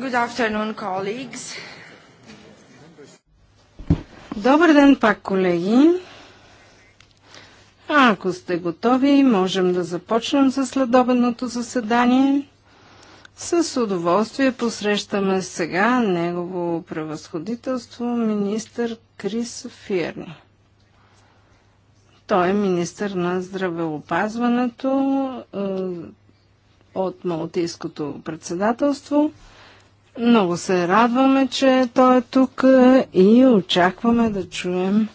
Good afternoon, colleagues. Добър ден пак, колеги. А ако сте готови, можем да започнем за следобедното заседание. С удоволствие посрещаме сега негово превъзходителство министър Крис Фирни. Той е министър на здравеопазването е, от Малтийското председателство – много се радваме, че той е тук е, и очакваме да чуем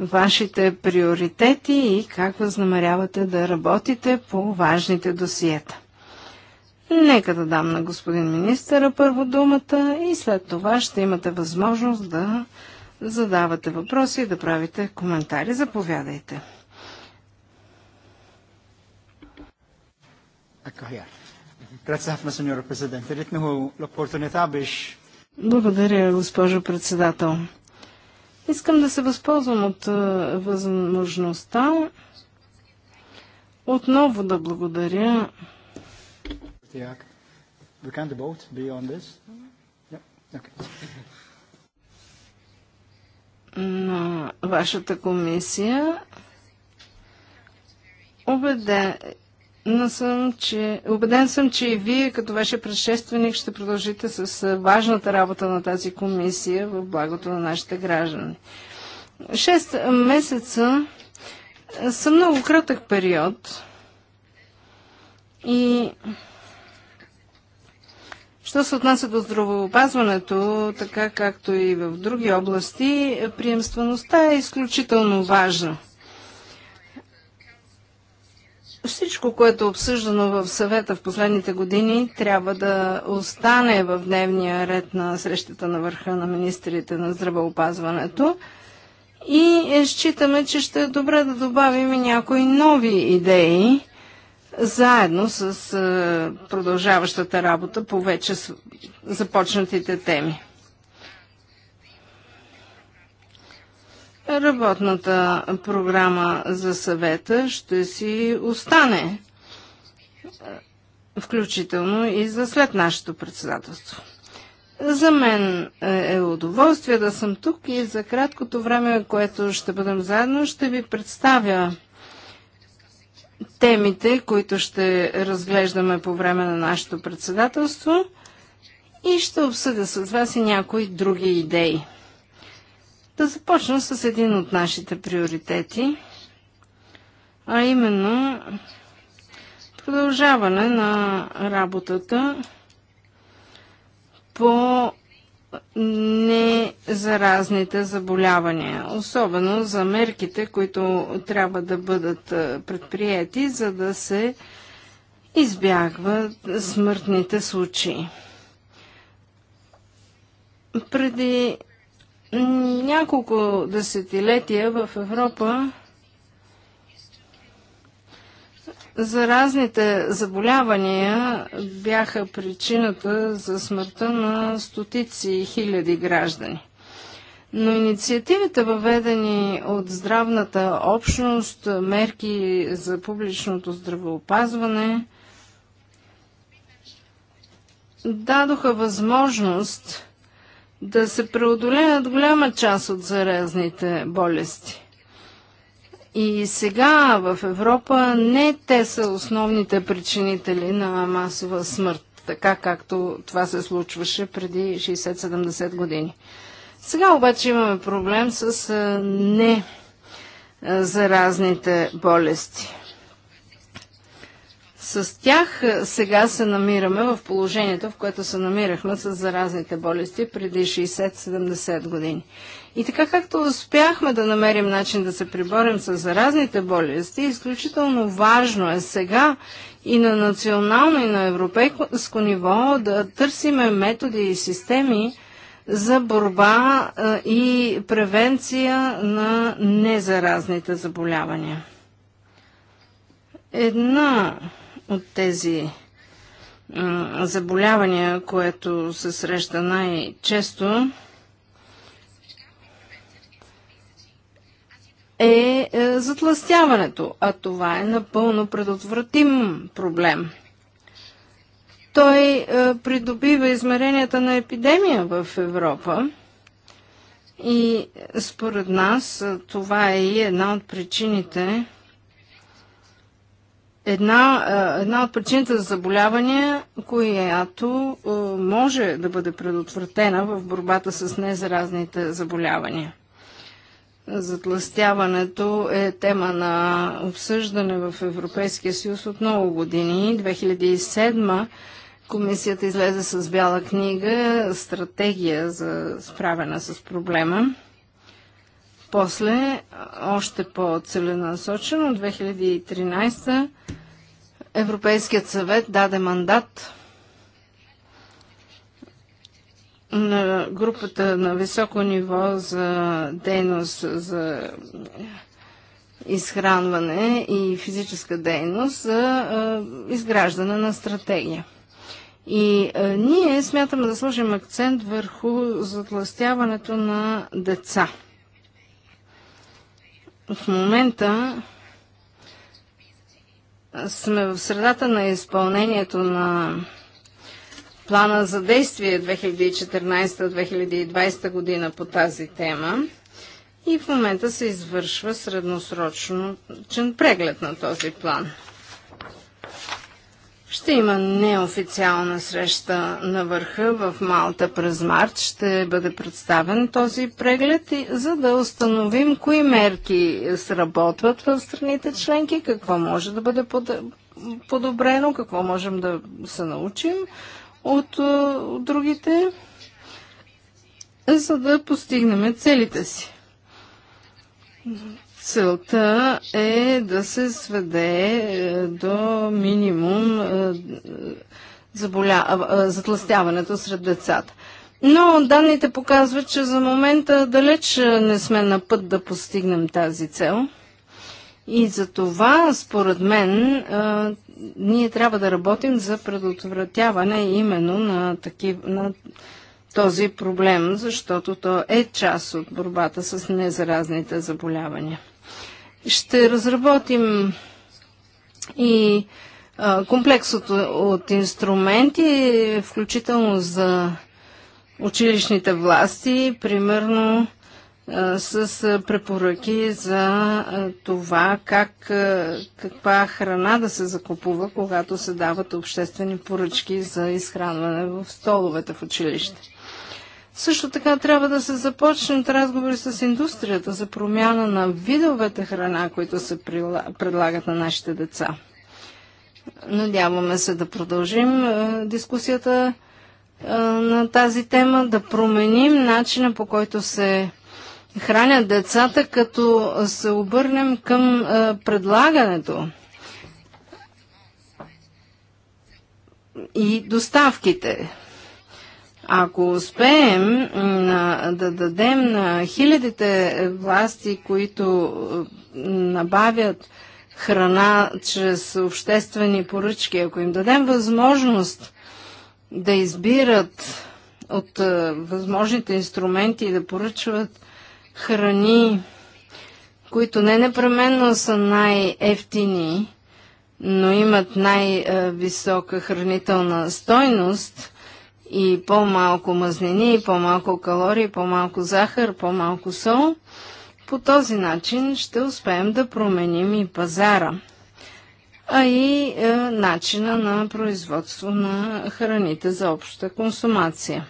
вашите приоритети и как възнамерявате да работите по важните досиета. Нека да дам на господин министъра първо думата и след това ще имате възможност да задавате въпроси и да правите коментари. Заповядайте. Така, ярко. Благодаря, госпожо председател. Искам да се възползвам от е, възможността отново да благодаря. На вашата комисия убеде, убедена съм, че, убеден съм, че и вие, като ваше предшественик, ще продължите с важната работа на тази комисия в благото на нашите граждани. Шест месеца са много кратък период и Що се отнася до здравеопазването, така както и в други области, приемствеността е изключително важна. Всичко, което е обсъждано в съвета в последните години, трябва да остане в дневния ред на срещата на върха на министрите на здравеопазването. И е, считаме, че ще е добре да добавим и някои нови идеи, заедно с е, продължаващата работа по вече започнатите теми. Работната програма за съвета ще си остане, е, включително и за след нашето председателство. За мен е, е удоволствие да съм тук и за краткото време, което ще бъдем заедно, ще ви представя темите, които ще разглеждаме по време на нашето председателство и ще обсъдя с вас и някои други идеи. Да започна с един от нашите приоритети, а именно продължаване на работата по незаразните заболявания, особено за мерките, които трябва да бъдат предприяти, за да се избягват смъртните случаи. Преди няколко десетилетия в Европа заразните заболявания бяха причината за смъртта на стотици хиляди граждани. Но инициативите, въведени от здравната общност, мерки за публичното здравеопазване, дадоха възможност да се преодолеят голяма част от заразните болести. И сега в Европа не те са основните причинители на масова смърт, така както това се случваше преди 60-70 години. Сега обаче имаме проблем с не заразните болести. С тях е, сега се намираме в положението, в което се намирахме с заразните болести преди 60-70 години. И така както успяхме да намерим начин да се приборим с заразните болести, изключително важно е сега и на национално и на европейско ниво да търсиме методи и системи за борба е, и превенция на незаразните заболявания. Една от тези заболявания, което се среща най-често, е, е затластяването, а това е напълно предотвратим проблем. Той е, придобива измеренията на епидемия в Европа и според нас това е и една от причините, една, една от причините за заболявания, която може да бъде предотвратена в борбата с незаразните заболявания. Затластяването е тема на обсъждане в Европейския съюз от много години. 2007 комисията излезе с бяла книга, стратегия за справяне с проблема. После, още по-целенасочено, 2013 Европейският съвет даде мандат на групата на високо ниво за дейност за изхранване и физическа дейност за изграждане на стратегия. И ние смятаме да сложим акцент върху затластяването на деца. В момента сме в средата на изпълнението на плана за действие 2014-2020 година по тази тема и в момента се извършва средносрочен преглед на този план. Ще има неофициална среща на върха в Малта през март. Ще бъде представен този преглед, за да установим кои мерки сработват в страните членки, какво може да бъде подобрено, какво можем да се научим от, от другите, за да постигнем целите си. Целта е да се сведе е, до минимум е, заболя... затластяването сред децата. Но данните показват, че за момента далеч е, не сме на път да постигнем тази цел. И за това, според мен, ние трябва да работим за предотвратяване именно на, такив... на този проблем, защото то е част от борбата с незаразните заболявания. Ще разработим и комплекс от, от инструменти, включително за училищните власти, примерно с препоръки за това как, каква храна да се закупува, когато се дават обществени поръчки за изхранване в столовете в училище. Също така трябва да се от разговори с индустрията за промяна на видовете храна, които се предлагат на нашите деца. Надяваме се да продължим е, дискусията е, на тази тема, да променим начина по който се хранят децата, като се обърнем към е, предлагането и доставките. Ако успеем да дадем на хилядите власти, които набавят храна чрез обществени поръчки, ако им дадем възможност да избират от е, възможните инструменти и да поръчват храни, които не непременно са най-ефтини, но имат най-висока е, хранителна стойност, и по-малко мазнини, по-малко калории, по-малко захар, по-малко сол. По този начин ще успеем да променим и пазара, а и е, начина на производство на храните за обща консумация.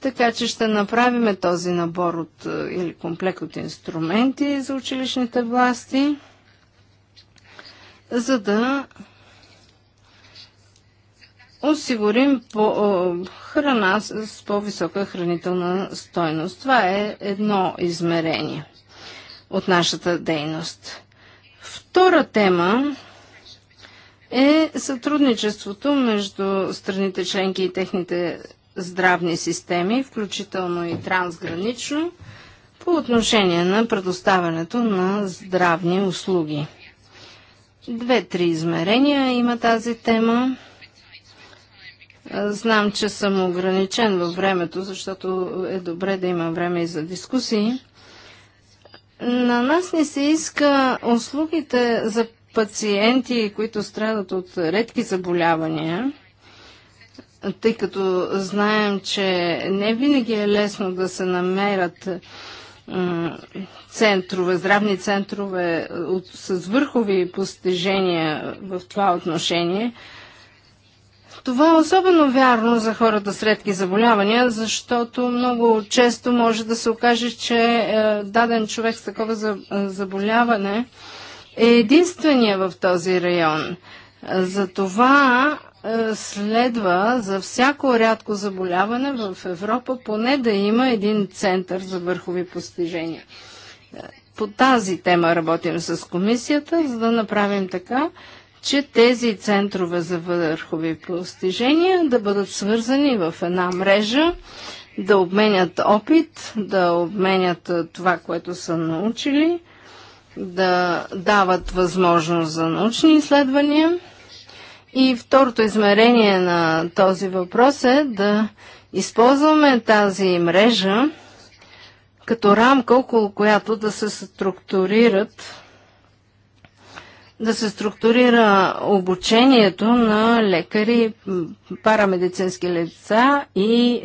Така че ще направим този набор от, е, или комплект от инструменти за училищните власти, за да осигурим по, о, храна с, с по-висока хранителна стойност. Това е едно измерение от нашата дейност. Втора тема е сътрудничеството между страните членки и техните здравни системи, включително и трансгранично, по отношение на предоставянето на здравни услуги. Две-три измерения има тази тема. Знам, че съм ограничен във времето, защото е добре да има време и за дискусии. На нас не се иска услугите за пациенти, които страдат от редки заболявания, тъй като знаем, че не винаги е лесно да се намерят центрове, здравни центрове от, с върхови постижения в това отношение – това е особено вярно за хората с редки заболявания, защото много често може да се окаже, че е, даден човек с такова за, е, заболяване е единствения в този район. Затова е, следва за всяко рядко заболяване в Европа поне да има един център за върхови постижения. Е, по тази тема работим с комисията, за да направим така, че тези центрове за върхови постижения да бъдат свързани в една мрежа, да обменят опит, да обменят това, което са научили, да дават възможност за научни изследвания. И второто измерение на този въпрос е да използваме тази мрежа като рамка, около която да се структурират да се структурира обучението на лекари, парамедицински лица и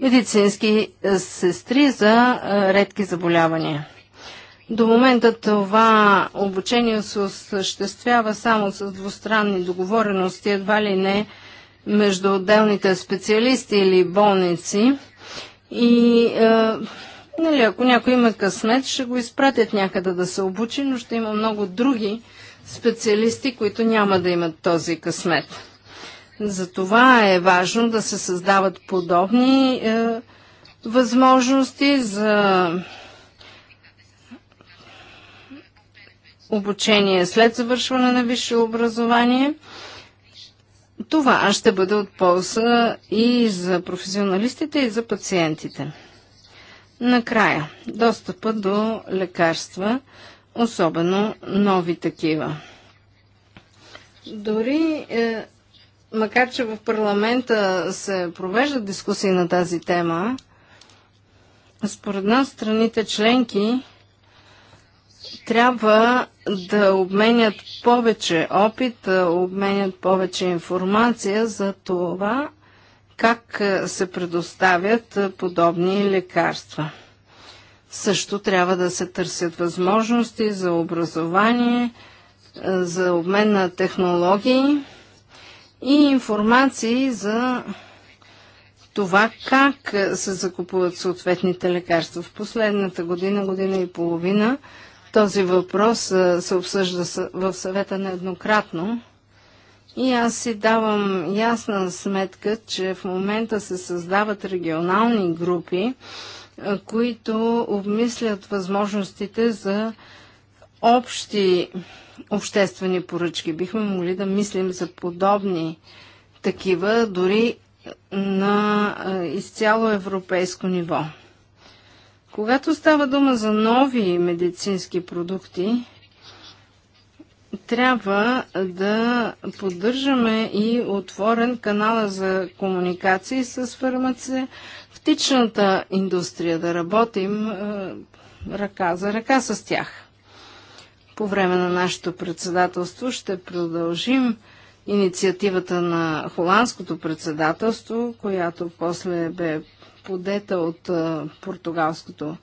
медицински сестри за редки заболявания. До момента това обучение се осъществява само с двустранни договорености, едва ли не между отделните специалисти или болници. И е, нали, ако някой има късмет, ще го изпратят някъде да се обучи, но ще има много други, специалисти, които няма да имат този късмет. Затова е важно да се създават подобни е, възможности за обучение след завършване на висше образование. Това ще бъде от полза и за професионалистите, и за пациентите. Накрая, достъпа до лекарства особено нови такива. Дори, е, макар че в парламента се провеждат дискусии на тази тема, според нас страните членки трябва да обменят повече опит, да обменят повече информация за това как е, се предоставят е, подобни лекарства. Също трябва да се търсят възможности за образование, е, за обмен на технологии и информации за това как е, се закупуват съответните лекарства. В последната година, година и половина, този въпрос е, се обсъжда в съвета нееднократно. И аз си давам ясна сметка, че в момента се създават регионални групи които обмислят възможностите за общи обществени поръчки. Бихме могли да мислим за подобни такива, дори на изцяло европейско ниво. Когато става дума за нови медицински продукти, трябва да поддържаме и отворен канала за комуникации с фармаци оптичната индустрия, да работим е, ръка за ръка с тях. По време на нашето председателство ще продължим инициативата на холандското председателство, която после бе подета от е, португалското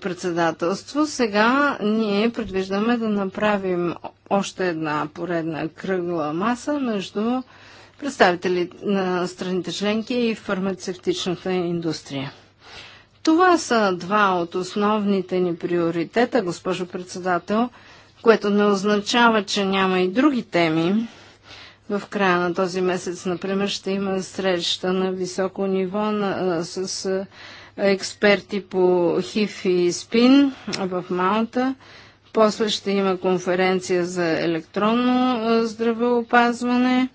председателство. Сега ние предвиждаме да направим още една поредна кръгла маса между представители на страните членки и фармацевтичната индустрия. Това са два от основните ни приоритета, госпожо председател, което не означава, че няма и други теми. В края на този месец, например, ще има среща на високо ниво на, с експерти по ХИФ и СПИН в Малта. После ще има конференция за електронно здравеопазване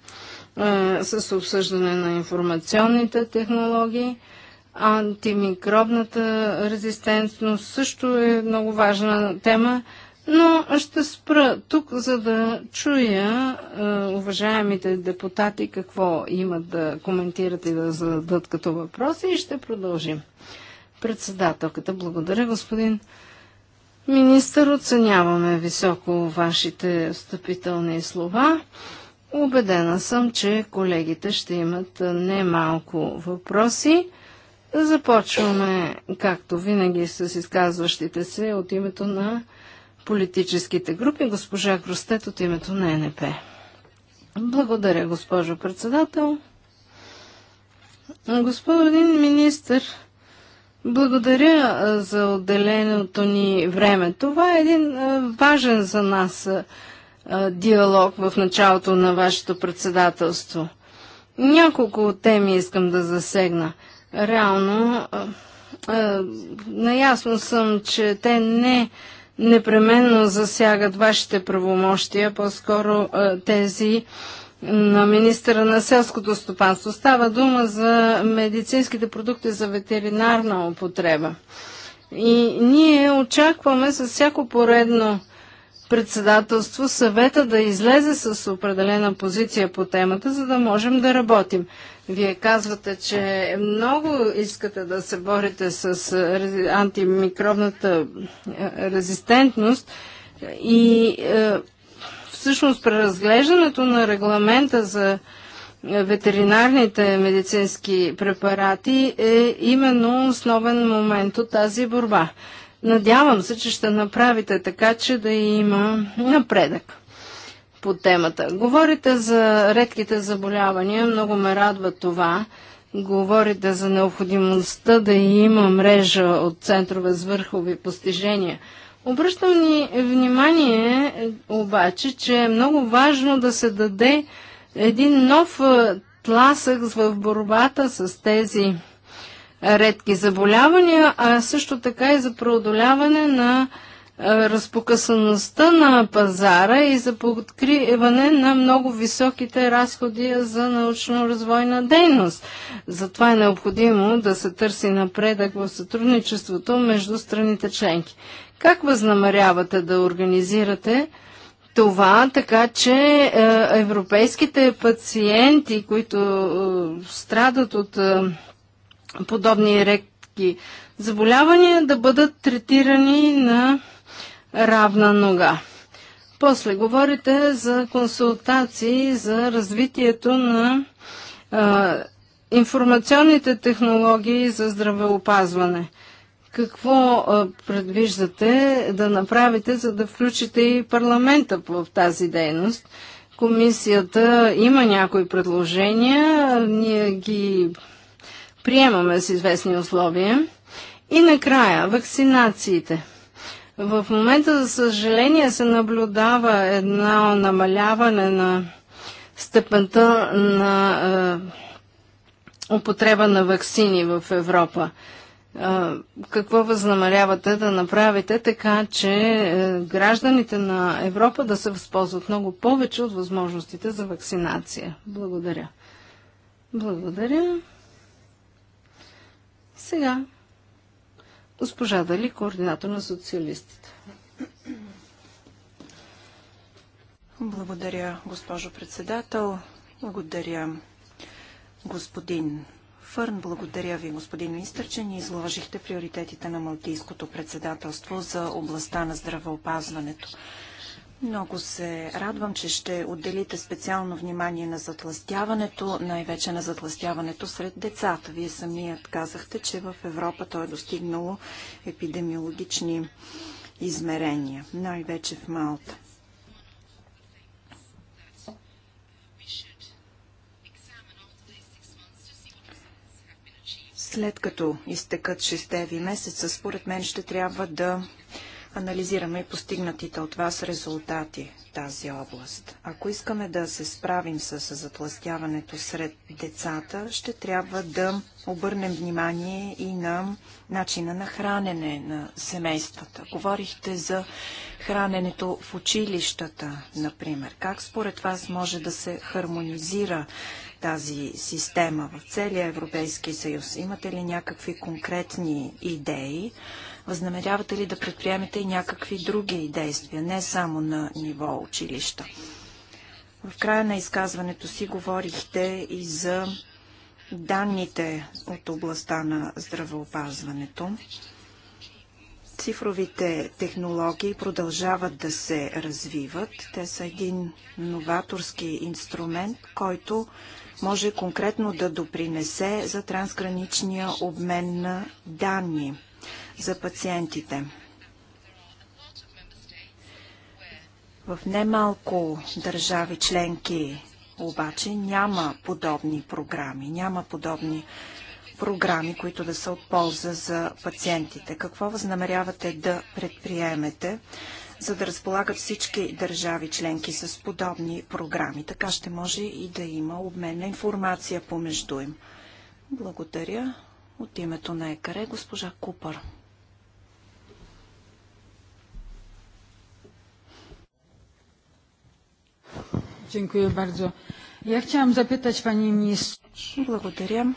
с обсъждане на информационните технологии. Антимикробната резистентност също е много важна тема, но ще спра тук, за да чуя а, уважаемите депутати какво имат да коментират и да зададат като въпроси и ще продължим. Председателката, благодаря господин министър, оценяваме високо вашите встъпителни слова. Обедена съм, че колегите ще имат немалко въпроси. Започваме, както винаги, с изказващите се от името на политическите групи. Госпожа Кростет от името на НП. Благодаря, госпожо председател. Господин министр, благодаря за отделеното ни време. Това е един важен за нас диалог в началото на вашето председателство. Няколко теми искам да засегна. Реално, наясно съм, че те не непременно засягат вашите правомощия, по-скоро тези на министъра на селското стопанство. Става дума за медицинските продукти за ветеринарна употреба. И ние очакваме с всяко поредно председателство съвета да излезе с определена позиция по темата, за да можем да работим. Вие казвате, че много искате да се борите с е, антимикробната е, резистентност и е, всъщност преразглеждането на регламента за е, ветеринарните медицински препарати е именно основен момент от тази борба. Надявам се, че ще направите така, че да има напредък по темата. Говорите за редките заболявания, много ме радва това. Говорите за необходимостта да има мрежа от центрове с върхови постижения. Обръщам ни внимание е, обаче, че е много важно да се даде един нов е, тласък в борбата с тези редки заболявания, а също така и за преодоляване на разпокъсаността на пазара и за подкриване на много високите разходи за научно-развойна дейност. Затова е необходимо да се търси напредък в сътрудничеството между страните членки. Как възнамерявате да организирате това, така че европейските пациенти, които страдат от подобни редки заболявания да бъдат третирани на равна нога. После говорите за консултации за развитието на а, информационните технологии за здравеопазване. Какво а, предвиждате да направите, за да включите и парламента в тази дейност? Комисията има някои предложения, ние ги приемаме с известни условия. И накрая, вакцинациите. В момента, за съжаление, се наблюдава едно намаляване на степента на е, употреба на вакцини в Европа. Е, какво възнамерявате да направите така, че е, гражданите на Европа да се възползват много повече от възможностите за вакцинация? Благодаря. Благодаря. Сега, госпожа Дали, координатор на социалистите. Благодаря, госпожо председател. Благодаря, господин Фърн. Благодаря ви, господин министр, че ни изложихте приоритетите на Малтийското председателство за областта на здравеопазването. Много се радвам, че ще отделите специално внимание на затластяването, най-вече на затластяването сред децата. Вие самият казахте, че в Европа то е достигнало епидемиологични измерения, най-вече в Малта. След като изтекат 6 месеца, според мен ще трябва да анализираме и постигнатите от вас резултати в тази област. Ако искаме да се справим с затластяването сред децата, ще трябва да обърнем внимание и на начина на хранене на семействата. Говорихте за храненето в училищата, например. Как според вас може да се хармонизира тази система в целия Европейски съюз? Имате ли някакви конкретни идеи? Възнамерявате ли да предприемете и някакви други действия, не само на ниво училища? В края на изказването си говорихте и за данните от областта на здравеопазването. Цифровите технологии продължават да се развиват. Те са един новаторски инструмент, който може конкретно да допринесе за трансграничния обмен на данни за пациентите. В немалко държави членки обаче няма подобни програми, няма подобни програми, които да са от полза за пациентите. Какво възнамерявате да предприемете, за да разполагат всички държави членки с подобни програми? Така ще може и да има обмен на информация помежду им. Благодаря. От името на ЕКАРЕ госпожа Купър. Dziękuję bardzo. Ja chciałam zapytać Pani Ministra. Благодаря.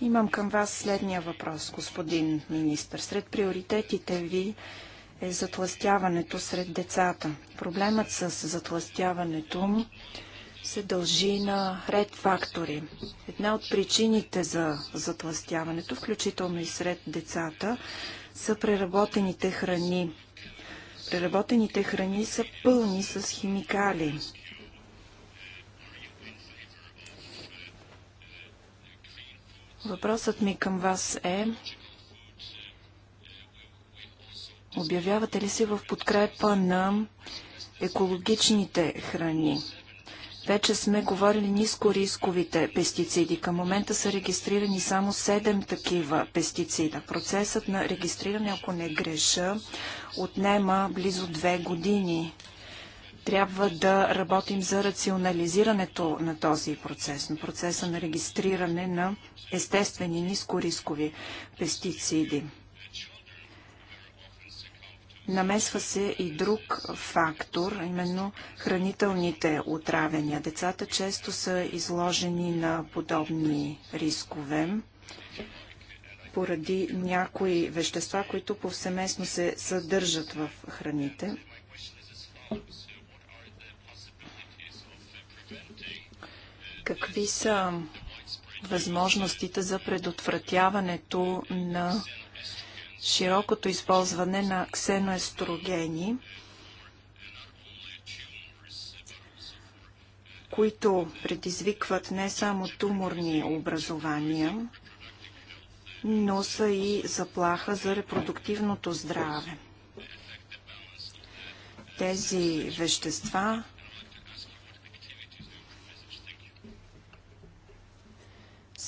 Имам към вас следния въпрос, господин министр. Сред приоритетите ви е затластяването сред децата. Проблемът с затластяването се дължи на ред фактори. Една от причините за затластяването, включително и сред децата, са преработените храни. Преработените храни са пълни с химикали. Въпросът ми към вас е обявявате ли се в подкрепа на екологичните храни? Вече сме говорили ниско рисковите пестициди. Към момента са регистрирани само 7 такива пестицида. Процесът на регистриране, ако не греша, отнема близо 2 години. Трябва да работим за рационализирането на този процес, на процеса на регистриране на естествени нискорискови пестициди. Намесва се и друг фактор, именно хранителните отравяния. Децата често са изложени на подобни рискове поради някои вещества, които повсеместно се съдържат в храните. Какви са възможностите за предотвратяването на широкото използване на ксеноестрогени, които предизвикват не само туморни образования, но са и заплаха за репродуктивното здраве. Тези вещества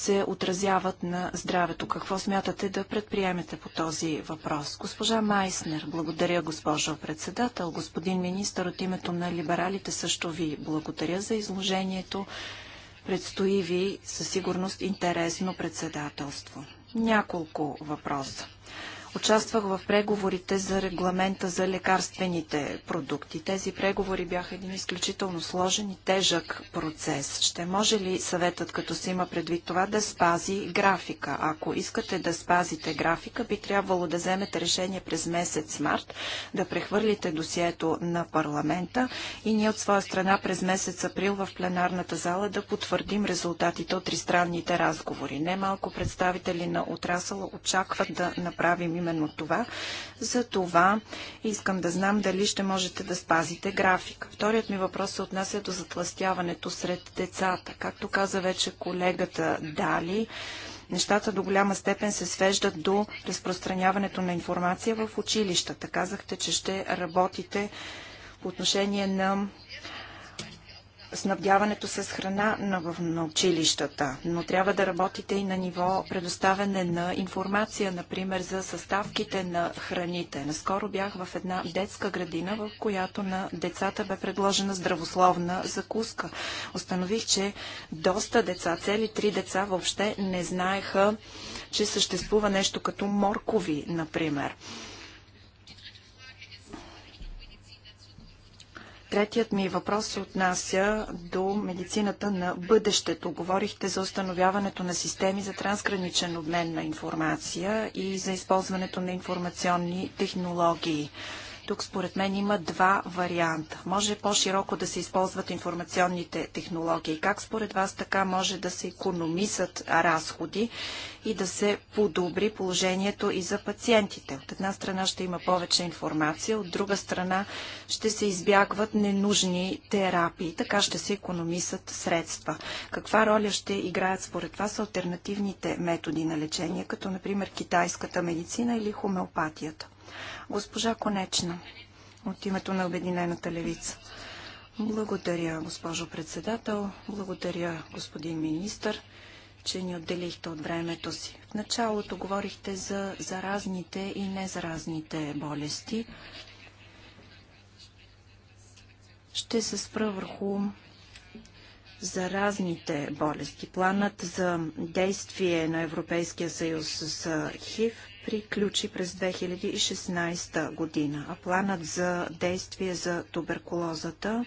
се отразяват на здравето. Какво смятате да предприемете по този въпрос? Госпожа Майснер, благодаря, госпожо председател. Господин министър, от името на либералите също ви благодаря за изложението. Предстои ви със сигурност интересно председателство. Няколко въпроса. Участвах в преговорите за регламента за лекарствените продукти. Тези преговори бяха един изключително сложен и тежък процес. Ще може ли съветът, като се има предвид това, да спази графика? Ако искате да спазите графика, би трябвало да вземете решение през месец март, да прехвърлите досието на парламента и ние от своя страна през месец април в пленарната зала да потвърдим резултатите от тристранните разговори. Немалко представители на отрасъла очакват да направим именно това. За това искам да знам дали ще можете да спазите графика. Вторият ми въпрос се отнася до затластяването сред децата. Както каза вече колегата Дали, нещата до голяма степен се свеждат до разпространяването на информация в училищата. Казахте, че ще работите по отношение на снабдяването с храна на, на училищата, но трябва да работите и на ниво предоставяне на информация, например за съставките на храните. Наскоро бях в една детска градина, в която на децата бе предложена здравословна закуска. Установих, че доста деца, цели три деца въобще не знаеха, че съществува нещо като моркови, например. Третият ми въпрос се отнася до медицината на бъдещето. Говорихте за установяването на системи за трансграничен обмен на информация и за използването на информационни технологии. Тук според мен има два варианта. Може по-широко да се използват информационните технологии. Как според вас така може да се економисат разходи и да се подобри положението и за пациентите? От една страна ще има повече информация, от друга страна ще се избягват ненужни терапии. Така ще се економисат средства. Каква роля ще играят според вас альтернативните методи на лечение, като например китайската медицина или хомеопатията? Госпожа Конечна от името на Обединената левица. Благодаря, госпожо председател. Благодаря, господин министър, че ни отделихте от времето си. В началото говорихте за заразните и незаразните болести. Ще се спра върху заразните болести. Планът за действие на Европейския съюз с ХИВ – приключи през 2016 година, а планът за действие за туберкулозата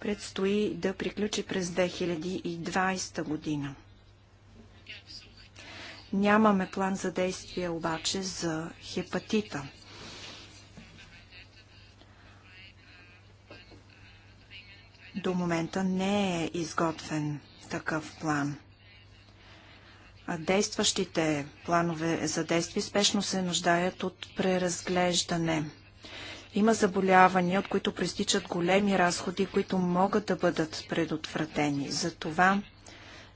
предстои да приключи през 2020 година. Нямаме план за действие обаче за хепатита. До момента не е изготвен такъв план действащите планове за действие спешно се нуждаят от преразглеждане. Има заболявания, от които проистичат големи разходи, които могат да бъдат предотвратени. Затова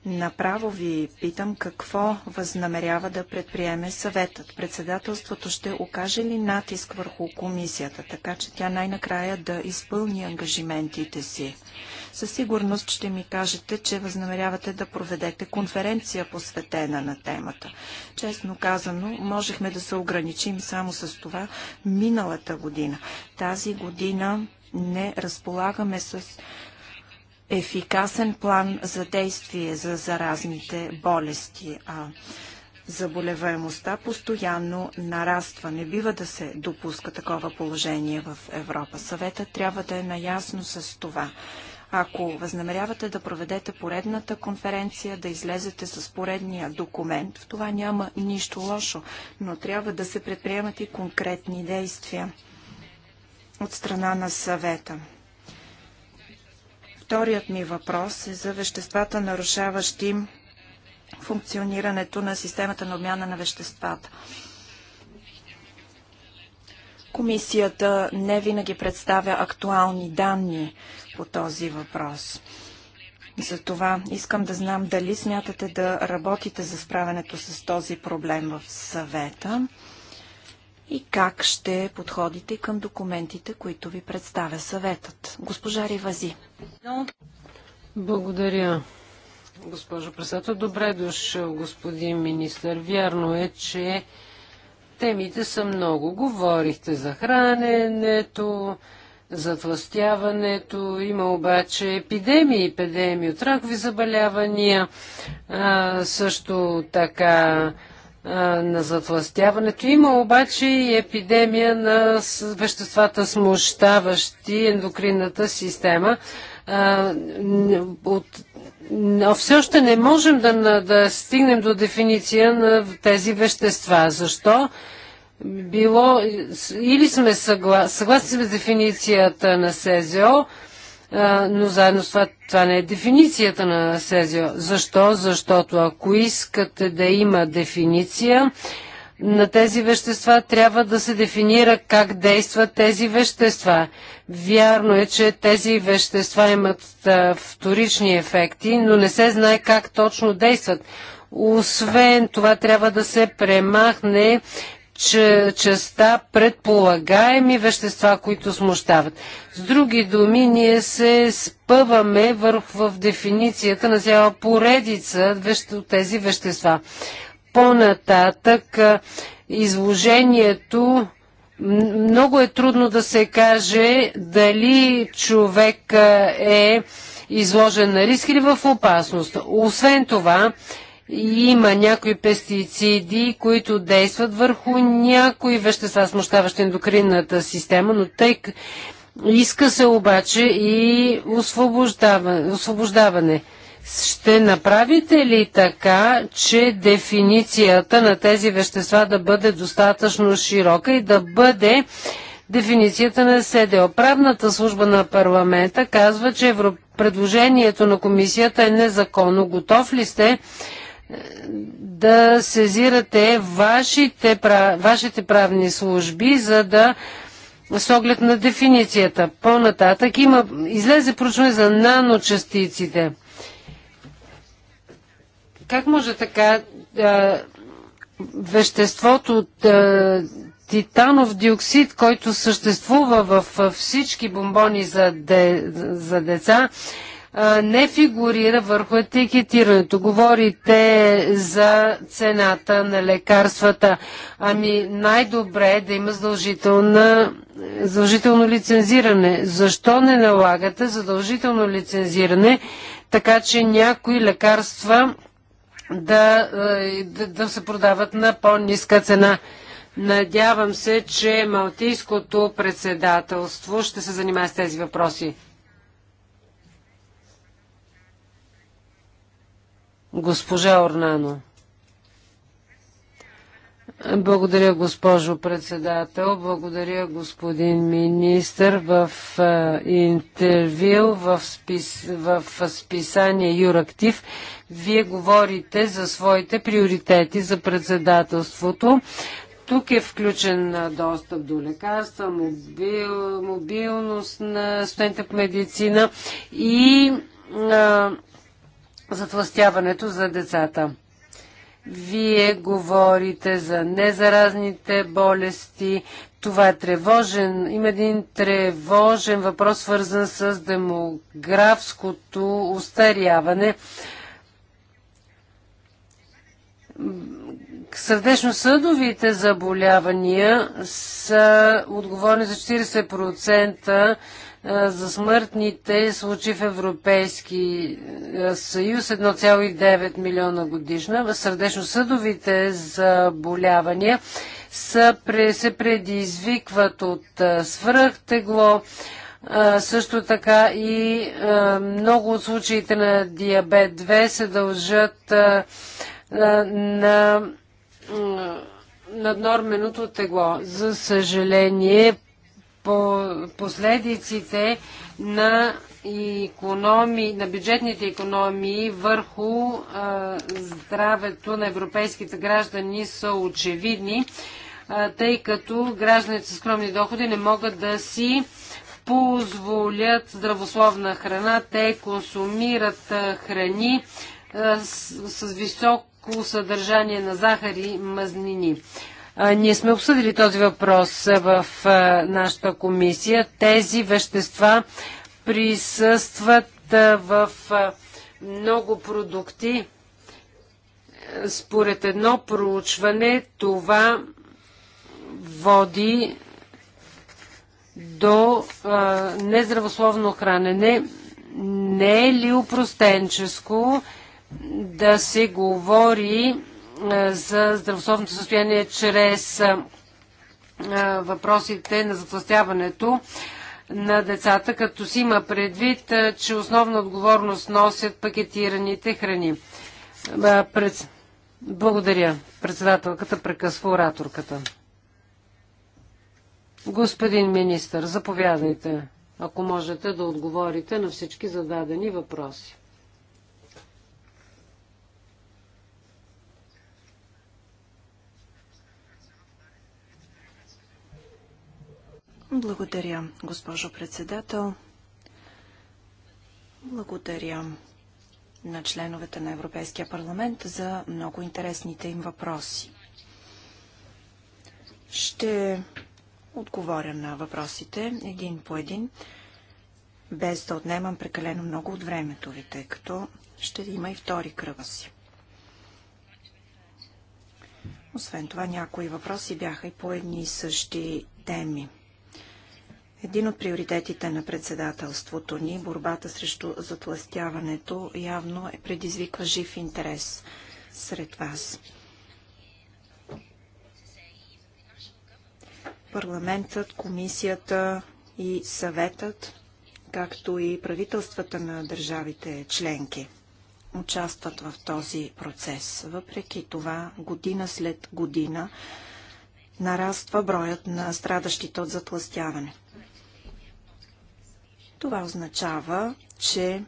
Направо ви питам какво възнамерява да предприеме съветът. Председателството ще окаже ли натиск върху комисията, така че тя най-накрая да изпълни ангажиментите си? Със сигурност ще ми кажете, че възнамерявате да проведете конференция посветена на темата. Честно казано, можехме да се ограничим само с това миналата година. Тази година не разполагаме с ефикасен план за действие за заразните болести, а заболеваемостта постоянно нараства. Не бива да се допуска такова положение в Европа. Съвета трябва да е наясно с това. Ако възнамерявате да проведете поредната конференция, да излезете с поредния документ, в това няма нищо лошо, но трябва да се предприемат и конкретни действия от страна на съвета. Вторият ми въпрос е за веществата, нарушаващи функционирането на системата на обмяна на веществата. Комисията не винаги представя актуални данни по този въпрос. Затова искам да знам дали смятате да работите за справянето с този проблем в съвета и как ще подходите към документите, които ви представя съветът. Госпожа Ривази. Благодаря, госпожо председател. Добре дошъл, господин министър. Вярно е, че темите са много. Говорихте за храненето, за тластяването. Има обаче епидемии, епидемии от ракови заболявания, а, също така на затластяването. Има обаче и епидемия на веществата, смущаващи ендокринната система. От... Но все още не можем да, да стигнем до дефиниция на тези вещества. Защо? Било, или сме съгла... съгласни с дефиницията на СЗО, но заедно с това, това не е дефиницията на СЕЗИО. Защо? Защото ако искате да има дефиниция на тези вещества, трябва да се дефинира как действат тези вещества. Вярно е, че тези вещества имат вторични ефекти, но не се знае как точно действат. Освен това трябва да се премахне че частта предполагаеми вещества, които смущават. С други думи, ние се спъваме върху в дефиницията на цяла поредица от тези вещества. По-нататък изложението много е трудно да се каже дали човек е изложен на риск или в опасност. Освен това, има някои пестициди, които действат върху някои вещества, смущаващи ендокринната система, но тъй иска се обаче и освобождаване. освобождаване. Ще направите ли така, че дефиницията на тези вещества да бъде достатъчно широка и да бъде дефиницията на СДО? Правната служба на парламента казва, че Европ... предложението на комисията е незаконно. Готов ли сте? да сезирате вашите, вашите правни служби, за да с оглед на дефиницията. По-нататък има, излезе проучване за наночастиците. Как може така а, веществото от а, титанов диоксид, който съществува в, в всички бомбони за, де, за деца, не фигурира върху етикетирането. Говорите за цената на лекарствата. Ами най-добре е да има задължително лицензиране. Защо не налагате задължително лицензиране, така че някои лекарства да, да, да се продават на по-ниска цена? Надявам се, че Малтийското председателство ще се занимае с тези въпроси. Госпожа Орнано. Благодаря, госпожо председател. Благодаря, господин министр. В е, интервю в, спис, в списание Юрактив вие говорите за своите приоритети за председателството. Тук е включен достъп до лекарства, мобил, мобилност на студентите по медицина и е, затластяването за децата. Вие говорите за незаразните болести. Това е тревожен. Има един тревожен въпрос, свързан с демографското устаряване. Сърдечно-съдовите заболявания са отговорни за 40% за смъртните случаи в Европейски съюз 1,9 милиона годишна. Сърдечно-съдовите заболявания са, се предизвикват от свръхтегло, също така и много от случаите на диабет 2 се дължат на наднорменото тегло. За съжаление, по последиците на, економи, на бюджетните економии върху а, здравето на европейските граждани са очевидни, а, тъй като гражданите с скромни доходи не могат да си позволят здравословна храна. Те консумират а, храни с, с високо съдържание на захари, и мазнини. Ние сме обсъдили този въпрос в нашата комисия. Тези вещества присъстват в много продукти. Според едно проучване това води до а, нездравословно хранене. Не е ли упростенческо да се говори за здравословното състояние чрез въпросите на затластяването на децата, като си има предвид, че основна отговорност носят пакетираните храни. Благодаря. Председателката прекъсва ораторката. Господин министър, заповядайте, ако можете да отговорите на всички зададени въпроси. Благодаря, госпожо председател. Благодаря на членовете на Европейския парламент за много интересните им въпроси. Ще отговоря на въпросите един по един, без да отнемам прекалено много от времето ви, тъй като ще има и втори кръва си. Освен това, някои въпроси бяха и по едни и същи теми. Един от приоритетите на председателството ни, борбата срещу затластяването, явно е предизвиква жив интерес сред вас. Парламентът, комисията и съветът, както и правителствата на държавите членки участват в този процес. Въпреки това, година след година нараства броят на страдащите от затластяване. Това означава, че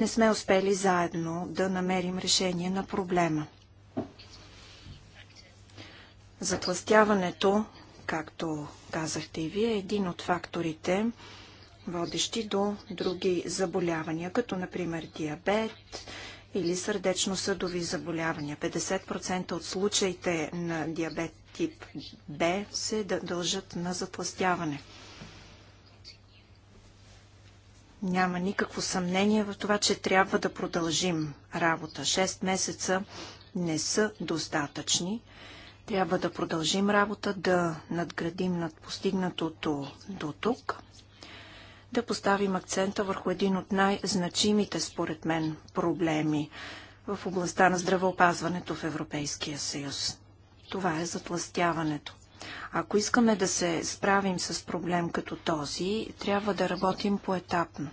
не сме успели заедно да намерим решение на проблема. Затластяването, както казахте и вие, е един от факторите, водещи до други заболявания, като например диабет или сърдечно-съдови заболявания. 50% от случаите на диабет тип Б се дължат на затластяване. Няма никакво съмнение в това, че трябва да продължим работа. Шест месеца не са достатъчни. Трябва да продължим работа, да надградим над постигнатото до тук, да поставим акцента върху един от най-значимите, според мен, проблеми в областта на здравеопазването в Европейския съюз. Това е затластяването. Ако искаме да се справим с проблем като този, трябва да работим поетапно.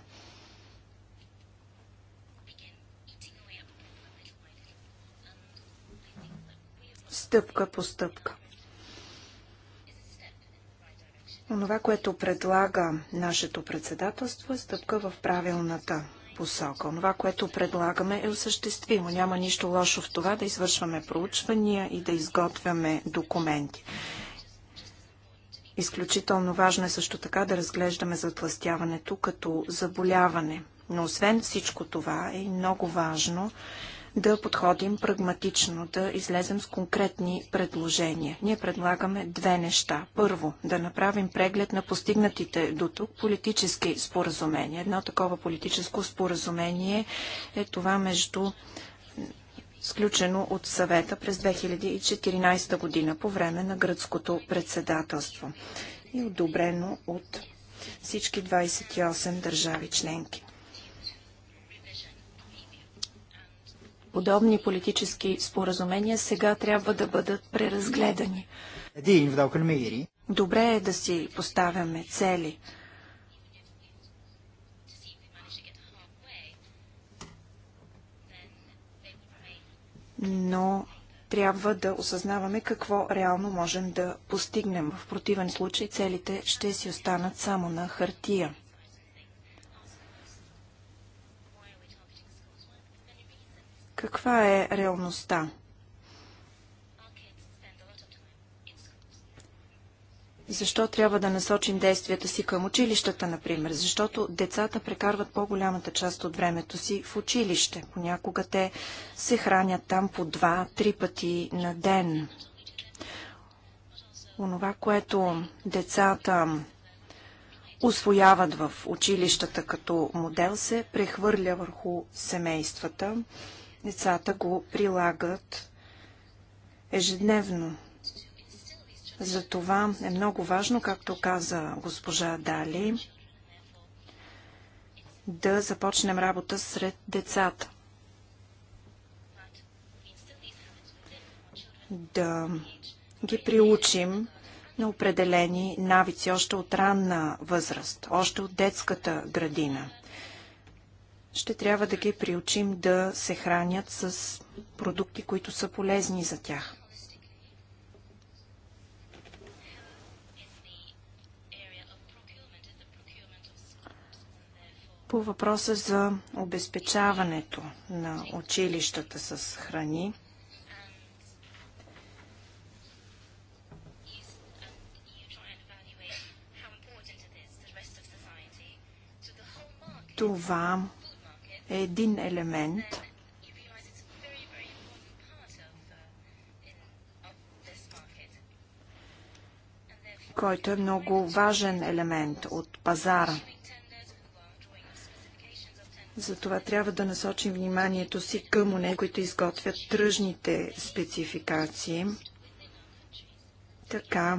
Стъпка по стъпка. Онова, което предлага нашето председателство е стъпка в правилната посока. Онова, което предлагаме е осъществимо. Няма нищо лошо в това да извършваме проучвания и да изготвяме документи. Изключително важно е също така да разглеждаме затластяването като заболяване. Но освен всичко това е много важно да подходим прагматично, да излезем с конкретни предложения. Ние предлагаме две неща. Първо, да направим преглед на постигнатите до тук политически споразумения. Едно такова политическо споразумение е това между сключено от съвета през 2014 година по време на гръцкото председателство и одобрено от всички 28 държави членки. Подобни политически споразумения сега трябва да бъдат преразгледани. Добре е да си поставяме цели – но трябва да осъзнаваме какво реално можем да постигнем. В противен случай целите ще си останат само на хартия. Каква е реалността? Защо трябва да насочим действията си към училищата, например? Защото децата прекарват по-голямата част от времето си в училище. Понякога те се хранят там по два-три пъти на ден. Онова, което децата освояват в училищата като модел, се прехвърля върху семействата. Децата го прилагат ежедневно затова е много важно, както каза госпожа Дали, да започнем работа сред децата. Да ги приучим на определени навици още от ранна възраст, още от детската градина. Ще трябва да ги приучим да се хранят с продукти, които са полезни за тях. По въпроса за обезпечаването на училищата с храни, това е един елемент, който е много важен елемент от пазара затова трябва да насочим вниманието си към уне, които изготвят тръжните спецификации. Така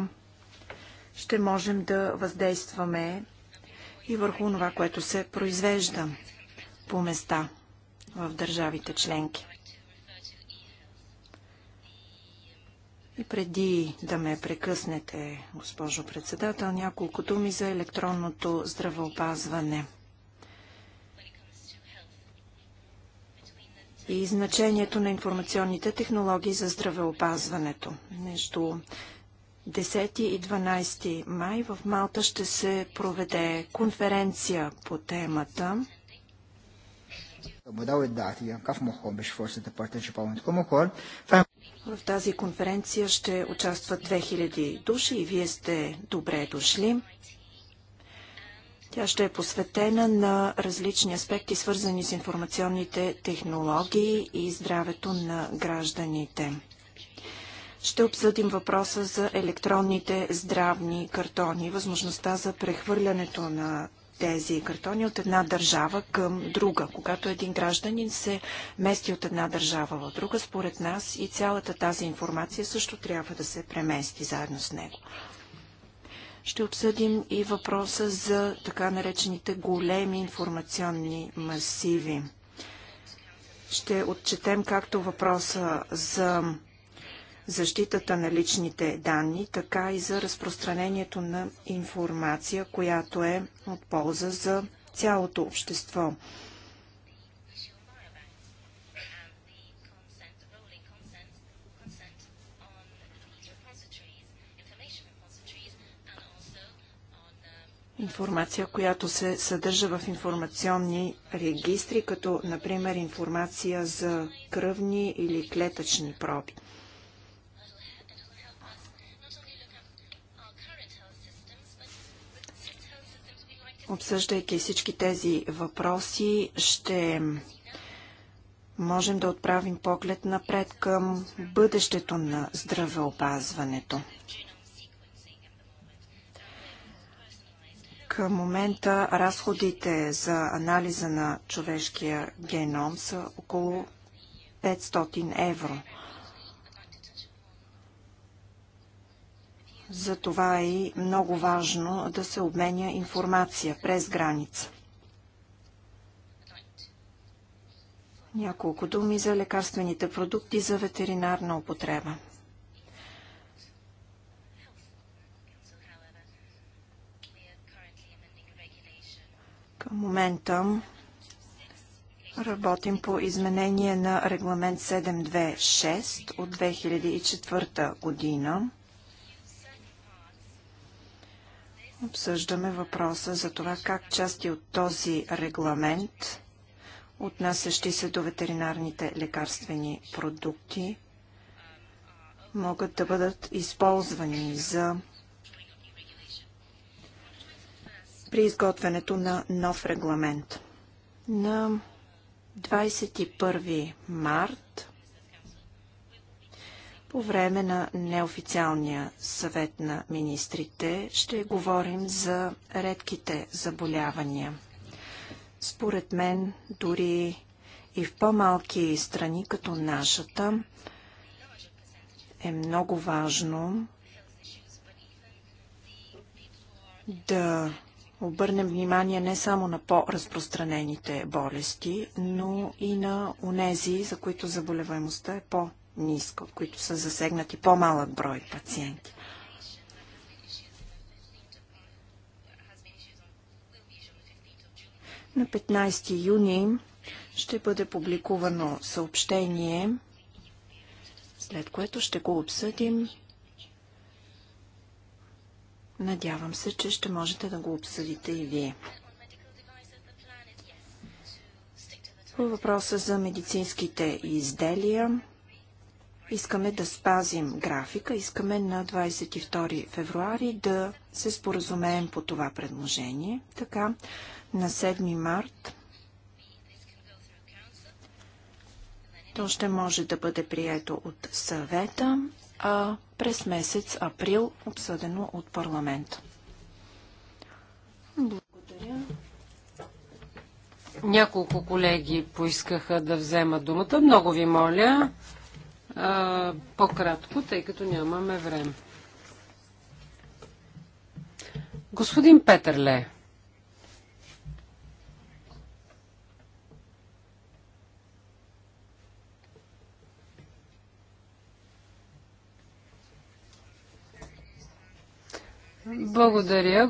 ще можем да въздействаме и върху това, което се произвежда по места в държавите членки. И преди да ме прекъснете, госпожо председател, няколко думи за електронното здравеопазване – и значението на информационните технологии за здравеопазването. Между 10 и 12 май в Малта ще се проведе конференция по темата. В тази конференция ще участват 2000 души и вие сте добре дошли. Тя ще е посветена на различни аспекти, свързани с информационните технологии и здравето на гражданите. Ще обсъдим въпроса за електронните здравни картони, възможността за прехвърлянето на тези картони от една държава към друга. Когато един гражданин се мести от една държава в друга, според нас и цялата тази информация също трябва да се премести заедно с него. Ще обсъдим и въпроса за така наречените големи информационни масиви. Ще отчетем както въпроса за защитата на личните данни, така и за разпространението на информация, която е от полза за цялото общество. информация, която се съдържа в информационни регистри, като например информация за кръвни или клетъчни проби. Обсъждайки всички тези въпроси, ще можем да отправим поглед напред към бъдещето на здравеопазването. Към момента разходите за анализа на човешкия геном са около 500 евро. Затова е и много важно да се обменя информация през граница. Няколко думи за лекарствените продукти за ветеринарна употреба. Към момента работим по изменение на регламент 726 от 2004 година. Обсъждаме въпроса за това как части от този регламент, отнасящи се до ветеринарните лекарствени продукти, могат да бъдат използвани за при изготвянето на нов регламент. На 21 март по време на неофициалния съвет на министрите ще говорим за редките заболявания. Според мен, дори и в по-малки страни, като нашата, е много важно да обърнем внимание не само на по-разпространените болести, но и на онези, за които заболеваемостта е по-ниска, от които са засегнати по-малък брой пациенти. На 15 юни ще бъде публикувано съобщение, след което ще го обсъдим Надявам се, че ще можете да го обсъдите и вие. По въпроса за медицинските изделия, искаме да спазим графика, искаме на 22 февруари да се споразумеем по това предложение. Така, на 7 март то ще може да бъде прието от съвета а през месец април, обсъдено от парламента. Благодаря. Няколко колеги поискаха да вземат думата. Много ви моля, по-кратко, тъй като нямаме време. Господин Ле. Благодаря.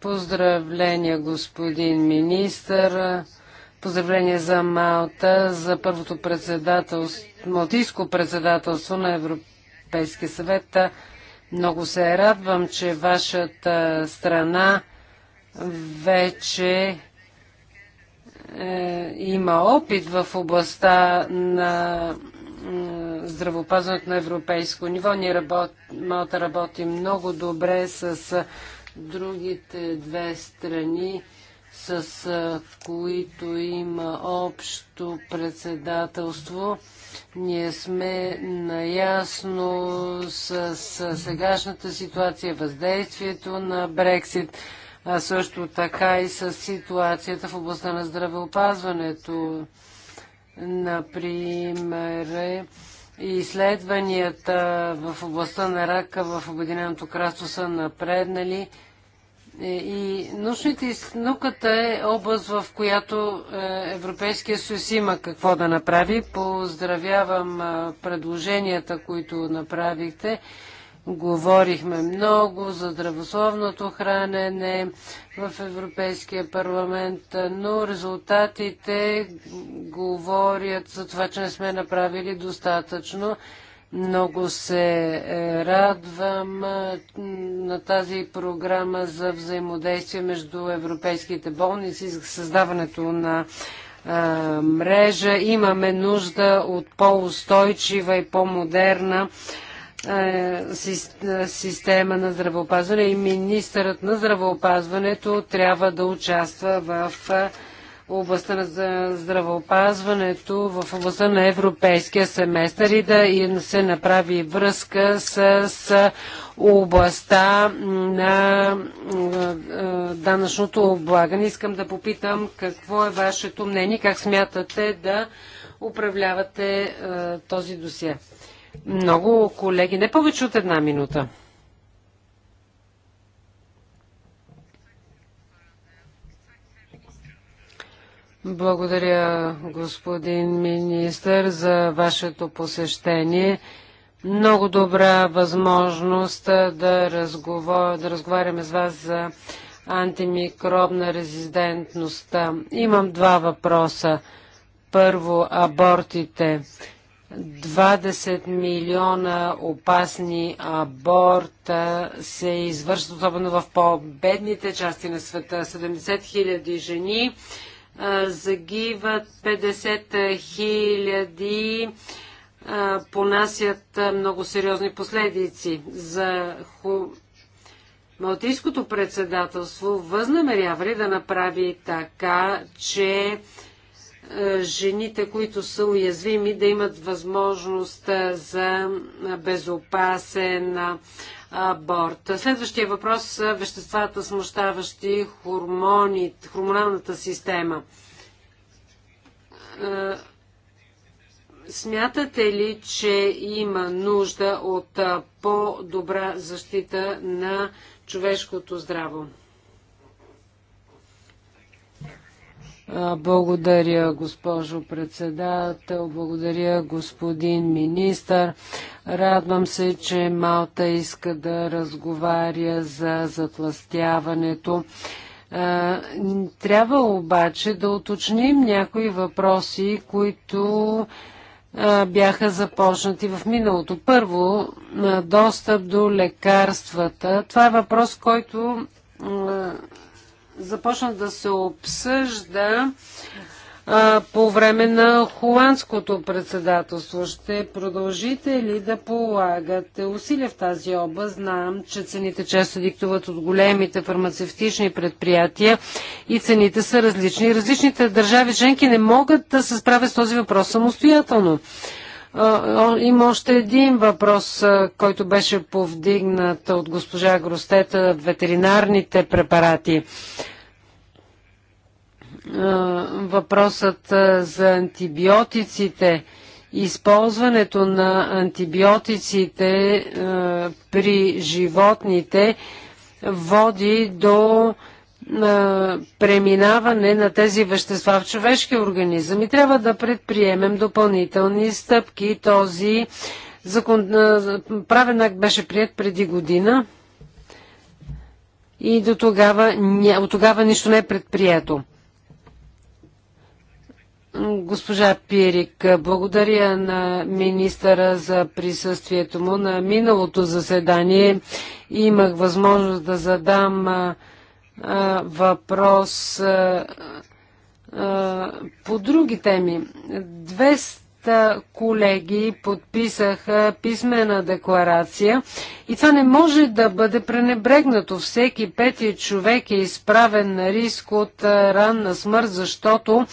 Поздравления, господин министър. Поздравления за Малта, за първото председателство, Малтийско председателство на Европейския съвет. Много се радвам, че вашата страна вече е, има опит в областта на е, здравопазването на европейско ниво. Ние работ, Малта работи много добре с е, другите две страни, с е, които има общо председателство. Ние сме наясно с, с сегашната ситуация, въздействието на Брексит, а също така и с ситуацията в областта на здравеопазването. Например, изследванията в областта на рака в Обединеното кралство са напреднали. Е, и научните, науката е област, в която е, Европейския съюз има какво да направи. Поздравявам е, предложенията, които направихте. Говорихме много за здравословното хранене в Европейския парламент, но резултатите говорят за това, че не сме направили достатъчно. Много се е, радвам е, на тази програма за взаимодействие между европейските болници за създаването на е, мрежа. Имаме нужда от по-устойчива и по-модерна е, е, система на здравеопазване и министърът на здравеопазването трябва да участва в е, областта на здравеопазването, в областта на европейския семестър и да се направи връзка с, областта на данъчното облагане. Искам да попитам какво е вашето мнение, как смятате да управлявате този досия. Много колеги, не повече от една минута. Благодаря, господин министър, за вашето посещение. Много добра възможност да, разговор... да разговаряме с вас за антимикробна резидентност. Имам два въпроса. Първо, абортите. 20 милиона опасни аборта се извършват, особено в по-бедните части на света. 70 хиляди жени загиват, 50 хиляди понасят много сериозни последици. За ху... Малтийското председателство възнамерява ли да направи така, че е, жените, които са уязвими, да имат възможност е, за безопасен е, аборт. Следващия въпрос са веществата, смущаващи хормони, хормоналната система. Смятате ли, че има нужда от по-добра защита на човешкото здраво? Благодаря, госпожо председател, благодаря, господин министър. Радвам се, че Малта иска да разговаря за затластяването. Трябва обаче да уточним някои въпроси, които бяха започнати в миналото. Първо, достъп до лекарствата. Това е въпрос, който започна да се обсъжда а, по време на холандското председателство. Ще продължите ли да полагате усилия в тази област? Знам, че цените често диктуват от големите фармацевтични предприятия и цените са различни. Различните държави членки не могат да се справят с този въпрос самостоятелно. Има още един въпрос, който беше повдигнат от госпожа Гростета, ветеринарните препарати. Въпросът за антибиотиците, използването на антибиотиците при животните води до на преминаване на тези вещества в човешкия организъм и трябва да предприемем допълнителни стъпки. Този закон... правен акт беше прият преди година и до тогава, от тогава нищо не е предприето. Госпожа Пирик, благодаря на министъра за присъствието му. На миналото заседание имах възможност да задам въпрос по други теми. 200 колеги подписаха писмена декларация и това не може да бъде пренебрегнато. Всеки пети човек е изправен на риск от ранна смърт, защото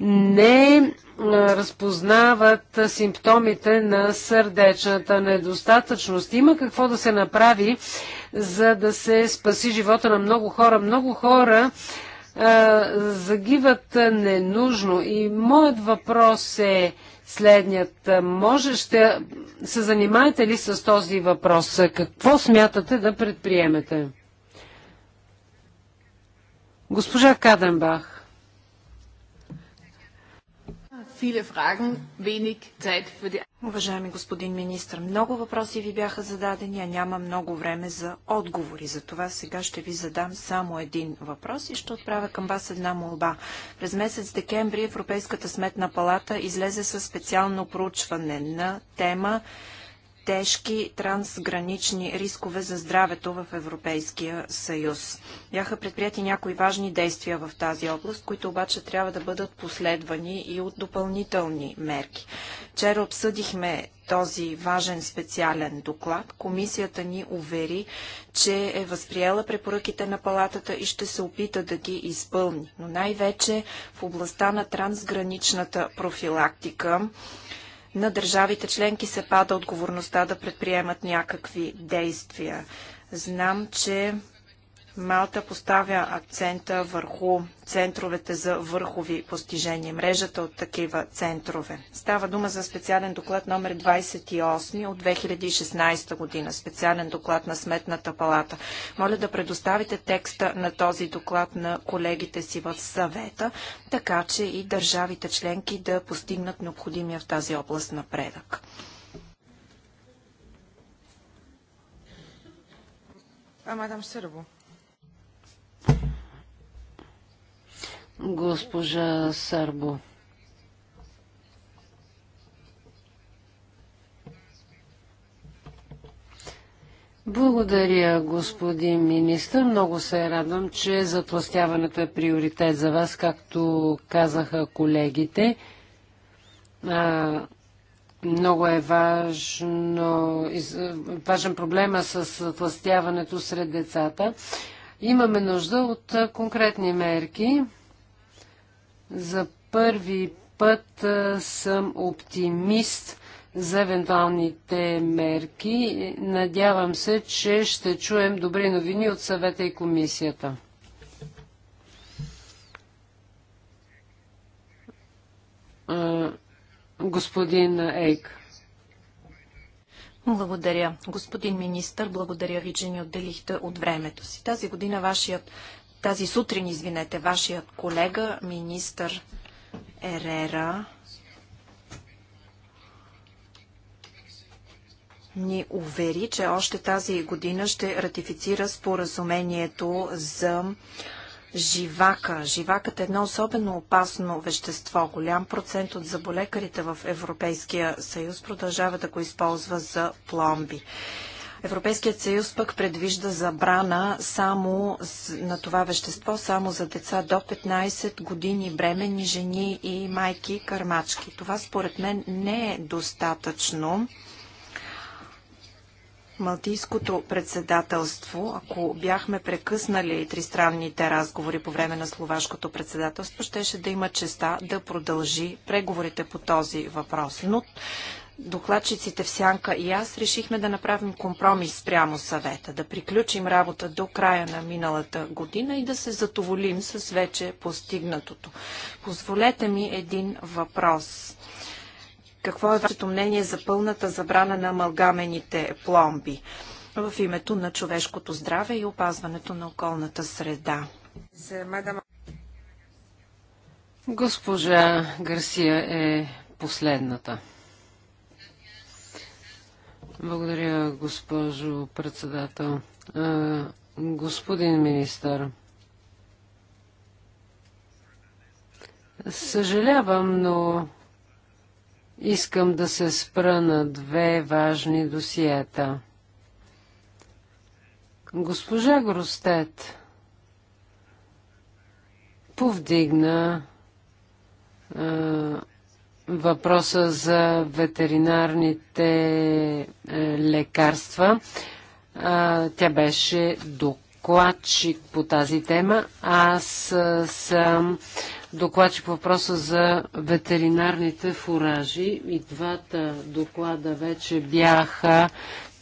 не разпознават симптомите на сърдечната недостатъчност. Има какво да се направи за да се спаси живота на много хора. Много хора а, загиват ненужно. И моят въпрос е следният. Може ще се занимаете ли с този въпрос? Какво смятате да предприемете? Госпожа Каденбах. Уважаеми господин министр, много въпроси ви бяха зададени, а няма много време за отговори. За това сега ще ви задам само един въпрос и ще отправя към вас една молба. През месец декември Европейската сметна палата излезе със специално проучване на тема тежки трансгранични рискове за здравето в Европейския съюз. Бяха предприяти някои важни действия в тази област, които обаче трябва да бъдат последвани и от допълнителни мерки. Вчера обсъдихме този важен специален доклад. Комисията ни увери, че е възприела препоръките на палатата и ще се опита да ги изпълни. Но най-вече в областта на трансграничната профилактика на държавите членки се пада отговорността да предприемат някакви действия. Знам, че Малта поставя акцента върху центровете за върхови постижения, мрежата от такива центрове. Става дума за специален доклад номер 28 от 2016 година, специален доклад на Сметната палата. Моля да предоставите текста на този доклад на колегите си в съвета, така че и държавите членки да постигнат необходимия в тази област напредък. мадам Сърбо. Госпожа Сарбо. Благодаря, господин министр. Много се радвам, че затластяването е приоритет за вас, както казаха колегите. А, много е важно, важен проблема с затластяването сред децата. Имаме нужда от конкретни мерки. За първи път съм оптимист за евентуалните мерки. Надявам се, че ще чуем добри новини от съвета и комисията. Господин Ейк. Благодаря. Господин министр, благодаря ви, че ни отделихте от времето си. Тази година вашият, тази сутрин, извинете, вашият колега, министър Ерера, ни увери, че още тази година ще ратифицира споразумението за живака. Живакът е едно особено опасно вещество. Голям процент от заболекарите в Европейския съюз продължава да го използва за пломби. Европейският съюз пък предвижда забрана само на това вещество, само за деца до 15 години, бремени жени и майки кърмачки. Това според мен не е достатъчно. Малтийското председателство, ако бяхме прекъснали тристранните разговори по време на словашкото председателство, щеше да има честа да продължи преговорите по този въпрос. Но докладчиците в Сянка и аз решихме да направим компромис спрямо съвета, да приключим работа до края на миналата година и да се затоволим с вече постигнатото. Позволете ми един въпрос. Какво е вашето мнение за пълната забрана на амалгамените пломби в името на човешкото здраве и опазването на околната среда? Госпожа Гарсия е последната. Благодаря, госпожо председател. Господин министър, съжалявам, но Искам да се спра на две важни досиета. Госпожа Гростет повдигна е, въпроса за ветеринарните е, лекарства. Е, тя беше докладчик по тази тема. Аз съм докладчик по въпроса за ветеринарните фуражи. И двата доклада вече бяха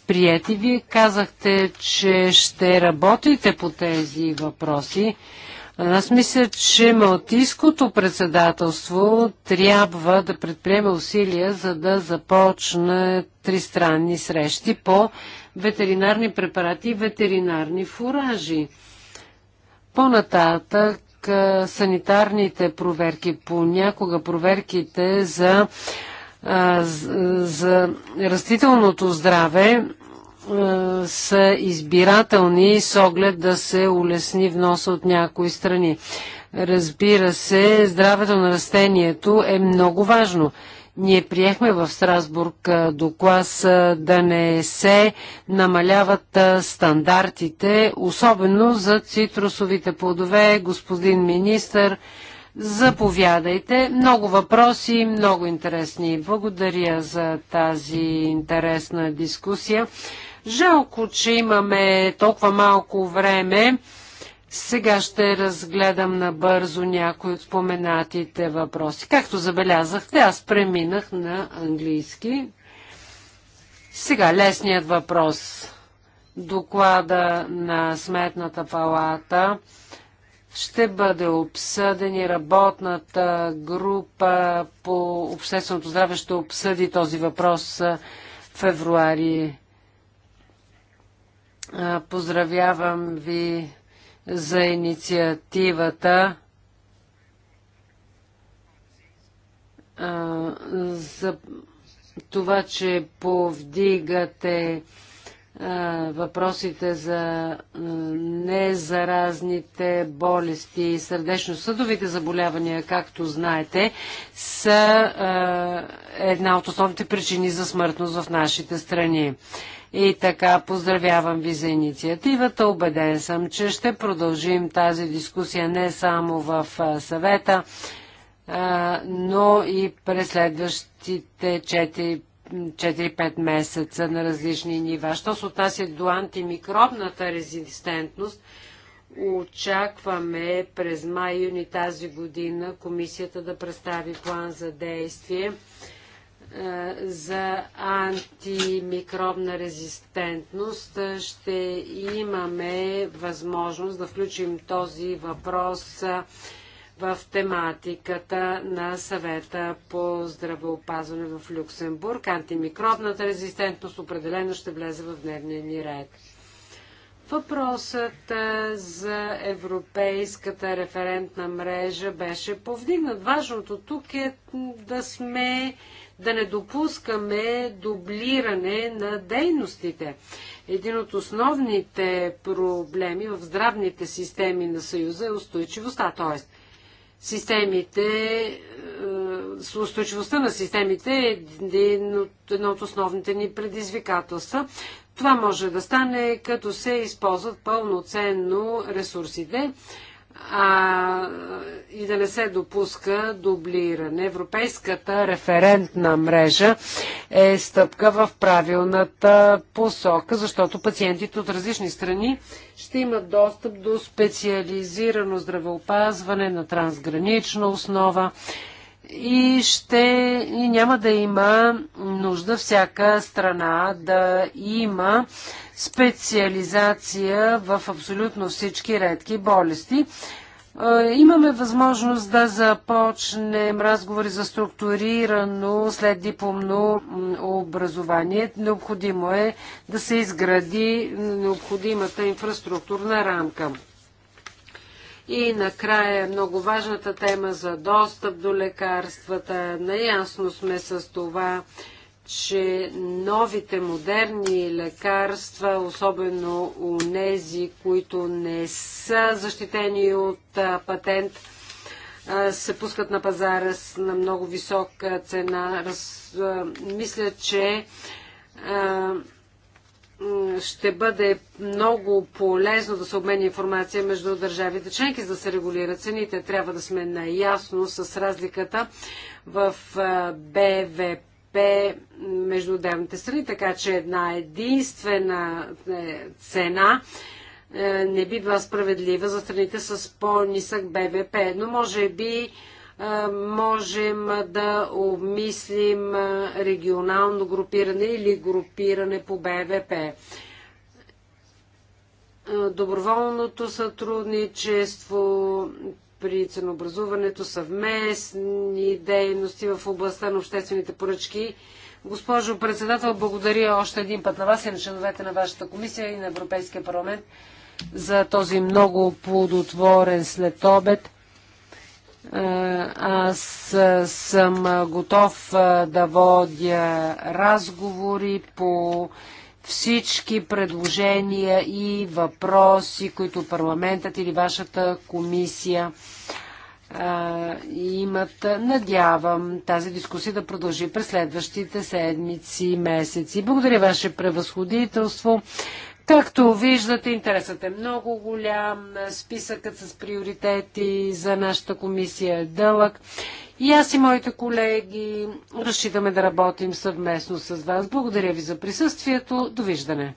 прияти. Вие казахте, че ще работите по тези въпроси. Аз мисля, че Малтийското председателство трябва да предприеме усилия, за да започне тристранни срещи по ветеринарни препарати и ветеринарни фуражи. По-нататък санитарните проверки. Понякога проверките за, за растителното здраве са избирателни с оглед да се улесни вноса от някои страни. Разбира се, здравето на растението е много важно. Ние приехме в Страсбург клас да не се намаляват стандартите, особено за цитрусовите плодове. Господин министър, заповядайте. Много въпроси, много интересни. Благодаря за тази интересна дискусия. Жалко, че имаме толкова малко време сега ще разгледам набързо някои от споменатите въпроси. Както забелязахте, аз преминах на английски. Сега лесният въпрос. Доклада на Сметната палата ще бъде обсъден и работната група по общественото здраве ще обсъди този въпрос в февруари. Поздравявам ви за инициативата а, за това, че повдигате а, въпросите за а, незаразните болести и сърдечно-съдовите заболявания, както знаете, са една от основните причини за смъртност в нашите страни. И така, поздравявам ви за инициативата. Обеден съм, че ще продължим тази дискусия не само в съвета, но и през следващите 4-5 месеца на различни нива. Що се отнася до антимикробната резистентност, очакваме през май-юни тази година комисията да представи план за действие е, за антимикробна резистентност е, ще имаме възможност да включим този въпрос е, в тематиката на съвета по здравеопазване в Люксембург. Антимикробната резистентност определено ще влезе в дневния ни ред. Въпросът за Европейската референтна мрежа беше повдигнат. Важното тук е да сме да не допускаме дублиране на дейностите. Един от основните проблеми в здравните системи на Съюза е устойчивостта, т.е. системите, с е, устойчивостта на системите е един от, едно от основните ни предизвикателства. Това може да стане, като се използват пълноценно ресурсите а, и да не се допуска дублиране. Европейската референтна мрежа е стъпка в правилната посока, защото пациентите от различни страни ще имат достъп до специализирано здравеопазване на трансгранична основа и, ще, и няма да има нужда всяка страна да има специализация в абсолютно всички редки болести. Е, имаме възможност да започнем разговори за структурирано след дипломно образование. Необходимо е да се изгради необходимата инфраструктурна рамка. И накрая е много важната тема за достъп до лекарствата. Наясно сме с това, че новите модерни лекарства, особено у нези, които не са защитени от патент, се пускат на пазара с, на много висока цена. Раз, мисля, че ще бъде много полезно да се обменя информация между държавите членки, за да се регулират цените. Трябва да сме наясно с разликата в БВП между отделните страни, така че една единствена е, цена е, не би била справедлива за страните с по-нисък БВП. Но може би можем да обмислим регионално групиране или групиране по БВП. Доброволното сътрудничество при ценообразуването, съвместни дейности в областта на обществените поръчки. Госпожо председател, благодаря още един път на вас и на членовете на вашата комисия и на Европейския парламент за този много плодотворен следобед. Е, аз е, съм е, готов да водя разговори по всички предложения и въпроси, които парламентът или вашата комисия имат. Надявам тази дискусия да продължи през следващите седмици и месеци. Благодаря ваше превъзходителство. Както виждате, интересът е много голям, списъкът с приоритети за нашата комисия е дълъг. И аз и моите колеги разчитаме да работим съвместно с вас. Благодаря ви за присъствието. Довиждане!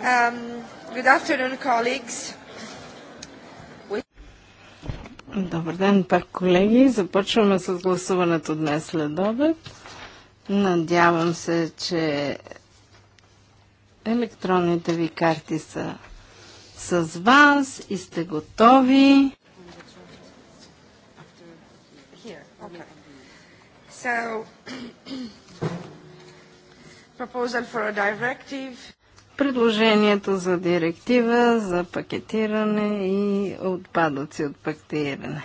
Um, good afternoon, colleagues. Добър ден пак, колеги. Започваме с гласуването днес след обед. Надявам се, че електронните ви карти са с вас и сте готови. So, proposal for a directive предложението за директива за пакетиране и отпадъци от пакетиране.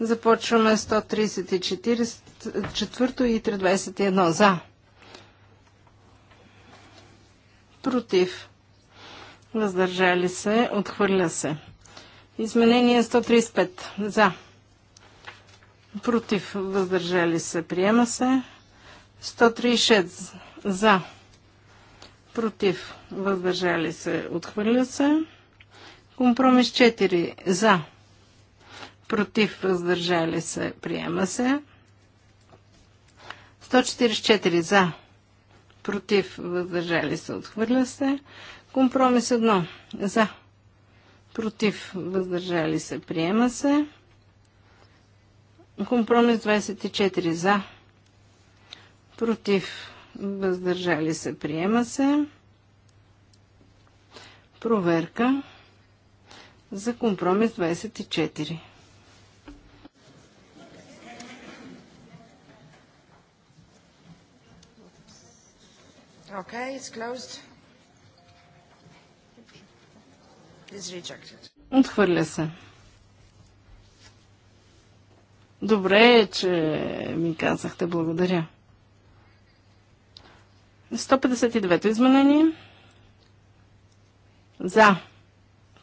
Започваме 134 и 321 за. Против. Въздържали се. Отхвърля се. Изменение 135 за. Против. Въздържали се. Приема се. 136 за против, въздържали се, отхвърля се. Компромис 4 за, против, въздържали се, приема се. 144 за, против, въздържали се, отхвърля се. Компромис 1 за, против, въздържали се, приема се. Компромис 24 за, против, въздържали се, приема се. Проверка за компромис 24. Okay, it's closed. It's rejected. Отхвърля се. Добре е, че ми казахте благодаря. 159-то изменение. За.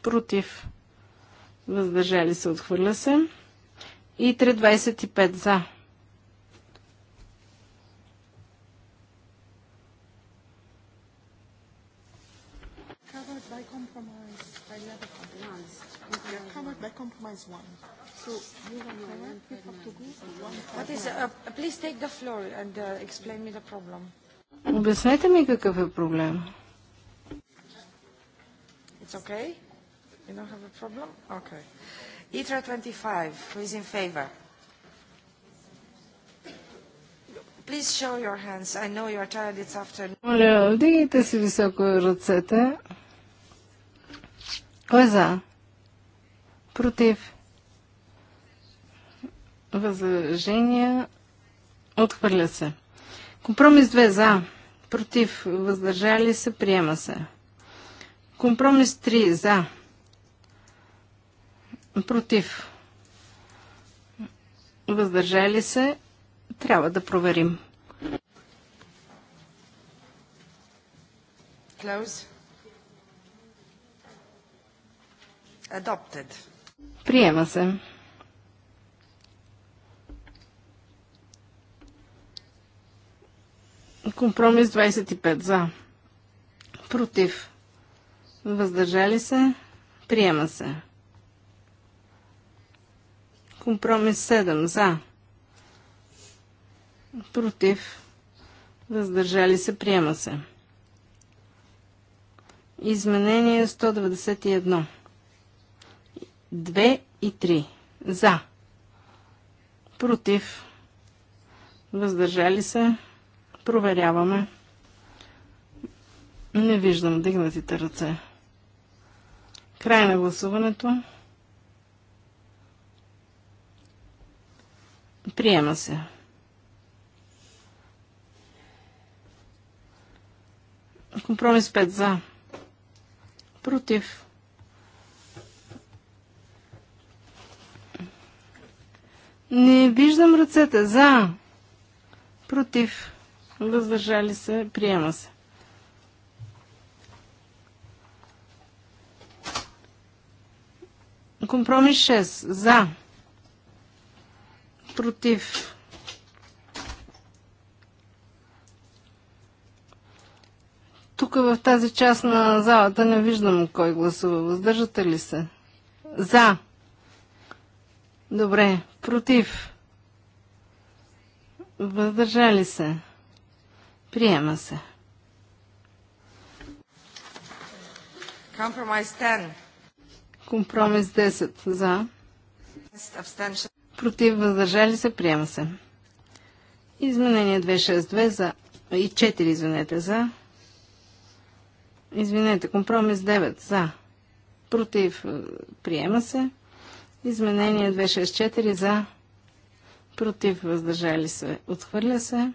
Против. Въздържали се. Отхвърля се. И 325 за. Uh, uh, please take the floor and uh, explain me the problem. Обяснете ми какъв е проблем. It's okay? You don't have a problem? Okay. ITRA 25, who is in favor? Please show your hands. I know you are tired. It's afternoon. Моля, вдигайте си високо ръцете. Кой е за? Против? Възражения? Отхвърля се. Компромис 2 за, против, въздържали се, приема се. Компромис 3 за, против, въздържали се, трябва да проверим. Клаус. Adopted. Приема се. Компромис 25 за. Против. Въздържали се. Приема се. Компромис 7 за. Против. Въздържали се. Приема се. Изменение 191. 2 и 3. За. Против. Въздържали се. Проверяваме. Не виждам дигнатите ръце. Край на гласуването. Приема се. Компромис 5 за. Против. Не виждам ръцете. За. Против въздържали се, приема се. Компромис 6. За. Против. Тук в тази част на залата не виждам кой гласува. Въздържате ли се? За. Добре. Против. Въздържали се. Приема се. Компромис 10. Компромис 10 за. Против въздържали се. Приема се. Изменение 262 за. И 4, извинете, за. Извинете, компромис 9 за. Против е, приема се. Изменение 264 за. Против въздържали се. Отхвърля се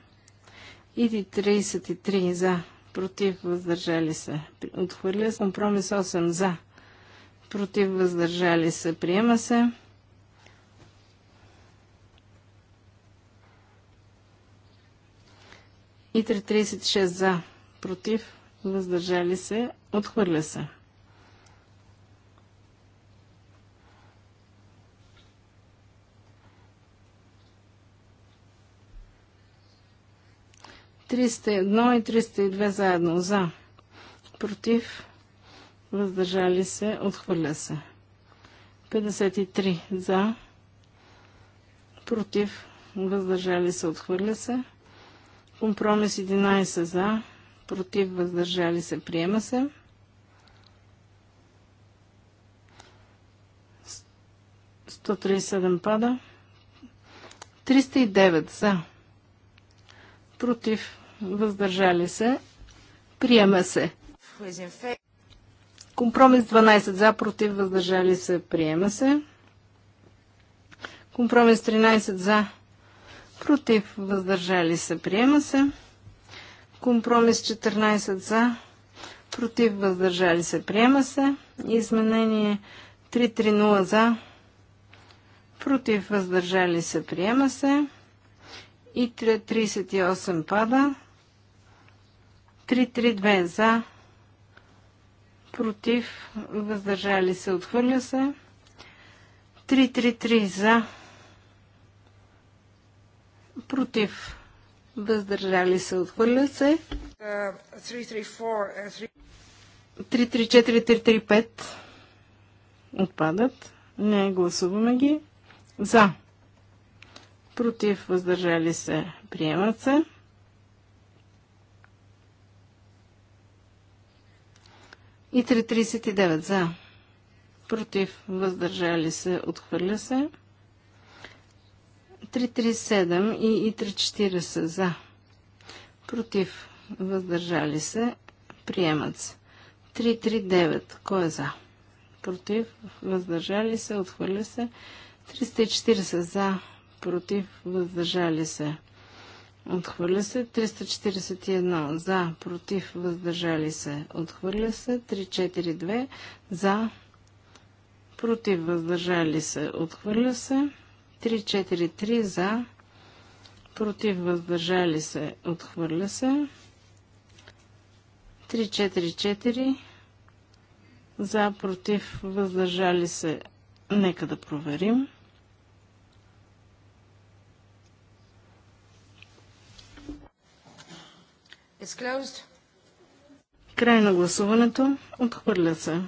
или 33 за, против, въздържали се. Отхвърля се. Компромис 8 за, против, въздържали се. Приема се. И 36 за, против, въздържали се. Отхвърля се. 301 и 302 заедно за. Против. Въздържали се. Отхвърля се. 53 за. Против. Въздържали се. Отхвърля се. Компромис 11 за. Против. Въздържали се. Приема се. 137 пада. 309 за против, въздържали се, приема се. Компромис 12 за, против, въздържали се, приема се. Компромис 13 за, против, въздържали се, приема се. Компромис 14 за, против, въздържали се, приема се. Изменение 330 за, против, въздържали се, приема се. И 38 пада. 332 за. Против. Въздържали се. Отхвърля се. 333 за. Против. Въздържали се. Отхвърля се. 334 335 отпадат. Не гласуваме ги. За против, въздържали се, приемат се. И 3,39 за, против, въздържали се, отхвърля се. 3,37 и 3,40 за, против, въздържали се, приемат се. 3,39, кой е за? Против, въздържали се, отхвърля се. 340 за, против, въздържали се. Отхвърля се 341 за, против, въздържали се. Отхвърля се 342 за, против, въздържали се. Отхвърля се 343 за, против, въздържали се. Отхвърля се 344 за, против, въздържали се. Нека да проверим. Край на гласуването. Отхвърля се.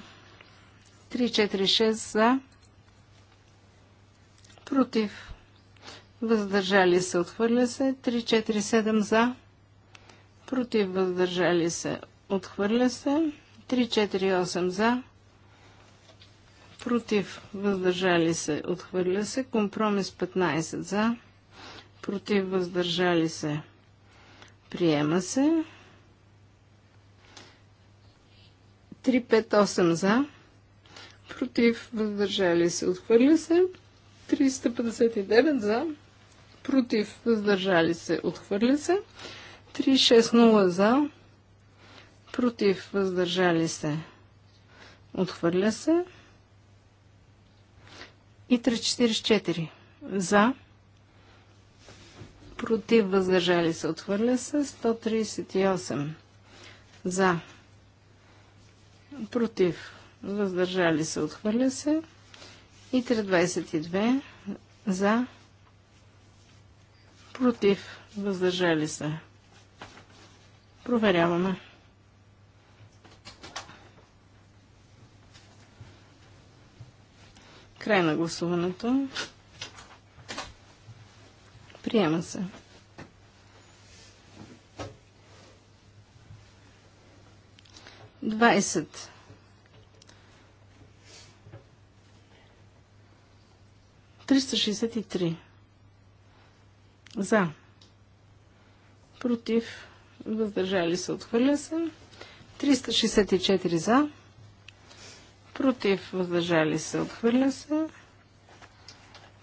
3-4-6 за. Против. Въздържали се. Отхвърля се. 3-4-7 за. Против. Въздържали се. Отхвърля се. 3-4-8 за. Против. Въздържали се. Отхвърля се. Компромис 15 за. Против. Въздържали се. Приема се. 358 за. Против. Въздържали се. Отхвърля се. 359 за. Против. Въздържали се. Отхвърля се. 360 за. Против. Въздържали се. Отхвърля се. И 344 за против, въздържали се, отхвърля се. 138 за, против, въздържали се, отхвърля се. И 322 за, против, въздържали се. Проверяваме. Край на гласуването. Приема се. Двадесет. Триста За. Против. Въздържали се. Отхвърля се. 364 за. Против. Въздържали се. Отхвърля се.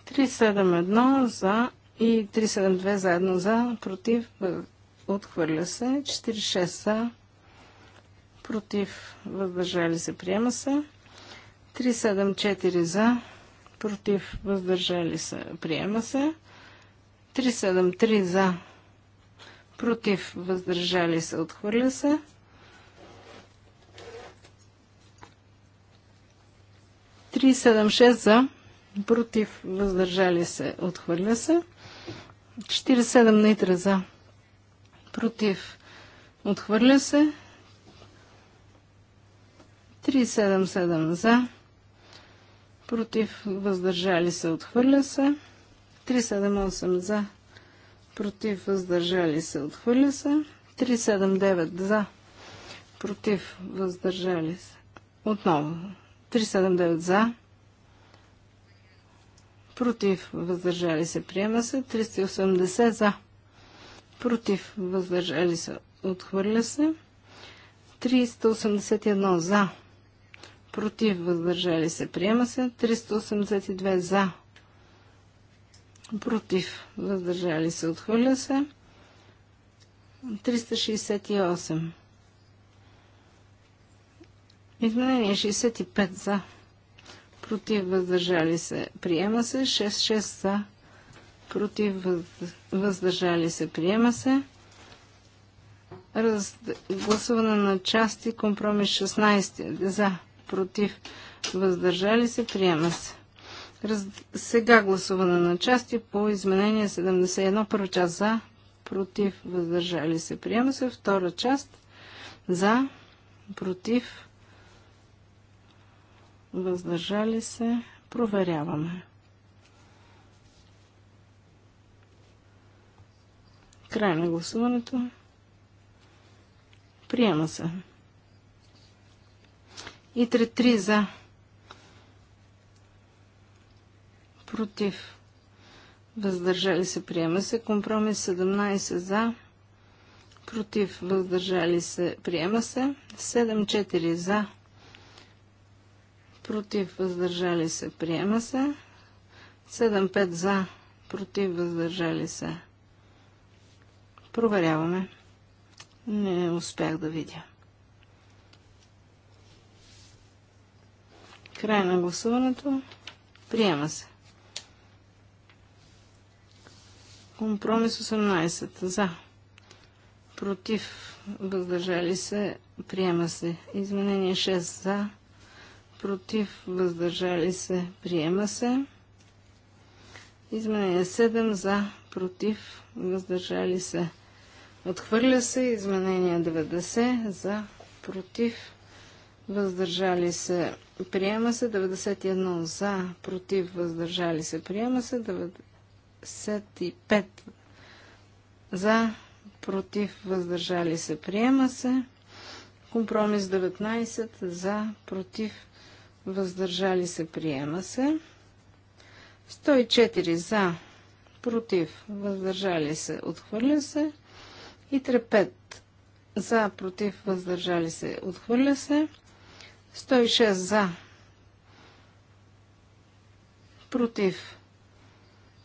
371 за и 372 заедно за, против, отхвърля се, 46 за, против, въздържали се, приема се, 374 за, против, въздържали се, приема се, 373 за, против, въздържали се, отхвърля се, 376 за, против, въздържали се, отхвърля се, 47 литра за. Против. Отхвърля се. 377 за. Против. Въздържали се. Отхвърля се. 378 за. Против. Въздържали се. Отхвърля се. 379 за. Против. Въздържали се. Отново. 379 за против, въздържали се, приема се. 380 за, против, въздържали се, отхвърля се. 381 за, против, въздържали се, приема се. 382 за, против, въздържали се, отхвърля се. 368. Изменение 65 за против въздържали се, приема се. 6-6 за, против въздържали се, приема се. Раз... Гласуване на части, компромис 16 за, против въздържали се, приема се. Раз... Сега гласуване на части по изменение 71, първа част за, против въздържали се, приема се. Втора част за, против въздържали се, проверяваме. Край на гласуването. Приема се. И 3-3 за. Против. Въздържали се. Приема се. Компромис 17 за. Против. Въздържали се. Приема се. 7-4 за против, въздържали се, приема се. 7-5 за, против, въздържали се. Проверяваме. Не успях да видя. Край на гласуването. Приема се. Компромис 18. За. Против. Въздържали се. Приема се. Изменение 6. За против, въздържали се, приема се. Изменение 7 за, против, въздържали се, отхвърля се. Изменение 90 за, против, въздържали се, приема се. 91 за, против, въздържали се, приема се. 95 за, против, въздържали се, приема се. Компромис 19 за, против, въздържали се, приема се. 104 за, против, въздържали се, отхвърля се. И 35 за, против, въздържали се, отхвърля се. 106 за, против,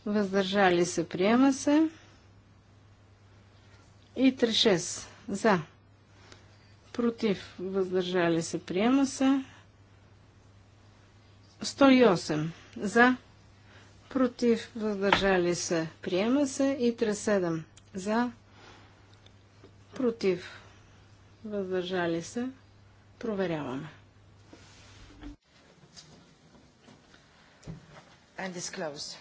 въздържали се, приема се. И 36 за, против, въздържали се, приема се. 108 за, против, въздържали се, приема се и 37 за, против, въздържали се, проверяваме. And is closed.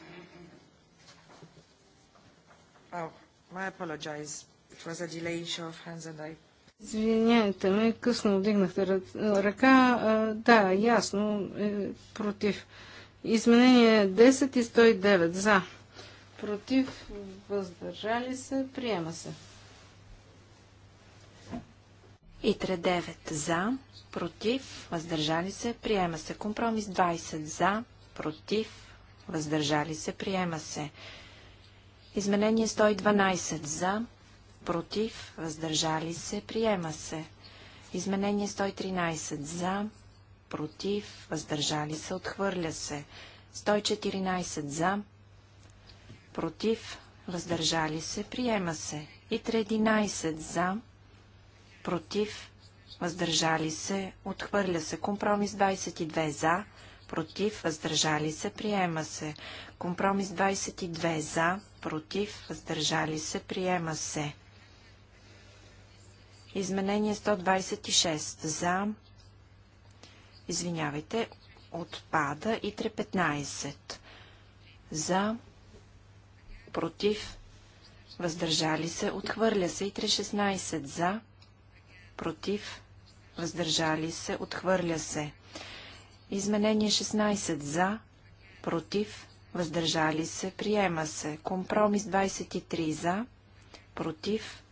Oh, I apologize. It was a delay show of hands and I Извинете ме, късно вдигнахте ръка. Да, ясно, е, против. Изменение 10 и 109 за. Против, въздържали се, приема се. Итре 9 за, против, въздържали се, приема се. Компромис 20 за, против, въздържали се, приема се. Изменение 112 за, против, въздържали се, приема се. Изменение 113 за, против, въздържали се, отхвърля се. 114 за, против, въздържали се, приема се. И 13 за, против, въздържали се, отхвърля се. Компромис 22 за, против, въздържали се, приема се. Компромис 22 за, против, въздържали се, приема се. Изменение 126 за. Извинявайте, отпада и 315 за. Против. Въздържали се. Отхвърля се и 316 за. Против. Въздържали се. Отхвърля се. Изменение 16 за. Против. Въздържали се. Приема се. Компромис 23 за. Против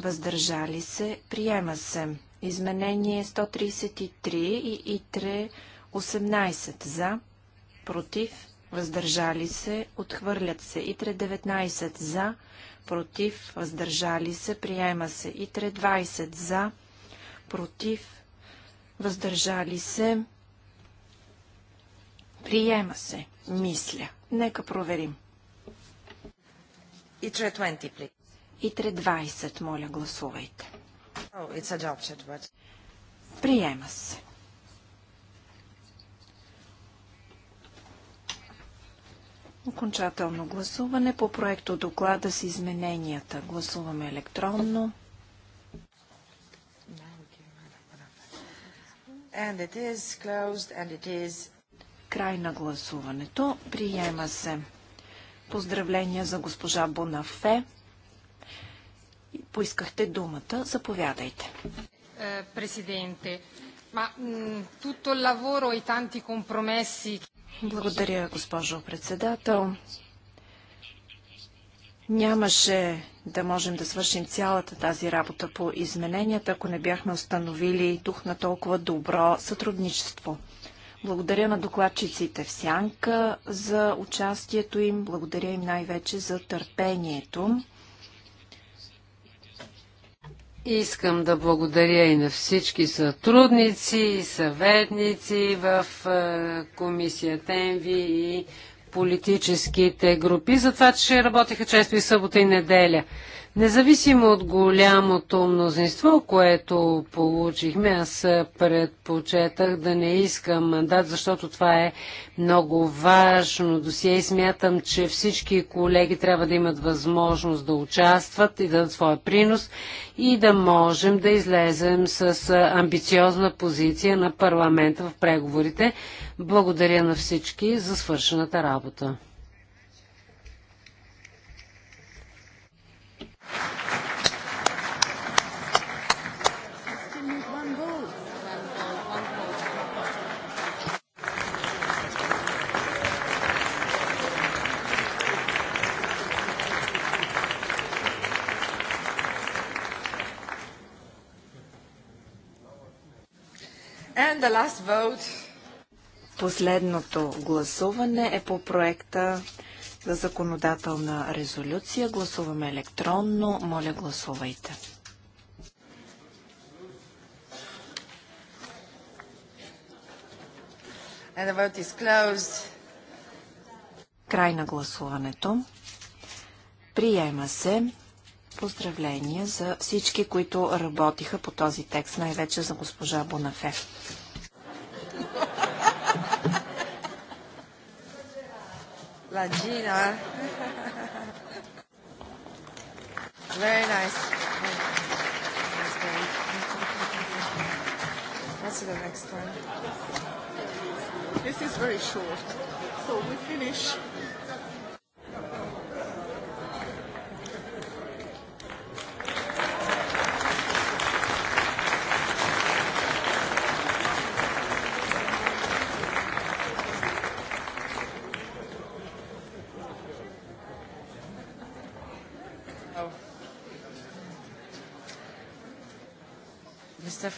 въздържали се, приема се. Изменение 133 и ИТРЕ 18 за, против, въздържали се, отхвърлят се. ИТРЕ 19 за, против, въздържали се, приема се. ИТРЕ 20 за, против, въздържали се, приема се, мисля. Нека проверим. ИТРЕ 20, please. И 320, моля гласувайте. Oh, Приема се. Окончателно гласуване по проекто доклада с измененията. Гласуваме електронно. Край на гласуването. Приема се. Поздравления за госпожа Бонафе. Поискахте думата. Заповядайте. Е, президенте, Ма, тутто лаворо и танти компромеси... Благодаря, госпожо председател. Нямаше да можем да свършим цялата тази работа по измененията, ако не бяхме установили дух на толкова добро сътрудничество. Благодаря на докладчиците в Сянка за участието им, благодаря им най-вече за търпението. Искам да благодаря и на всички сътрудници и съветници в е, комисията ЕНВИ и политическите групи за това, че работиха често и събота и неделя. Независимо от голямото мнозинство, което получихме, аз предпочетах да не искам мандат, защото това е много важно досие и смятам, че всички колеги трябва да имат възможност да участват и да дадат своя принос и да можем да излезем с амбициозна позиция на парламента в преговорите. Благодаря на всички за свършената работа. the last vote. Последното гласуване е по проекта за законодателна резолюция. Гласуваме електронно. Моля, гласувайте. And the vote is closed. Край на гласуването. Приема се. Поздравления за всички, които работиха по този текст, най-вече за госпожа Бонафе. La Gina. Very nice. What's the next one? This is very short. So we finish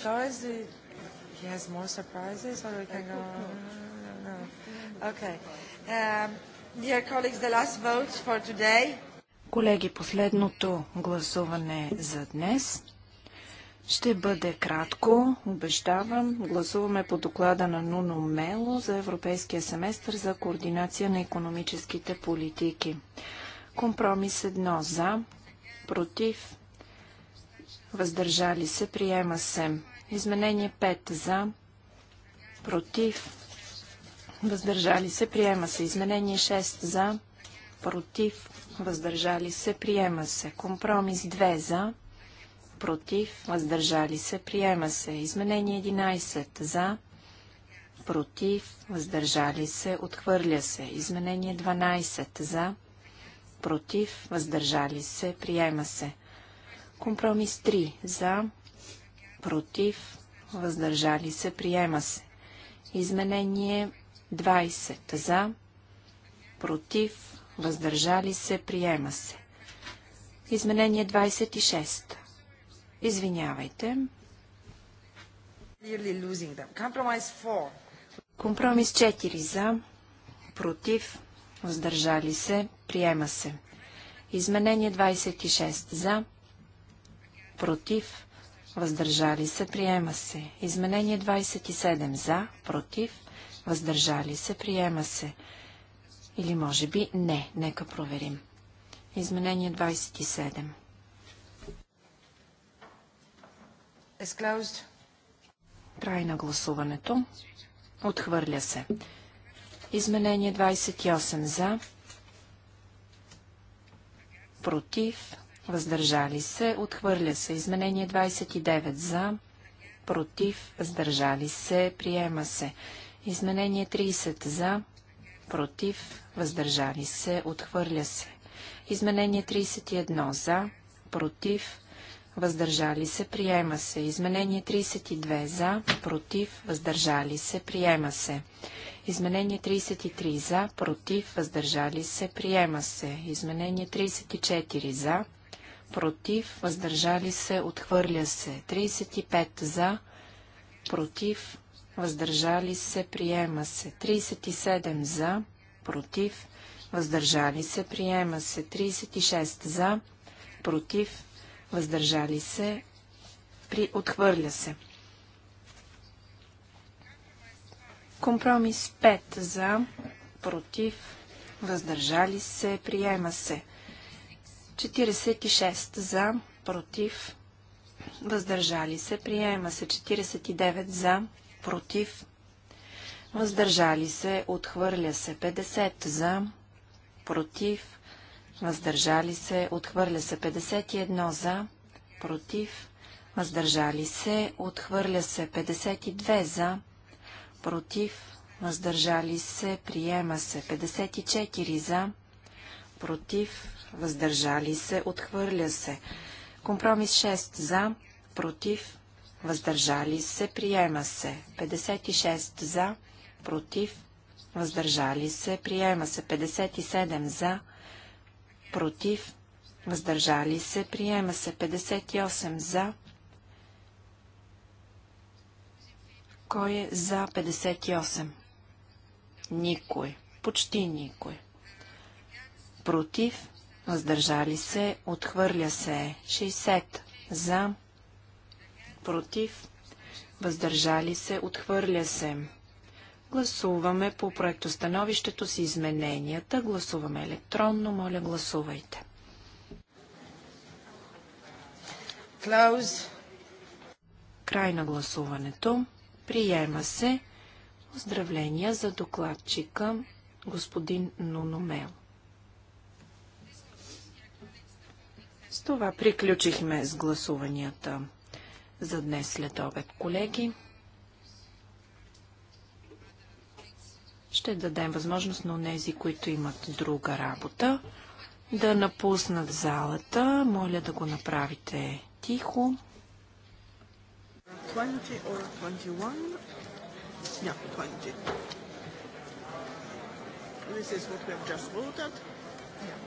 Doris, he has more surprises, or we can go on. No. Okay. Um, dear colleagues, the last vote for today. Колеги, последното гласуване за днес ще бъде кратко, обещавам. Гласуваме по доклада на Нуно Мело за Европейския семестър за координация на економическите политики. Компромис едно за, против, въздържали се, приема се. Изменение 5 за, против, въздържали се, приема се. Изменение 6 за, против, въздържали се, приема се. Компромис 2 за, против, въздържали се, приема се. Изменение 11 за, против, въздържали се, отхвърля се. Изменение 12 за, против, въздържали се, приема се. Компромис 3 за, против, въздържали се, приема се. Изменение 20 за, против, въздържали се, приема се. Изменение 26. Извинявайте. Компромис 4 за, против, въздържали се, приема се. Изменение 26 за, против, въздържали се, приема се. Изменение 27 за, против, въздържали се, приема се. Или може би не, нека проверим. Изменение 27. Край на гласуването. Отхвърля се. Изменение 28 за. Против въздържали се, отхвърля се. Изменение 29 за, против, въздържали се, приема се. Изменение 30 за, против, въздържали се, отхвърля се. Изменение 31 за, против, въздържали се, приема се. Изменение 32 за, против, въздържали се, приема се. Изменение 33 за, против, въздържали се, приема се. Изменение 34 за, против, въздържали се, отхвърля се. 35 за, против, въздържали се, приема се. 37 за, против, въздържали се, приема се. 36 за, против, въздържали се, при отхвърля се. Компромис 5 за, против, въздържали се, приема се. 46 за, против, въздържали се. Приема се 49 за, против, въздържали се. Отхвърля се 50 за, против, въздържали се. Отхвърля се 51 за, против, въздържали се. Отхвърля се 52 за, против, въздържали се. Приема се 54 за, против, въздържали се, отхвърля се. Компромис 6 за, против, въздържали се, приема се. 56 за, против, въздържали се, приема се. 57 за, против, въздържали се, приема се. 58 за, Кой е за 58? Никой. Почти никой. Против? въздържали се, отхвърля се 60 за, против, въздържали се, отхвърля се. Гласуваме по проектостановището с измененията. Гласуваме електронно. Моля, гласувайте. Клауз. Край на гласуването. Приема се. Поздравления за докладчика господин Нуномел. това приключихме с гласуванията за днес след обед, колеги. Ще дадем възможност на тези, които имат друга работа, да напуснат залата. Моля да го направите тихо. 20 or 21? Yeah, 20. This is what we have just voted. Yeah.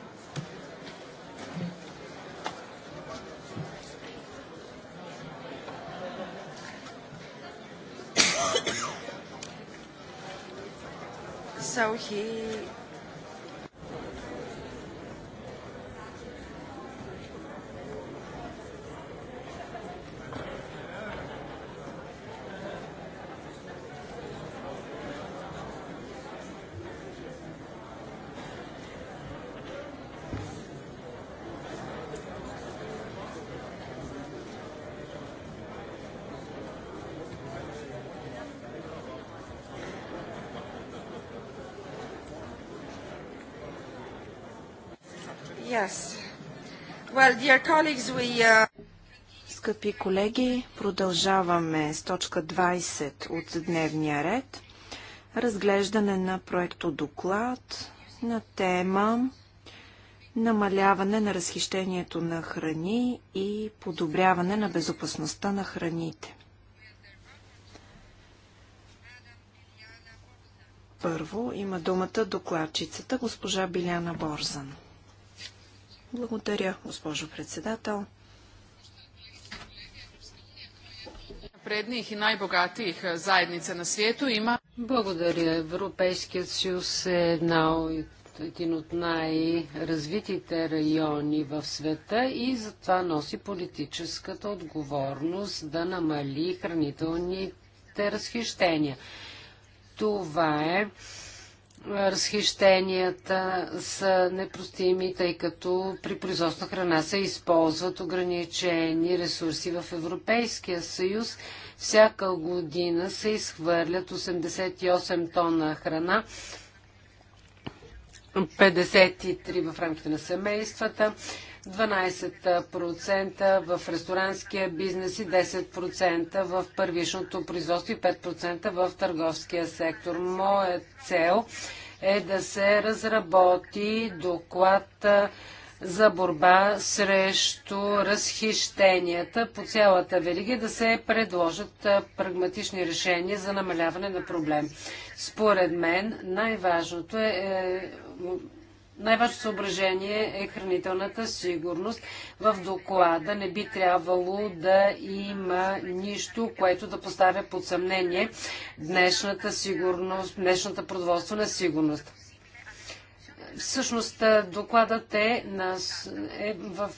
so he Yes. Well, dear colleagues, we, uh... Скъпи колеги, продължаваме с точка 20 от дневния ред. Разглеждане на проекто доклад на тема намаляване на разхищението на храни и подобряване на безопасността на храните. Първо има думата докладчицата госпожа Биляна Борзан. Благодаря, госпожо председател. предних и най-богатих е, заедница на свето има. Благодаря. Европейският съюз е една от един от най-развитите райони в света и затова носи политическата отговорност да намали хранителните разхищения. Това е разхищенията са непростими, тъй като при производство на храна се използват ограничени ресурси в Европейския съюз. Всяка година се изхвърлят 88 тона храна, 53 в рамките на семействата. 12% в ресторанския бизнес и 10% в първичното производство и 5% в търговския сектор. Моя цел е да се разработи доклад за борба срещу разхищенията по цялата верига да се предложат прагматични решения за намаляване на проблем. Според мен най-важното е, е най-важното съображение е хранителната сигурност. В доклада не би трябвало да има нищо, което да поставя под съмнение днешната, сигурност, днешната продоволствена сигурност. Всъщност докладът е, на, е в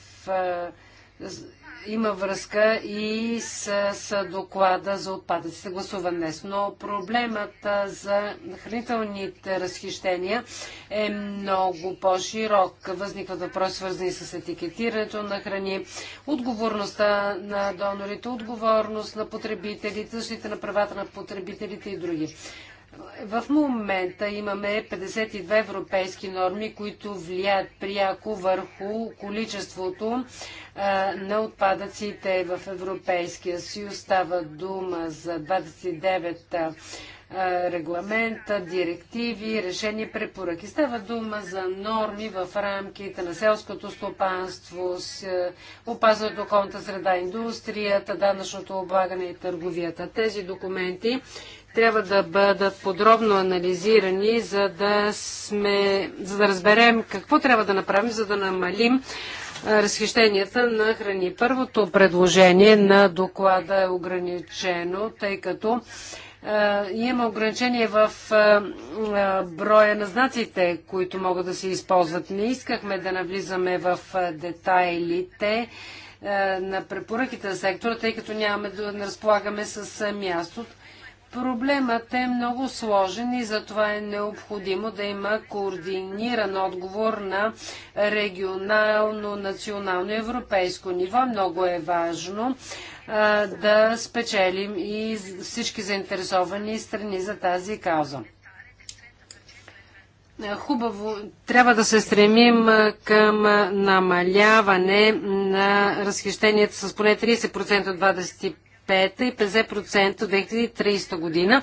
има връзка и с, с доклада за отпадъците, гласуван днес. Но проблемът за хранителните разхищения е много по-широк. Възникват въпроси, свързани с етикетирането на храни, отговорността на донорите, отговорност на потребителите, защита на правата на потребителите и други. В момента имаме 52 европейски норми, които влияят пряко върху количеството на отпадъците в Европейския съюз. Става дума за 29 регламента, директиви, решени препоръки. Става дума за норми в рамките на селското стопанство, опазването околната среда, индустрията, данъчното облагане и търговията. Тези документи трябва да бъдат подробно анализирани, за да, сме, за да разберем какво трябва да направим, за да намалим разхищенията на храни. Първото предложение на доклада е ограничено, тъй като има ограничение в броя на знаците, които могат да се използват. Не искахме да навлизаме в детайлите на препоръките на сектора, тъй като нямаме да разполагаме с място. Проблемът е много сложен и затова е необходимо да има координиран отговор на регионално, национално и европейско ниво. Много е важно а, да спечелим и всички заинтересовани страни за тази кауза. Хубаво. Трябва да се стремим към намаляване на разхищението с поне 30% от 25 2005 и 50% от 2030 година.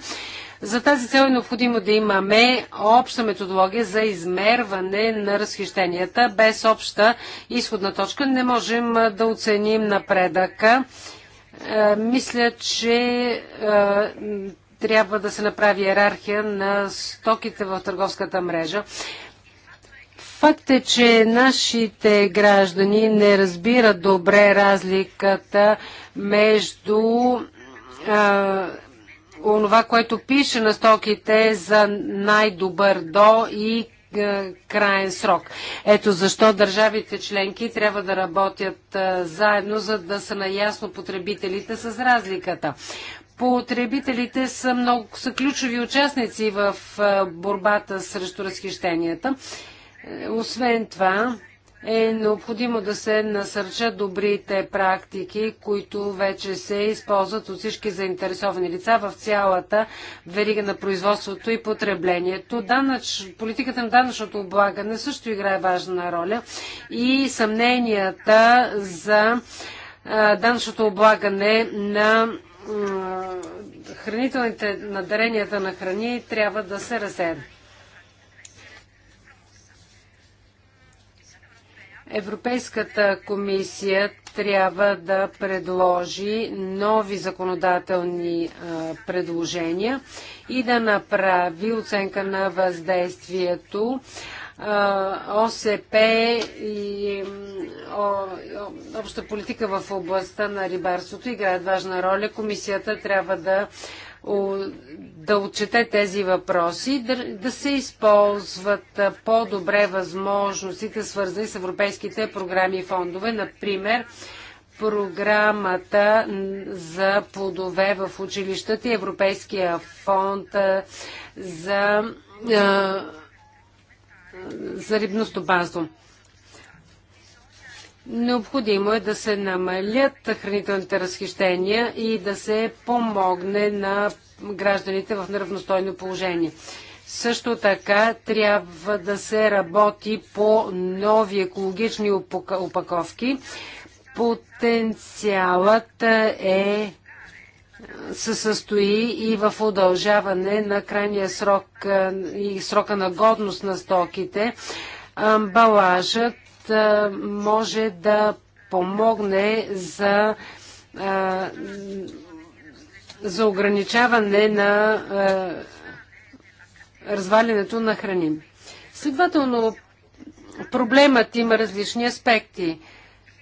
За тази цел е необходимо да имаме обща методология за измерване на разхищенията. Без обща изходна точка не можем да оценим напредъка. Е, мисля, че е, трябва да се направи иерархия на стоките в търговската мрежа. Факт е, че нашите граждани не разбират добре разликата между а, онова, което пише на стоките за най-добър до и краен срок. Ето защо държавите членки трябва да работят заедно, за да са наясно потребителите с разликата. Потребителите са, много, са ключови участници в борбата срещу разхищенията освен това, е необходимо да се насърчат добрите практики, които вече се използват от всички заинтересовани лица в цялата верига на производството и потреблението. Данъч, политиката на данъчното облагане също играе важна роля и съмненията за данъчното облагане на хранителните надаренията на храни трябва да се разсеят. Европейската комисия трябва да предложи нови законодателни предложения и да направи оценка на въздействието. ОСП и обща политика в областта на рибарството играят важна роля. Комисията трябва да да отчете тези въпроси, да, да се използват по-добре възможностите, свързани с европейските програми и фондове, например програмата за плодове в училищата и Европейския фонд за, за рибно стопанство. Необходимо е да се намалят хранителните разхищения и да се помогне на гражданите в неравностойно положение. Също така трябва да се работи по нови екологични упаковки. Потенциалът е се състои и в удължаване на крайния срок и срока на годност на стоките. Амбалажът може да помогне за, за ограничаване на развалянето на храни. Следователно, проблемът има различни аспекти.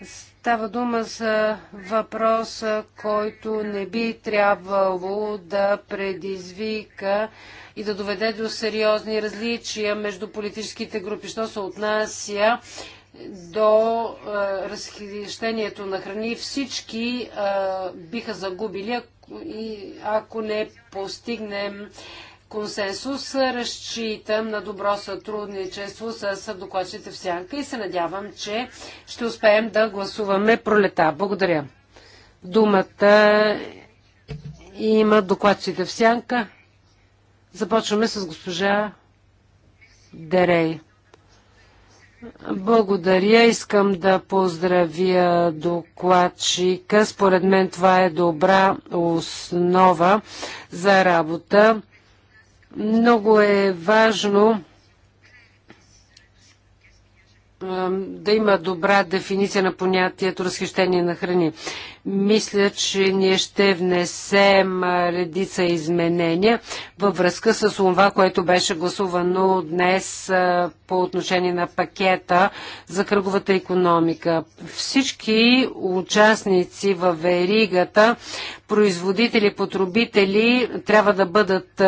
Става дума за въпрос, който не би трябвало да предизвика и да доведе до сериозни различия между политическите групи, що се отнася до а, е, разхищението на храни, всички а, е, биха загубили, и ако не постигнем консенсус, разчитам на добро сътрудничество с докладчите в Сянка и се надявам, че ще успеем да гласуваме пролета. Благодаря. Думата има докладчите в Сянка. Започваме с госпожа Дерей. Благодаря. Искам да поздравя докладчика. Според мен това е добра основа за работа. Много е важно да има добра дефиниция на понятието разхищение на храни. Мисля, че ние ще внесем редица изменения във връзка с това, което беше гласувано днес по отношение на пакета за кръговата економика. Всички участници в веригата, производители, потребители трябва да бъдат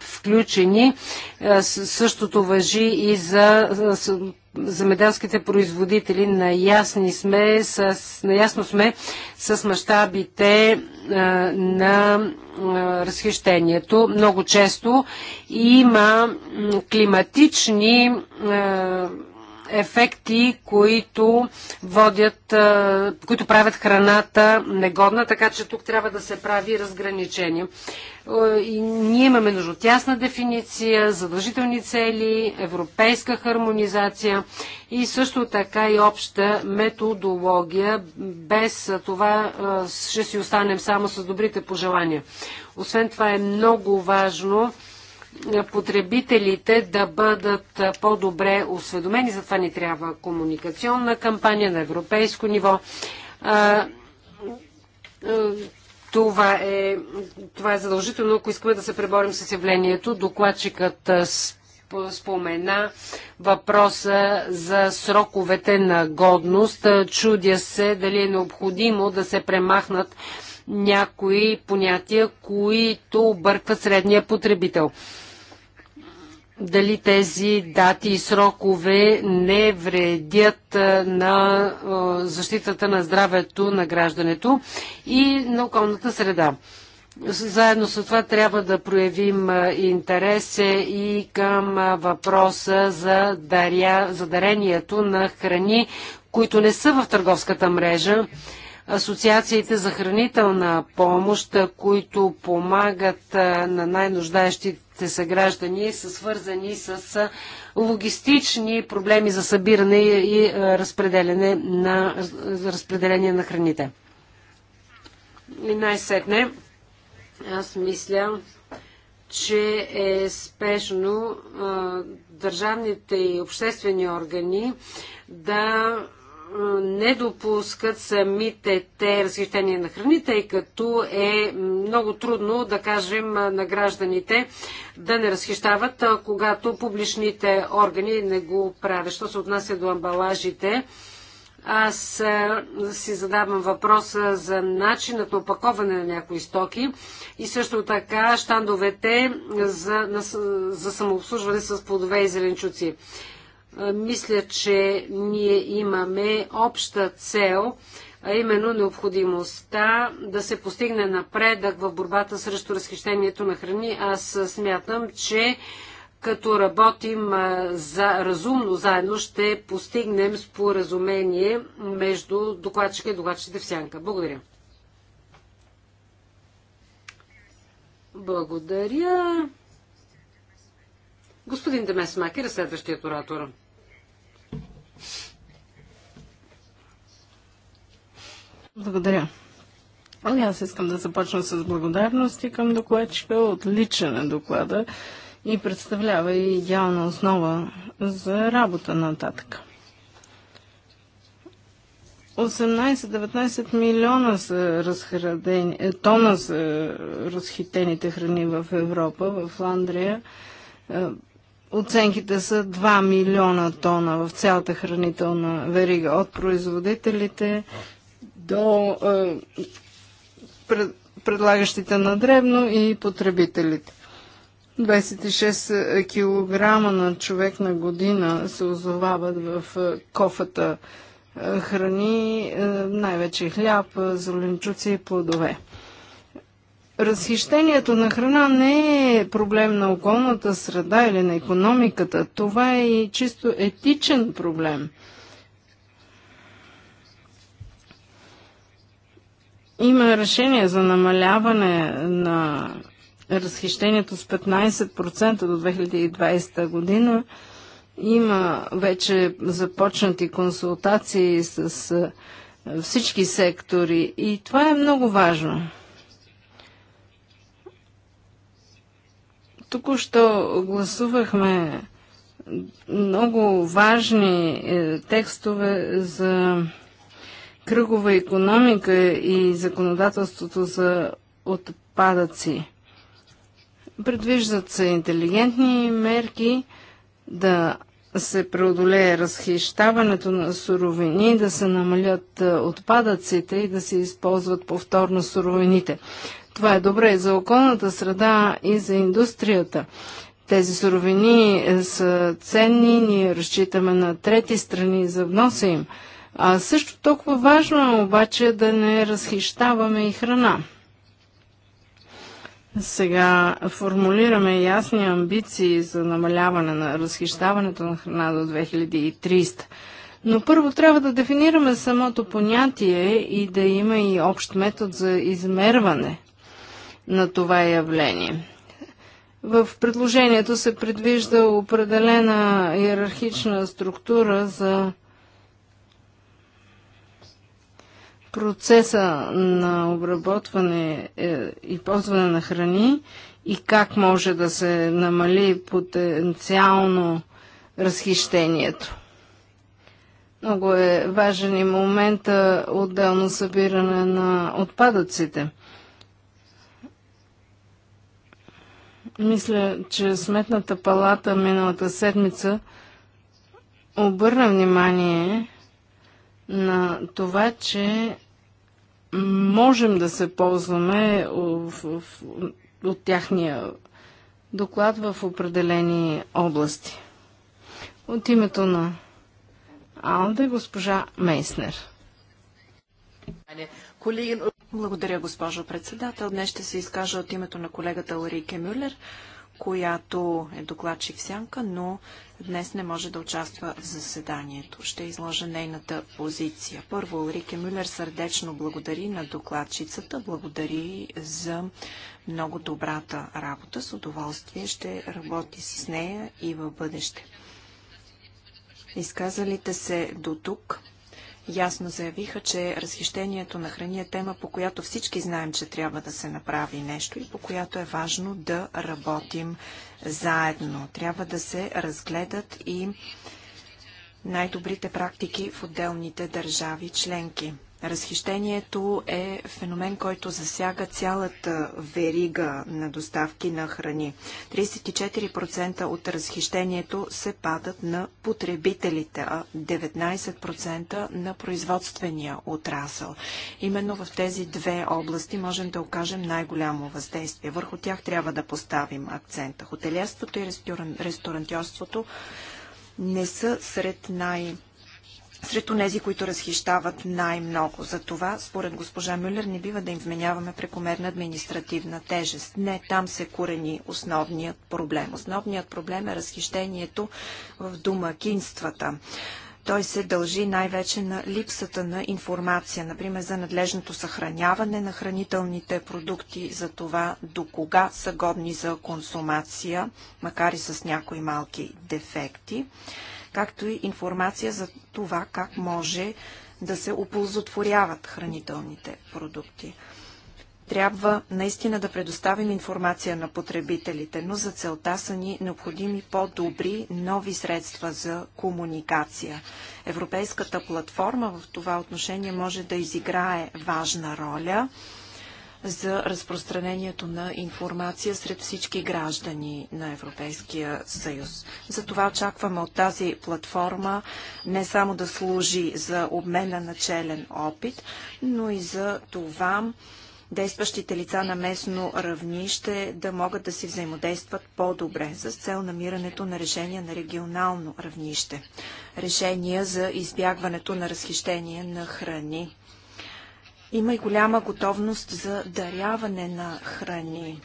включени. Същото въжи и за земеделските производители. Наясни сме с, наясно сме с мащабите е, на е, разхищението. Много често има климатични е, ефекти, които водят, които правят храната негодна, така че тук трябва да се прави разграничение. И ние имаме нужда от ясна дефиниция, задължителни цели, европейска хармонизация и също така и обща методология. Без това ще си останем само с добрите пожелания. Освен това е много важно потребителите да бъдат по-добре осведомени. Затова ни трябва комуникационна кампания на европейско ниво. Това е, това е задължително, ако искаме да се преборим с явлението. Докладчикът спомена въпроса за сроковете на годност. Чудя се дали е необходимо да се премахнат някои понятия, които объркват средния потребител дали тези дати и срокове не вредят на защитата на здравето на граждането и на околната среда. Заедно с това трябва да проявим интерес и към въпроса за, даря, за дарението на храни, които не са в търговската мрежа. Асоциациите за хранителна помощ, които помагат на най-нуждаещите съграждани са свързани с логистични проблеми за събиране и разпределение на, разпределение на храните. И най-сетне, аз мисля, че е спешно а, държавните и обществени органи да не допускат самите те разхищения на храни, тъй като е много трудно да кажем на гражданите да не разхищават, когато публичните органи не го правят. Що се отнася до амбалажите, аз си задавам въпроса за начинът на опаковане на някои стоки и също така щандовете за, за самообслужване с плодове и зеленчуци мисля, че ние имаме обща цел, а именно необходимостта да се постигне напредък в борбата срещу разхищението на храни. Аз смятам, че като работим за, разумно заедно, ще постигнем споразумение между докладчика и докладчите в сянка. Благодаря. Благодаря. Господин Демесмакер е следващият оратор. Благодаря. Ами аз искам да започна с благодарности към докладчика. Отличен е доклада и представлява и идеална основа за работа нататък. 18-19 милиона са разхрадени, е, тона са разхитените храни в Европа, в Ландрия. Е, оценките са 2 милиона тона в цялата хранителна верига от производителите до е, предлагащите на дребно и потребителите. 26 кг на човек на година се озовават в е, кофата е, храни, е, най-вече хляб, зеленчуци и плодове. Разхищението на храна не е проблем на околната среда или на економиката. Това е и чисто етичен проблем – Има решение за намаляване на разхищението с 15% до 2020 година. Има вече започнати консултации с всички сектори и това е много важно. Току-що гласувахме много важни е, текстове за кръгова економика и законодателството за отпадъци. Предвиждат се интелигентни мерки да се преодолее разхищаването на суровини, да се намалят отпадъците и да се използват повторно суровините. Това е добре и за околната среда и за индустрията. Тези суровини е, са ценни, ние разчитаме на трети страни за вноса им. А също толкова важно е обаче да не разхищаваме и храна. Сега формулираме ясни амбиции за намаляване на разхищаването на храна до 2300. Но първо трябва да дефинираме самото понятие и да има и общ метод за измерване на това явление. В предложението се предвижда определена иерархична структура за процеса на обработване е, и ползване на храни и как може да се намали потенциално разхищението. Много е важен и момента отделно събиране на отпадъците. Мисля, че Сметната палата миналата седмица обърна внимание на това, че можем да се ползваме от тяхния доклад в определени области. От името на Алде, госпожа Мейснер. Благодаря, госпожо председател. Днес ще се изкажа от името на колегата Ларике Мюллер която е докладчик Сянка, но днес не може да участва в заседанието. Ще изложа нейната позиция. Първо, Рике Мюллер сърдечно благодари на докладчицата, благодари за много добрата работа. С удоволствие ще работи с нея и в бъдеще. Изказалите се до тук ясно заявиха, че разхищението на храни е тема, по която всички знаем, че трябва да се направи нещо и по която е важно да работим заедно. Трябва да се разгледат и най-добрите практики в отделните държави членки. Разхищението е феномен, който засяга цялата верига на доставки на храни. 34% от разхищението се падат на потребителите, а 19% на производствения отрасъл. Именно в тези две области можем да окажем най-голямо въздействие. Върху тях трябва да поставим акцента. Хотелиерството и ресторантьорството не са сред най- сред тези, които разхищават най-много. За това, според госпожа Мюллер, не бива да им вменяваме прекомерна административна тежест. Не, там се корени основният проблем. Основният проблем е разхищението в домакинствата. Той се дължи най-вече на липсата на информация, например за надлежното съхраняване на хранителните продукти, за това до кога са годни за консумация, макар и с някои малки дефекти както и информация за това как може да се оползотворяват хранителните продукти. Трябва наистина да предоставим информация на потребителите, но за целта са ни необходими по-добри нови средства за комуникация. Европейската платформа в това отношение може да изиграе важна роля за разпространението на информация сред всички граждани на Европейския съюз. Затова очакваме от тази платформа не само да служи за обмена на челен опит, но и за това действащите лица на местно равнище да могат да си взаимодействат по-добре с цел намирането на решения на регионално равнище. Решения за избягването на разхищение на храни има и голяма готовност за даряване на храни.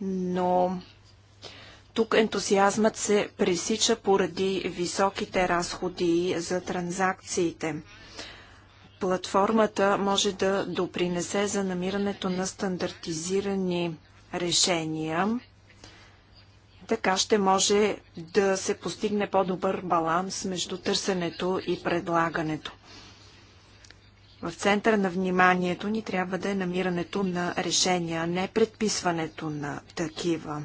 Но тук ентусиазмът се пресича поради високите разходи за транзакциите. Платформата може да допринесе за намирането на стандартизирани решения. Така ще може да се постигне по-добър баланс между търсенето и предлагането. В центъра на вниманието ни трябва да е намирането на решения, а не предписването на такива.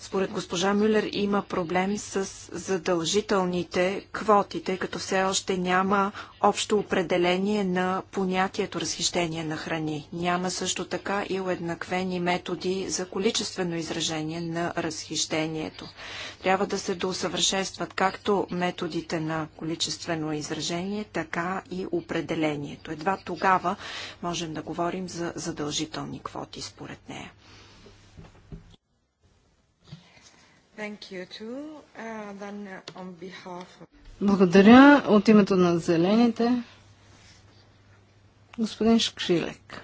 Според госпожа Мюлер има проблем с задължителните квоти, тъй като все още няма общо определение на понятието разхищение на храни. Няма също така и уеднаквени методи за количествено изражение на разхищението. Трябва да се доусъвършенстват както методите на количествено изражение, така и определението. Едва тогава можем да говорим за задължителни квоти, според нея. Of... Благодаря. От името на Зелените, господин Шкрилек.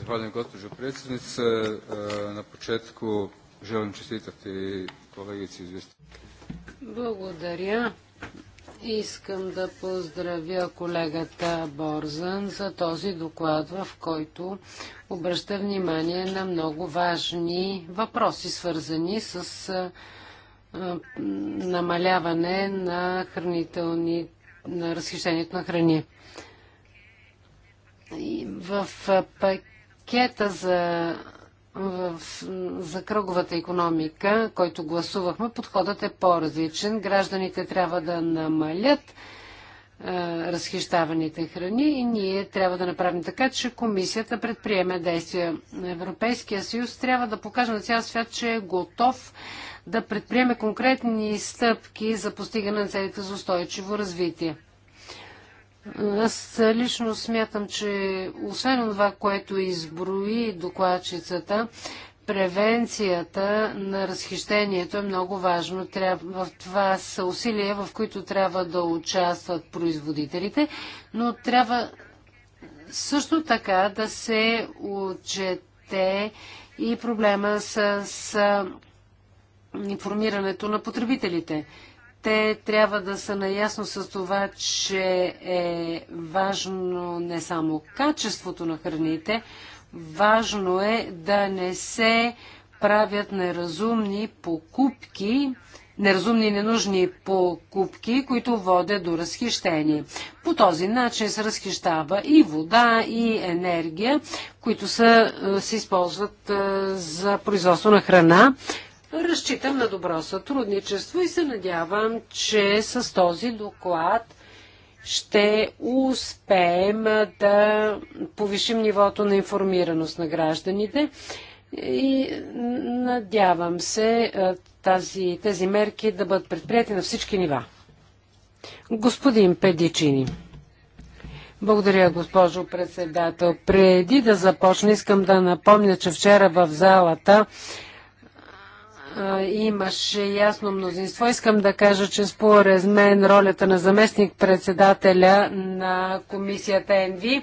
Zahvaljujem gospođo predsjednice. Na početku želim čestitati kolegici izvjestitelju. Благодаря. Искам да поздравя колегата Борзан за този доклад, в който обръща внимание на много важни въпроси, свързани с а, а, намаляване на хранителни, на разхищението на храни. И в пакета за в, за кръговата економика, който гласувахме, подходът е по-различен. Гражданите трябва да намалят е, разхищаваните храни и ние трябва да направим така, че комисията предприеме действия. Европейския съюз трябва да покаже на цял свят, че е готов да предприеме конкретни стъпки за постигане на целите за устойчиво развитие. Аз лично смятам, че освен това, което изброи докладчицата, превенцията на разхищението е много важно. Трябва, в това са усилия, в които трябва да участват производителите, но трябва също така да се отчете и проблема с, с информирането на потребителите те трябва да са наясно с това, че е важно не само качеството на храните, важно е да не се правят неразумни покупки, неразумни и ненужни покупки, които водят до разхищение. По този начин се разхищава и вода, и енергия, които са, е, се използват е, за производство на храна. Разчитам на добро сътрудничество и се надявам, че с този доклад ще успеем да повишим нивото на информираност на гражданите и надявам се тази, тези мерки да бъдат предприяти на всички нива. Господин Педичини. Благодаря, госпожо председател. Преди да започна, искам да напомня, че вчера в залата имаше ясно мнозинство. Искам да кажа, че според мен ролята на заместник-председателя на комисията НВ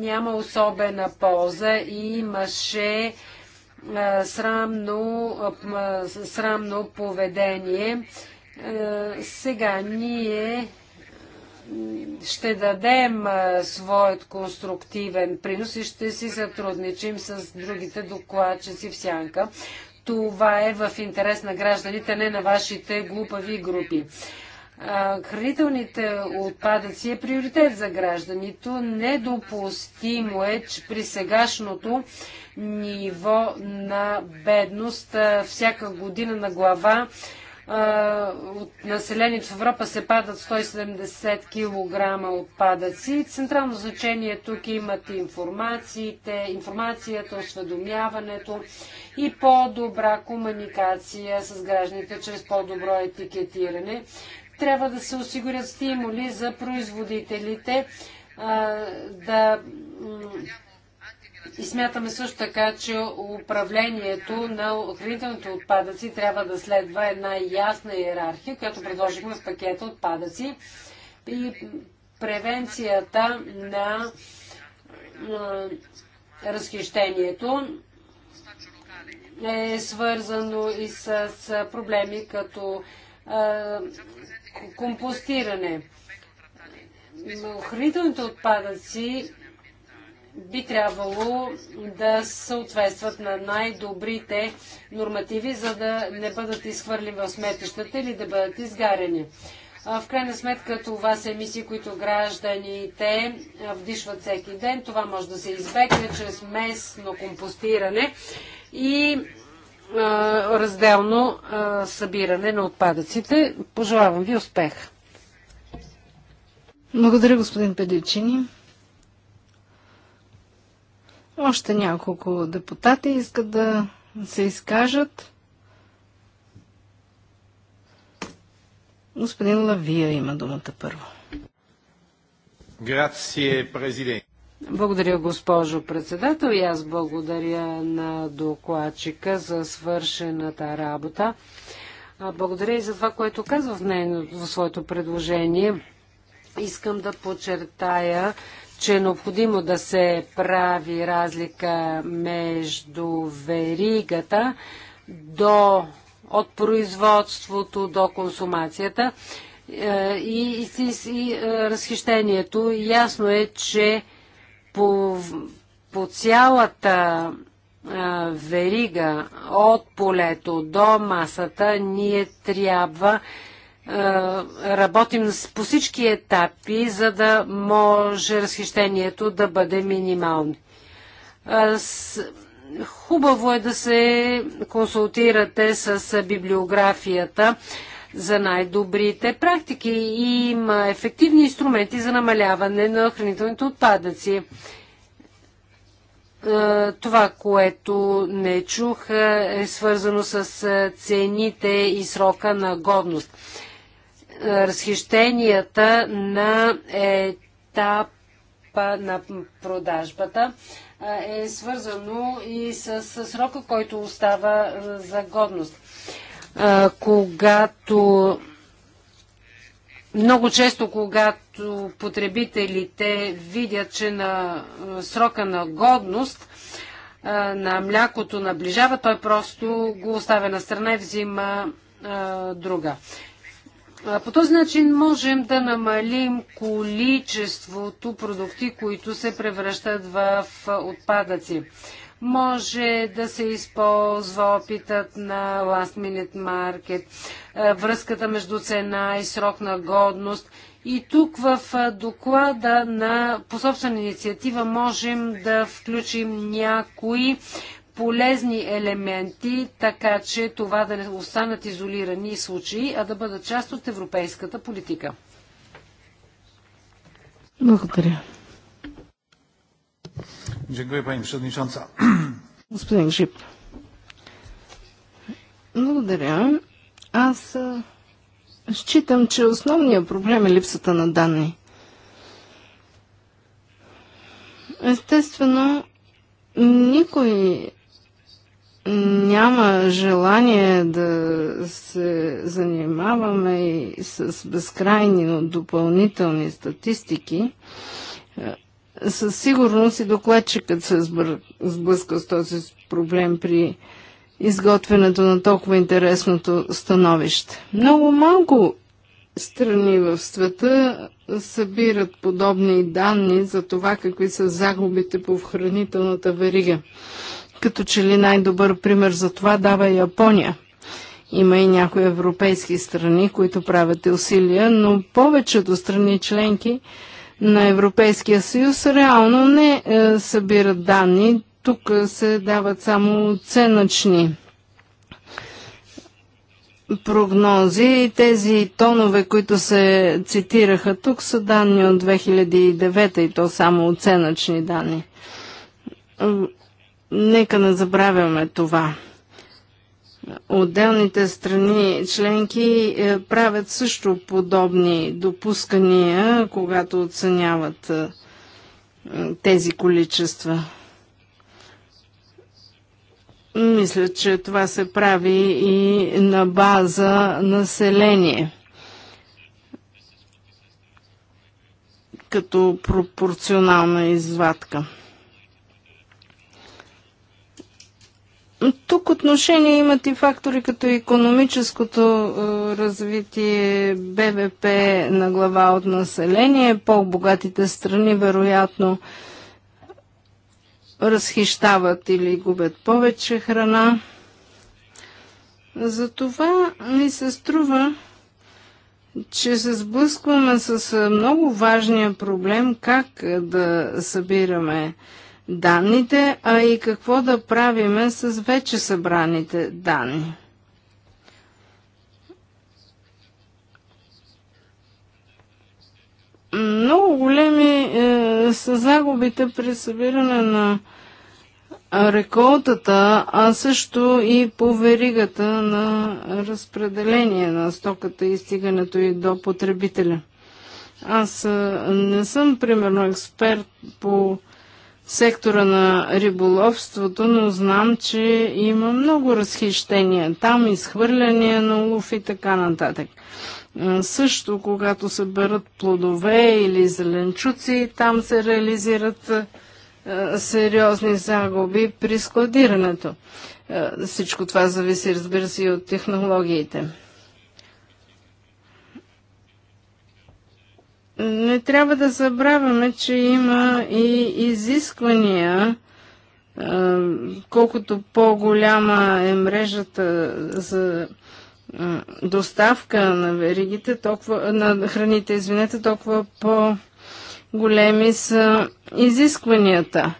няма особена полза и имаше срамно, срамно поведение. Сега ние ще дадем своят конструктивен принос и ще си сътрудничим с другите докладчици в сянка. Това е в интерес на гражданите, не на вашите глупави групи. Хранителните отпадъци е приоритет за гражданите. Недопустимо е, че при сегашното ниво на бедност всяка година на глава от населението в Европа се падат 170 кг отпадъци. Централно значение тук имат информациите, информацията, осведомяването и по-добра комуникация с гражданите чрез по-добро етикетиране. Трябва да се осигурят стимули за производителите а, да и смятаме също така, че управлението на хранителните отпадъци трябва да следва една ясна иерархия, която предложихме в пакета отпадъци и превенцията на разхищението е свързано и с проблеми като компостиране. Хранителните отпадъци би трябвало да съответстват на най-добрите нормативи, за да не бъдат изхвърлени в сметищата или да бъдат изгарени. В крайна сметка това са емисии, които гражданите вдишват всеки ден. Това може да се избегне чрез местно компостиране и а, разделно а, събиране на отпадъците. Пожелавам ви успех! Благодаря, господин Педичини. Още няколко депутати искат да се изкажат. Господин Лавия има думата първо. Грация, президент. Благодаря, госпожо председател, и аз благодаря на докладчика за свършената работа. Благодаря и за това, което казва в, нейно, в своето предложение. Искам да подчертая, че е необходимо да се прави разлика между веригата до, от производството до консумацията е, и, и, и, и е, разхищението. Ясно е, че по, по цялата е, верига от полето до масата ние трябва работим по всички етапи, за да може разхищението да бъде минимално. Хубаво е да се консултирате с библиографията за най-добрите практики и има ефективни инструменти за намаляване на хранителните отпадъци. Това, което не чух, е свързано с цените и срока на годност разхищенията на етапа на продажбата е свързано и с срока, който остава за годност. Когато много често, когато потребителите видят, че на срока на годност на млякото наближава, той просто го оставя на страна и взима друга. По този начин можем да намалим количеството продукти, които се превръщат в отпадъци. Може да се използва опитът на Last Minute Market, връзката между цена и срок на годност. И тук в доклада на по собствена инициатива можем да включим някои полезни елементи, така че това да не останат изолирани случаи, а да бъдат част от европейската политика. Благодаря. Господин Шип. Благодаря. Аз считам, че основният проблем е липсата на данни. Естествено, никой няма желание да се занимаваме и с безкрайни допълнителни статистики. Е, със сигурност и докладчикът се сблъска с този проблем при изготвянето на толкова интересното становище. Много малко страни в света събират подобни данни за това какви са загубите по хранителната верига като че ли най-добър пример за това дава Япония. Има и някои европейски страни, които правят усилия, но повечето страни членки на Европейския съюз реално не е, събират данни. Тук е, се дават само оценъчни прогнози и тези тонове, които се цитираха тук, са данни от 2009 и то само оценъчни данни. Нека не забравяме това. Отделните страни членки е, правят също подобни допускания, когато оценяват е, тези количества. Мисля, че това се прави и на база население. като пропорционална извадка. Тук отношение имат и фактори като економическото е, развитие, БВП на глава от население, по-богатите страни вероятно разхищават или губят повече храна. Затова ми се струва, че се сблъскваме с е, много важния проблем как е, да събираме данните, а и какво да правиме с вече събраните данни. Много големи е, са загубите при събиране на реколтата, а също и по веригата на разпределение на стоката и стигането и до потребителя. Аз е, не съм, примерно, експерт по сектора на риболовството, но знам, че има много разхищения. Там изхвърляния на улов и така нататък. Също, когато се берат плодове или зеленчуци, там се реализират сериозни загуби при складирането. Всичко това зависи, разбира се, и от технологиите. не трябва да забравяме, че има и изисквания. Колкото по-голяма е мрежата за доставка на веригите, толкова, на храните, извинете, толкова по-големи са изискванията.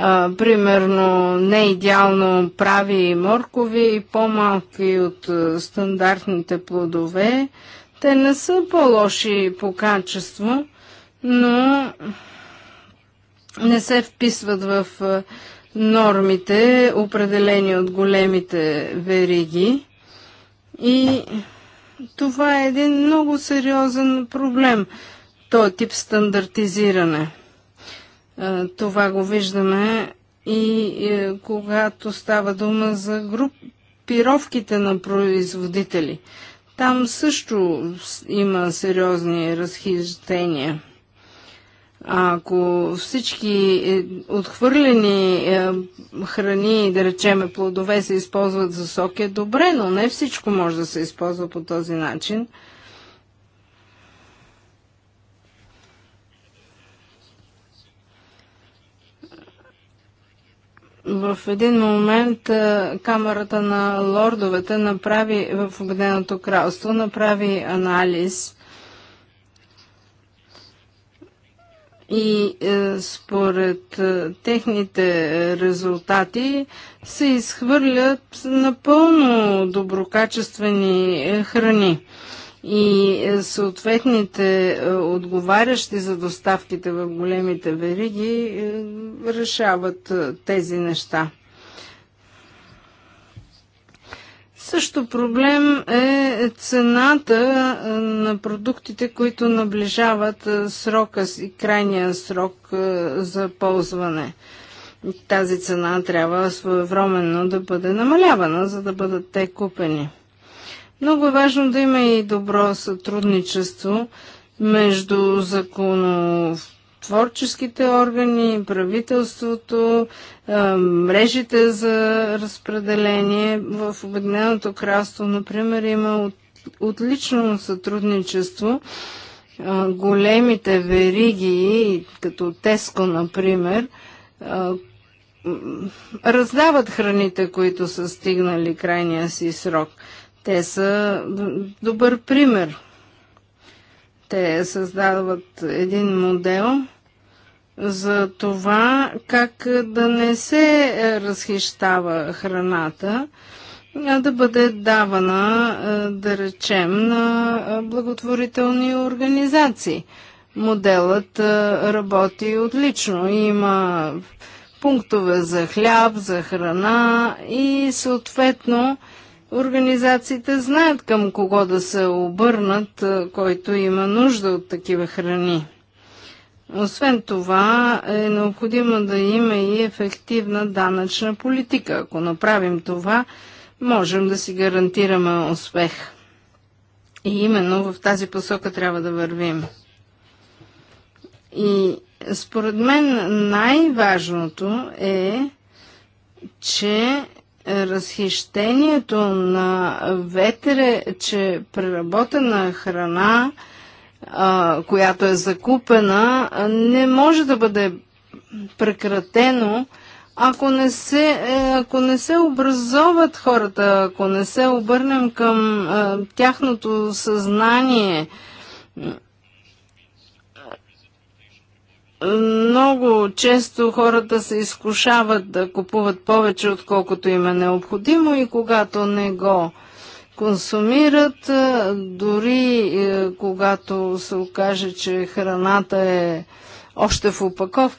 А, примерно неидеално прави моркови и по-малки от стандартните плодове, те не са по-лоши по качество, но не се вписват в нормите, определени от големите вериги. И това е един много сериозен проблем, този тип стандартизиране. Това го виждаме и когато става дума за групировките на производители. Там също има сериозни разхищения. Ако всички е, отхвърлени е, храни, да речеме плодове, се използват за сок е добре, но не всичко може да се използва по този начин. в един момент Камерата на лордовете направи в Обеденото кралство, направи анализ и е, според е, техните резултати се изхвърлят напълно доброкачествени е, храни и е, съответните е, отговарящи за доставките в големите вериги е, решават тези неща. Също проблем е цената на продуктите, които наближават срока си, крайния срок за ползване. Тази цена трябва своевременно да бъде намалявана, за да бъдат те купени. Много е важно да има и добро сътрудничество между законотворческите органи, правителството, мрежите за разпределение. В Обединеното кралство, например, има отлично сътрудничество. Големите вериги, като Теско, например, раздават храните, които са стигнали крайния си срок – те са добър пример. Те създават един модел за това как да не се е, разхищава храната, а да бъде давана, е, да речем, на е, благотворителни организации. Моделът работи отлично. Има пунктове за хляб, за храна и съответно Организациите знаят към кого да се обърнат, който има нужда от такива храни. Освен това е необходимо да има и ефективна данъчна политика. Ако направим това, можем да си гарантираме успех. И именно в тази посока трябва да вървим. И според мен най-важното е, че разхищението на ветре, че преработена храна, а, която е закупена, не може да бъде прекратено, ако не, се, е, ако не се образоват хората, ако не се обърнем към а, тяхното съзнание, много често хората се изкушават да купуват повече, отколкото им е необходимо и когато не го консумират, дори е, когато се окаже, че храната е още в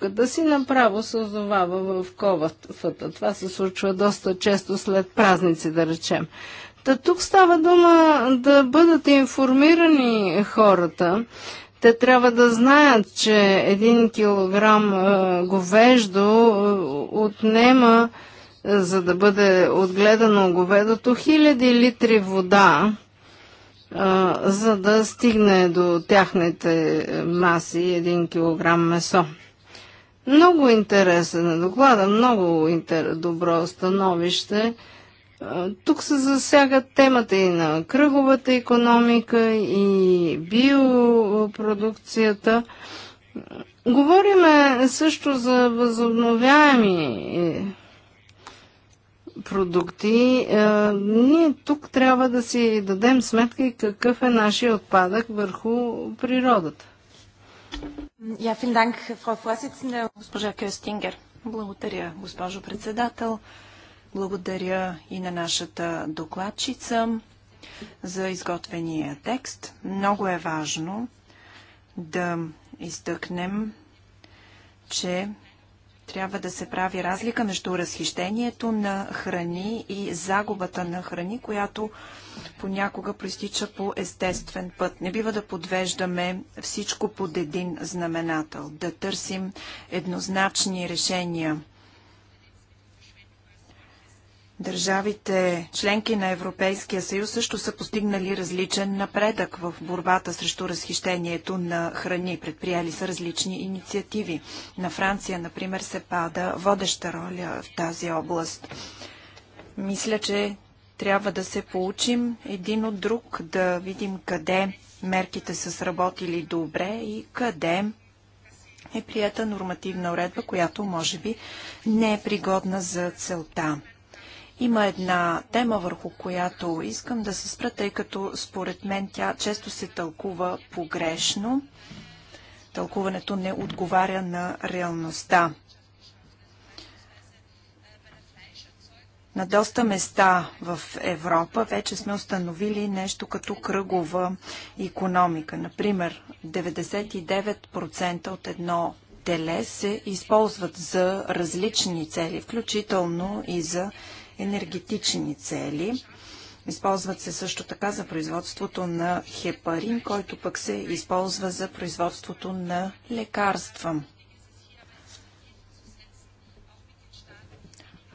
да си, направо се озовава в ковата. Това се случва доста често след празници, да речем. Та тук става дума да бъдат информирани хората, те трябва да знаят, че един килограм е, говеждо е, отнема, е, за да бъде отгледано говедото, хиляди литри вода, е, за да стигне до тяхните маси един килограм месо. Много интересен е доклада, много интер... добро становище. Тук се засягат темата и на кръговата економика, и биопродукцията. Говориме също за възобновяеми е, продукти. Ние тук трябва да си дадем сметка и какъв е нашия отпадък върху природата. Я vielen Dank, Frau Госпожа Кюстингер. Благодаря, госпожо председател. Благодаря и на нашата докладчица за изготвения текст. Много е важно да изтъкнем, че трябва да се прави разлика между разхищението на храни и загубата на храни, която понякога проистича по естествен път. Не бива да подвеждаме всичко под един знаменател, да търсим еднозначни решения Държавите, членки на Европейския съюз, също са постигнали различен напредък в борбата срещу разхищението на храни. Предприели са различни инициативи. На Франция, например, се пада водеща роля в тази област. Мисля, че трябва да се получим един от друг, да видим къде мерките са сработили добре и къде е прията нормативна уредба, която може би не е пригодна за целта. Има една тема, върху която искам да се спра, тъй като според мен тя често се тълкува погрешно. Тълкуването не отговаря на реалността. На доста места в Европа вече сме установили нещо като кръгова економика. Например, 99% от едно теле се използват за различни цели, включително и за енергетични цели. Използват се също така за производството на хепарин, който пък се използва за производството на лекарства.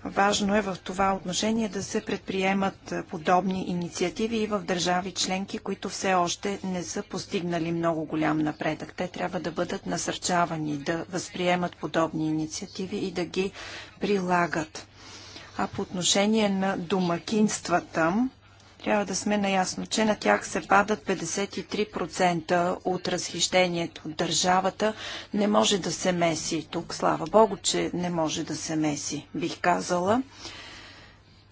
Важно е в това отношение да се предприемат подобни инициативи и в държави членки, които все още не са постигнали много голям напредък. Те трябва да бъдат насърчавани да възприемат подобни инициативи и да ги прилагат. А по отношение на домакинствата, трябва да сме наясно, че на тях се падат 53% от разхищението. Държавата не може да се меси. Тук слава Богу, че не може да се меси, бих казала.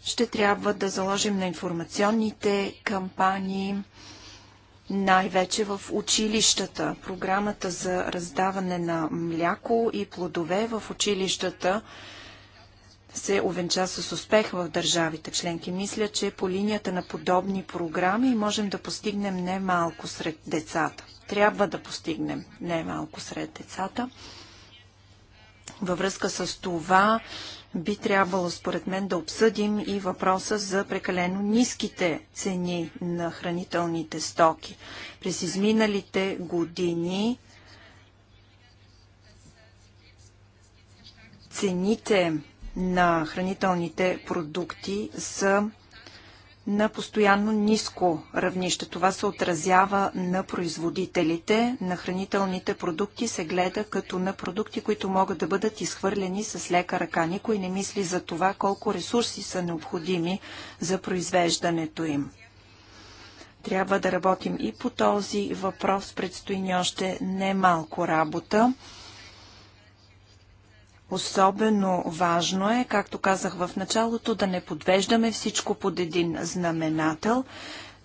Ще трябва да заложим на информационните кампании, най-вече в училищата. Програмата за раздаване на мляко и плодове в училищата – се увенча с успех в държавите членки. Мисля, че по линията на подобни програми можем да постигнем немалко сред децата. Трябва да постигнем немалко сред децата. Във връзка с това би трябвало, според мен, да обсъдим и въпроса за прекалено ниските цени на хранителните стоки. През изминалите години цените на хранителните продукти са на постоянно ниско равнище. Това се отразява на производителите. На хранителните продукти се гледа като на продукти, които могат да бъдат изхвърлени с лека ръка. Никой не мисли за това колко ресурси са необходими за произвеждането им. Трябва да работим и по този въпрос. Предстои ни още немалко работа. Особено важно е, както казах в началото, да не подвеждаме всичко под един знаменател.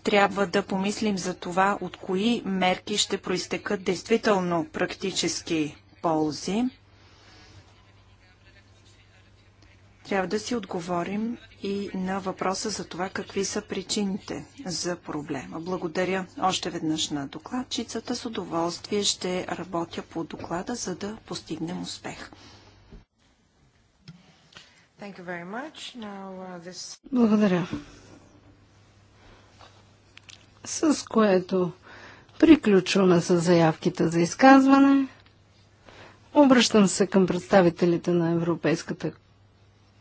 Трябва да помислим за това, от кои мерки ще проистекат действително практически ползи. Трябва да си отговорим и на въпроса за това какви са причините за проблема. Благодаря още веднъж на докладчицата. С удоволствие ще работя по доклада, за да постигнем успех. Thank you very much. Now, uh, this... Благодаря. С което приключваме с заявките за изказване. Обръщам се към представителите на Европейската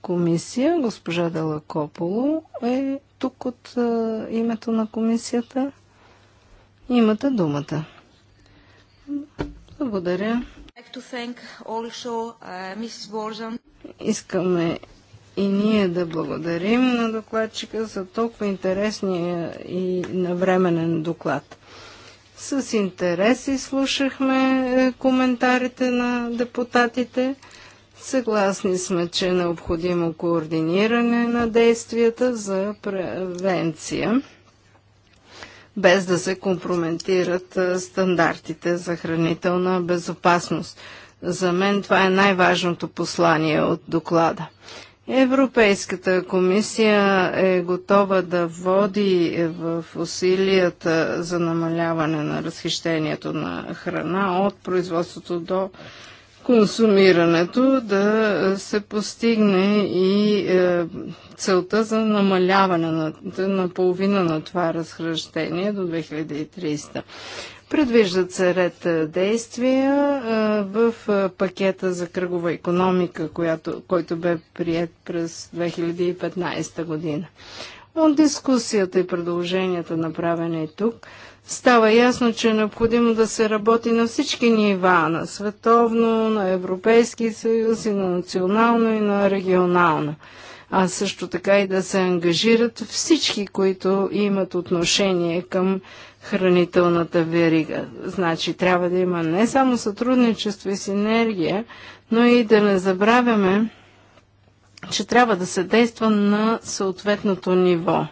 комисия. Госпожа Дала Кополо е тук от е, името на комисията. Имате думата. Благодаря. Uh, Искаме и ние да благодарим на докладчика за толкова интересния и навременен доклад. С интерес изслушахме е, коментарите на депутатите. Съгласни сме, че е необходимо координиране на действията за превенция, без да се компрометират е, стандартите за хранителна безопасност. За мен това е най-важното послание от доклада. Европейската комисия е готова да води в усилията за намаляване на разхищението на храна от производството до консумирането, да се постигне и е, целта за намаляване на, на половина на това разхищение до 2300. Предвиждат се ред действия в пакета за кръгова економика, която, който бе прият през 2015 година. От дискусията и предложенията, направени тук, става ясно, че е необходимо да се работи на всички нива, на световно, на Европейски съюз и на национално и на регионално. А също така и да се ангажират всички, които имат отношение към хранителната верига. Значи трябва да има не само сътрудничество и синергия, но и да не забравяме, че трябва да се действа на съответното ниво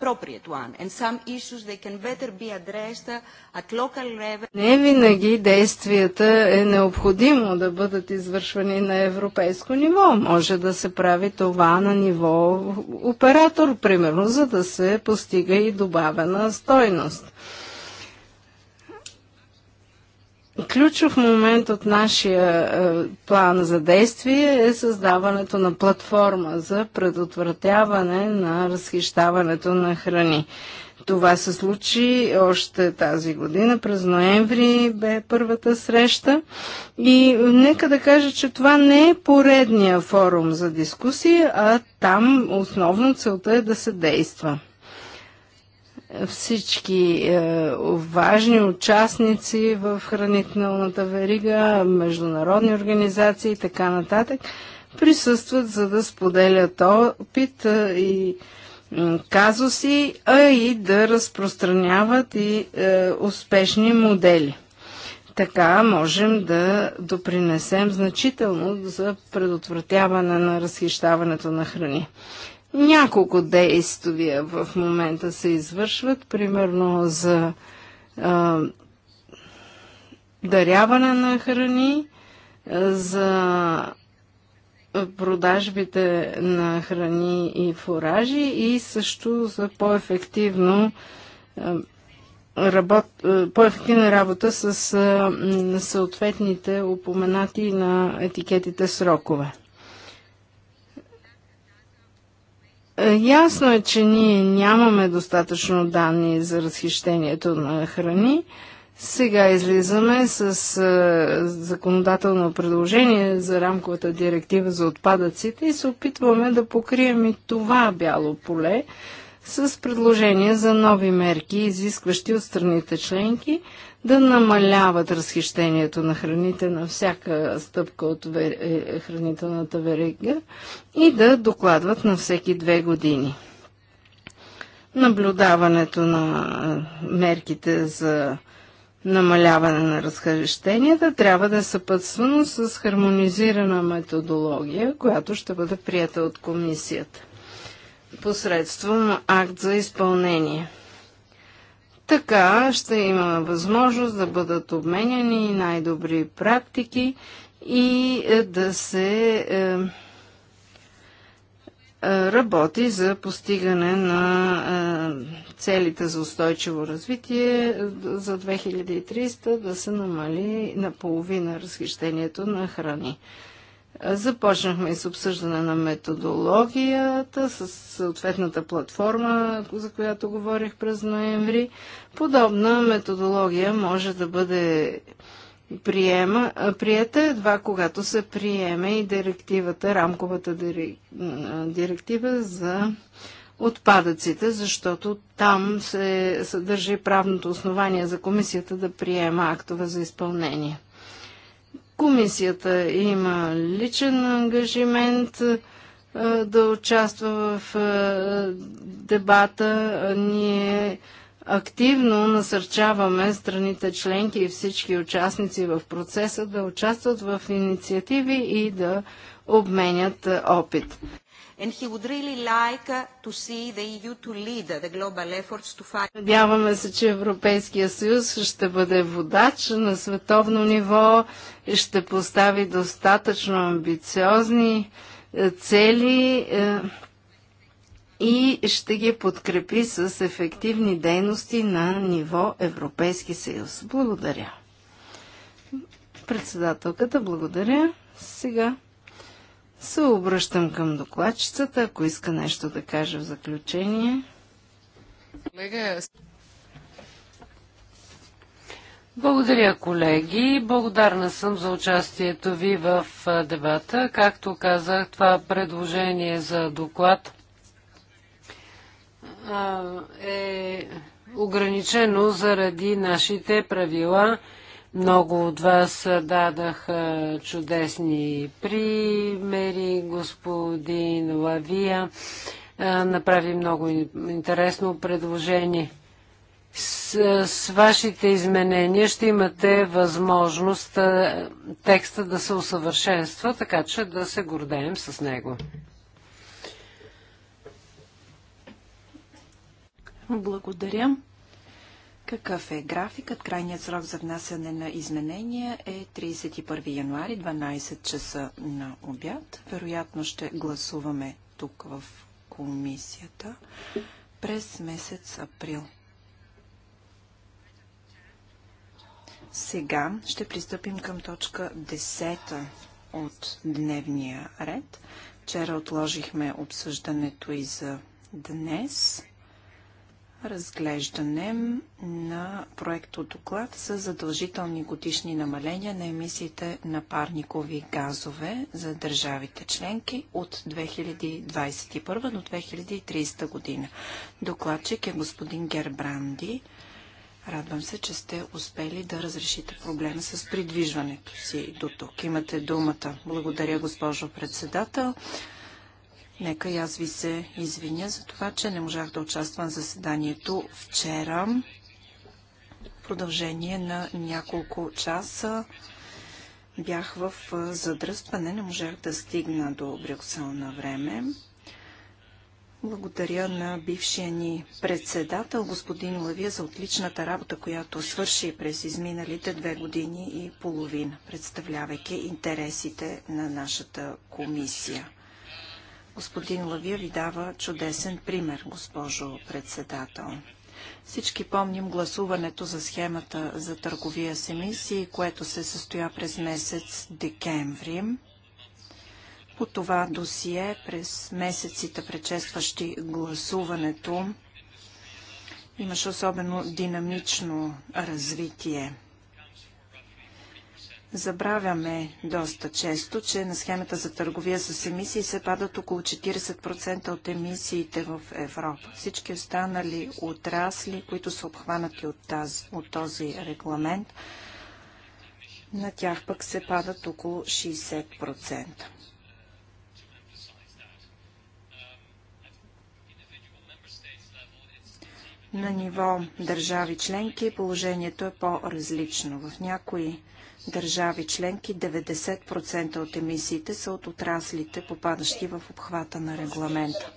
appropriate one. And some issues, they can better be addressed at local level. Не винаги действията е необходимо да бъдат извършвани на европейско ниво. Може да се прави това на ниво оператор, примерно, за да се постига и добавена стойност. Ключов момент от нашия е, план за действие е създаването на платформа за предотвратяване на разхищаването на храни. Това се случи още тази година, през ноември бе първата среща. И нека да кажа, че това не е поредния форум за дискусия, а там основно целта е да се действа всички е, важни участници в хранителната верига, международни организации и така нататък, присъстват за да споделят опит е, и казуси, а и да разпространяват и е, успешни модели. Така можем да допринесем значително за предотвратяване на разхищаването на храни. Няколко действия в момента се извършват, примерно за а, даряване на храни, за продажбите на храни и фуражи и също за по-ефективно работ... по-ефективна работа с съответните упоменати на етикетите срокове. Е, ясно е, че ние нямаме достатъчно данни за разхищението на храни. Сега излизаме с е, законодателно предложение за рамковата директива за отпадъците и се опитваме да покрием и това бяло поле, с предложение за нови мерки, изискващи от страните членки да намаляват разхищението на храните на всяка стъпка от вер... Е, е, хранителната верига и да докладват на всеки две години. Наблюдаването на мерките за намаляване на разхищенията трябва да е съпътствано с хармонизирана методология, която ще бъде прията от комисията посредством акт за изпълнение. Така ще има възможност да бъдат обменяни най-добри практики и е, да се е, е, работи за постигане на е, целите за устойчиво развитие е, за 2300 да се намали наполовина разхищението на храни. Започнахме с обсъждане на методологията, с съответната платформа, за която говорих през ноември. Подобна методология може да бъде приема, прията едва когато се приеме и директивата, рамковата директива за отпадъците, защото там се съдържа и правното основание за комисията да приема актове за изпълнение. Комисията има личен ангажимент да участва в дебата. Ние активно насърчаваме страните членки и всички участници в процеса да участват в инициативи и да обменят опит and he would really like uh, to see the EU to lead uh, the global efforts to fight. Надяваме се, че Европейския съюз ще бъде водач на световно ниво и ще постави достатъчно амбициозни е, цели е, и ще ги подкрепи с ефективни дейности на ниво Европейски съюз. Благодаря. Председателката, благодаря. Сега се обръщам към докладчицата, ако иска нещо да каже в заключение. Благодаря, колеги. Благодарна съм за участието ви в дебата. Както казах, това предложение за доклад е ограничено заради нашите правила. Много от вас дадаха чудесни примери. Господин Лавия направи много интересно предложение. С, с вашите изменения ще имате възможност текста да се усъвършенства, така че да се гордеем с него. Благодаря. Какъв е графикът? Крайният срок за внасяне на изменения е 31 януари, 12 часа на обяд. Вероятно ще гласуваме тук в комисията през месец април. Сега ще пристъпим към точка 10 от дневния ред. Вчера отложихме обсъждането и за днес разглеждане на проекто доклад за задължителни годишни намаления на емисиите на парникови газове за държавите членки от 2021 до 2030 година. Докладчик е господин Гербранди. Радвам се, че сте успели да разрешите проблема с придвижването си до тук. Имате думата. Благодаря, госпожо председател. Нека и аз ви се извиня за това, че не можах да участвам в заседанието вчера. В продължение на няколко часа бях в задръстване, не можах да стигна до Брюксел на време. Благодаря на бившия ни председател, господин Лавия, за отличната работа, която свърши през изминалите две години и половина, представлявайки интересите на нашата комисия. Господин Лавир ви дава чудесен пример, госпожо председател. Всички помним гласуването за схемата за търговия с емисии, което се състоя през месец декември. По това досие през месеците предшестващи гласуването имаше особено динамично развитие. Забравяме доста често, че на схемата за търговия с емисии се падат около 40% от емисиите в Европа. Всички останали отрасли, които са обхванати от, тази, от този регламент, на тях пък се падат около 60%. На ниво държави членки положението е по-различно. В някои държави членки 90% от емисиите са от отраслите, попадащи в обхвата на регламента.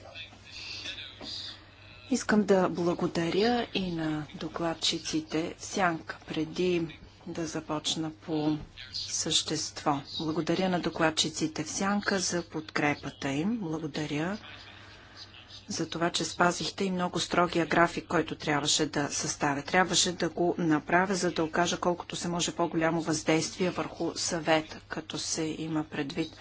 Искам да благодаря и на докладчиците Сянка преди да започна по същество. Благодаря на докладчиците в Сянка за подкрепата им. Благодаря за това, че спазихте и много строгия график, който трябваше да съставя. Трябваше да го направя, за да окажа колкото се може по-голямо въздействие върху съвета, като се има предвид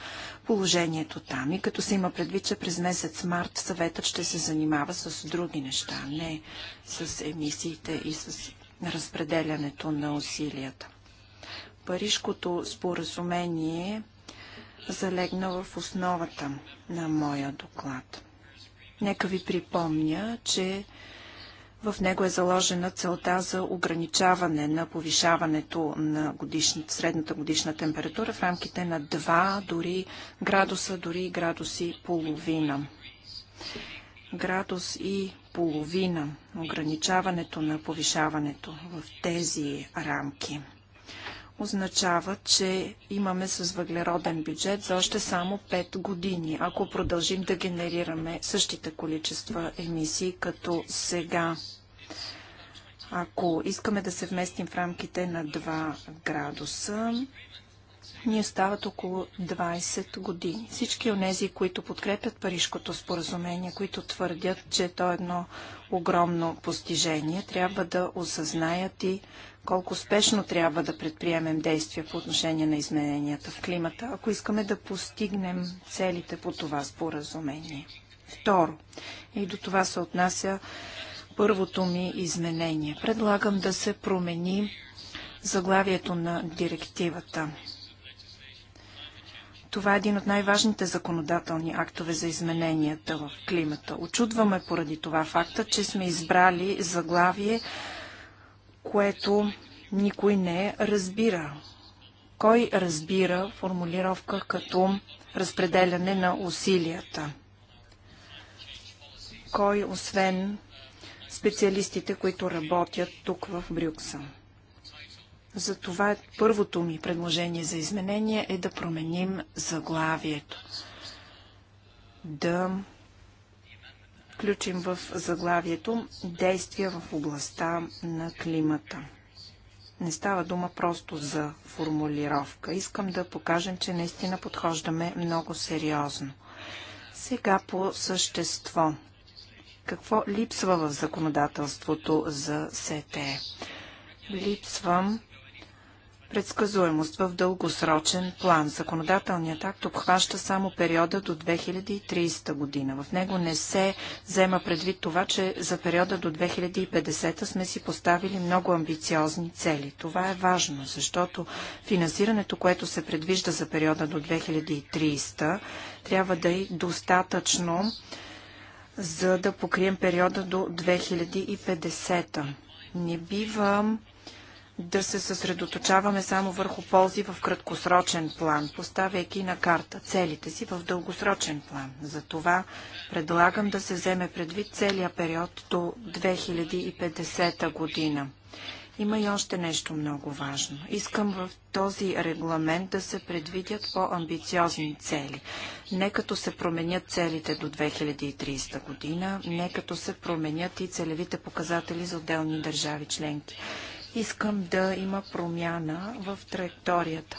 положението там и като се има предвид, че през месец март съветът ще се занимава с други неща, не с емисиите и с разпределянето на усилията. Парижкото споразумение залегна в основата на моя доклад. Нека ви припомня, че в него е заложена целта за ограничаване на повишаването на годишна, средната годишна температура в рамките на 2 дори градуса, дори градуси половина. Градус и половина ограничаването на повишаването в тези рамки – означава, че имаме с въглероден бюджет за още само 5 години, ако продължим да генерираме същите количества емисии като сега. Ако искаме да се вместим в рамките на 2 градуса, ни остават около 20 години. Всички от тези, които подкрепят Парижкото споразумение, които твърдят, че то е едно огромно постижение, трябва да осъзнаят и колко спешно трябва да предприемем действия по отношение на измененията в климата, ако искаме да постигнем целите по това споразумение. Второ, и до това се отнася първото ми изменение. Предлагам да се промени заглавието на директивата. Това е един от най-важните законодателни актове за измененията в климата. Очудваме поради това факта, че сме избрали заглавие което никой не разбира. Кой разбира формулировка като разпределяне на усилията? Кой, освен специалистите, които работят тук в Брюксел? Затова първото ми предложение за изменение е да променим заглавието. Да включим в заглавието действия в областта на климата. Не става дума просто за формулировка. Искам да покажем, че наистина подхождаме много сериозно. Сега по същество. Какво липсва в законодателството за СТЕ? Липсвам предсказуемост в дългосрочен план. Законодателният акт обхваща само периода до 2030 година. В него не се взема предвид това, че за периода до 2050 сме си поставили много амбициозни цели. Това е важно, защото финансирането, което се предвижда за периода до 2030, трябва да е достатъчно за да покрием периода до 2050. Не бивам да се съсредоточаваме само върху ползи в краткосрочен план, поставяйки на карта целите си в дългосрочен план. Затова предлагам да се вземе предвид целия период до 2050 година. Има и още нещо много важно. Искам в този регламент да се предвидят по-амбициозни цели. Не като се променят целите до 2030 година, не като се променят и целевите показатели за отделни държави членки. Искам да има промяна в траекторията.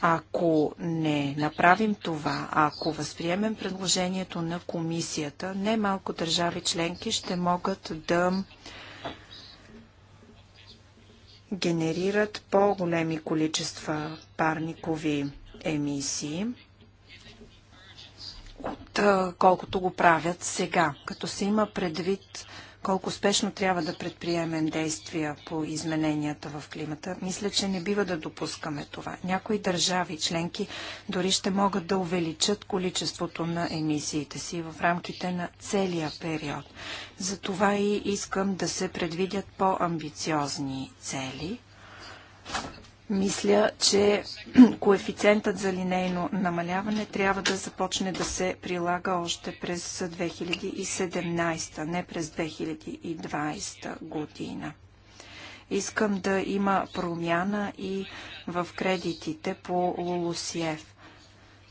Ако не направим това, ако възприемем предложението на комисията, не малко държави членки ще могат да генерират по-големи количества парникови емисии, отколкото го правят сега. Като се има предвид колко спешно трябва да предприемем действия по измененията в климата. Мисля, че не бива да допускаме това. Някои държави членки дори ще могат да увеличат количеството на емисиите си в рамките на целия период. Затова и искам да се предвидят по-амбициозни цели мисля, че коефициентът за линейно намаляване трябва да започне да се прилага още през 2017, не през 2020 година. Искам да има промяна и в кредитите по ЛУЛУСИЕВ.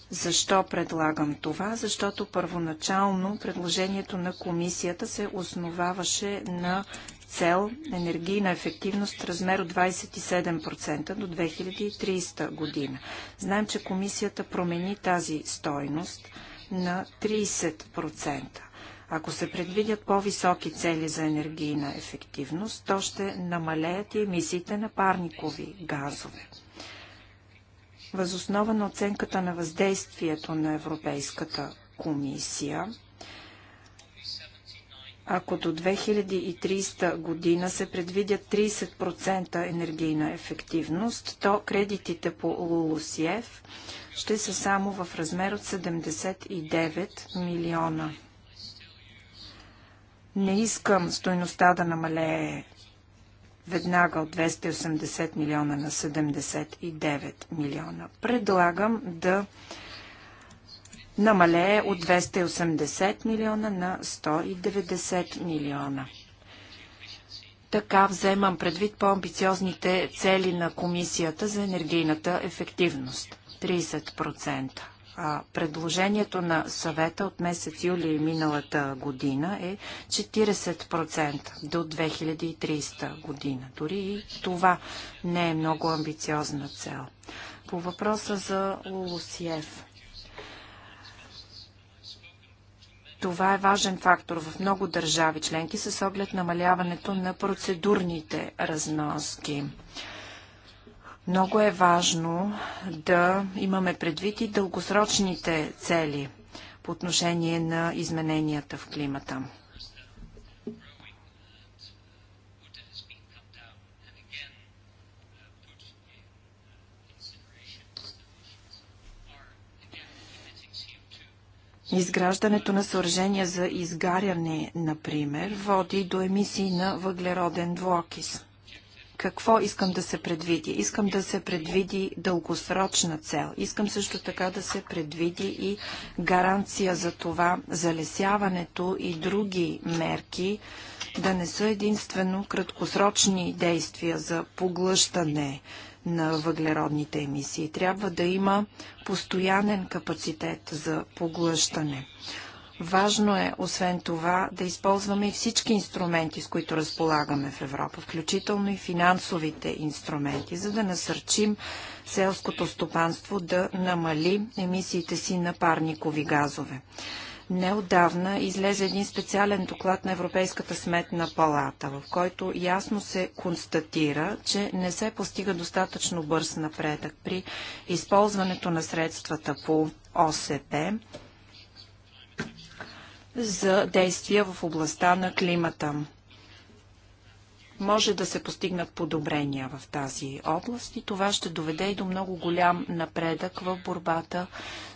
Защо предлагам това? Защото първоначално предложението на комисията се основаваше на цел енергийна ефективност размер от 27% до 2030 година. Знаем, че комисията промени тази стойност на 30%. Ако се предвидят по-високи цели за енергийна ефективност, то ще намалеят и емисиите на парникови газове. Възоснова на оценката на въздействието на Европейската комисия, ако до 2030 година се предвидят 30% енергийна ефективност, то кредитите по ЛУЛУСИЕВ ще са само в размер от 79 милиона. Не искам стойността да намалее веднага от 280 милиона на 79 милиона. Предлагам да намалее от 280 милиона на 190 милиона. Така вземам предвид по-амбициозните цели на Комисията за енергийната ефективност – 30%. А предложението на съвета от месец юли миналата година е 40% до 2300 година. Дори и това не е много амбициозна цел. По въпроса за Лусиев. Това е важен фактор в много държави членки с оглед намаляването на процедурните разноски. Много е важно да имаме предвид и дългосрочните цели по отношение на измененията в климата. Изграждането на съоръжения за изгаряне, например, води до емисии на въглероден двуокис. Какво искам да се предвиди? Искам да се предвиди дългосрочна цел. Искам също така да се предвиди и гаранция за това залесяването и други мерки да не са единствено краткосрочни действия за поглъщане на въглеродните емисии. Трябва да има постоянен капацитет за поглъщане. Важно е, освен това, да използваме и всички инструменти, с които разполагаме в Европа, включително и финансовите инструменти, за да насърчим селското стопанство да намали емисиите си на парникови газове. Неодавна излезе един специален доклад на Европейската сметна палата, в който ясно се констатира, че не се постига достатъчно бърз напредък при използването на средствата по ОСП за действия в областта на климата. Може да се постигнат подобрения в тази област и това ще доведе и до много голям напредък в борбата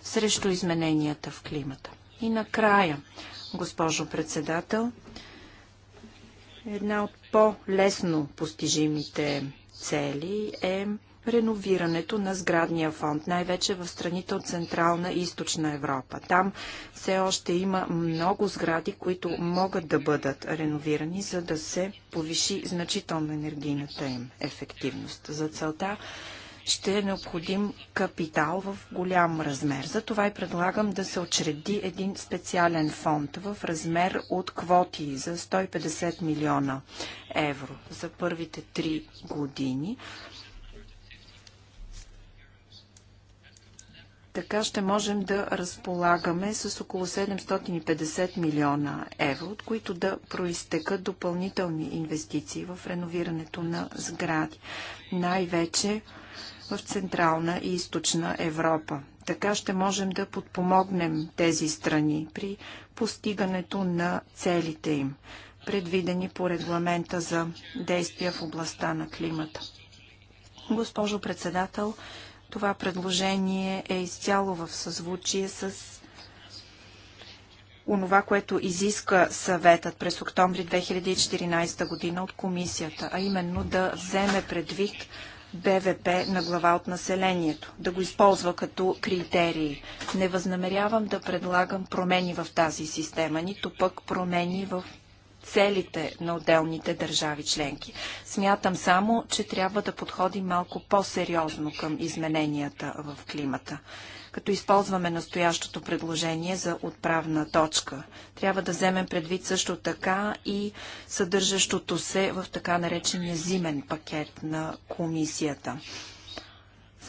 срещу измененията в климата. И накрая, госпожо председател, една от по-лесно постижимите цели е реновирането на сградния фонд, най-вече в страните от Централна и Източна Европа. Там все още има много сгради, които могат да бъдат реновирани, за да се повиши значително енергийната им ефективност. За целта ще е необходим капитал в голям размер. Затова и предлагам да се очреди един специален фонд в размер от квоти за 150 милиона евро за първите три години. Така ще можем да разполагаме с около 750 милиона евро, от които да проистекат допълнителни инвестиции в реновирането на сгради. Най-вече в Централна и Източна Европа. Така ще можем да подпомогнем тези страни при постигането на целите им, предвидени по регламента за действия в областта на климата. Госпожо председател, това предложение е изцяло в съзвучие с онова, което изиска съветът през октомври 2014 година от комисията, а именно да вземе предвид БВП на глава от населението, да го използва като критерии. Не възнамерявам да предлагам промени в тази система, нито пък промени в целите на отделните държави членки. Смятам само, че трябва да подходим малко по-сериозно към измененията в климата като използваме настоящото предложение за отправна точка. Трябва да вземем предвид също така и съдържащото се в така наречения зимен пакет на комисията.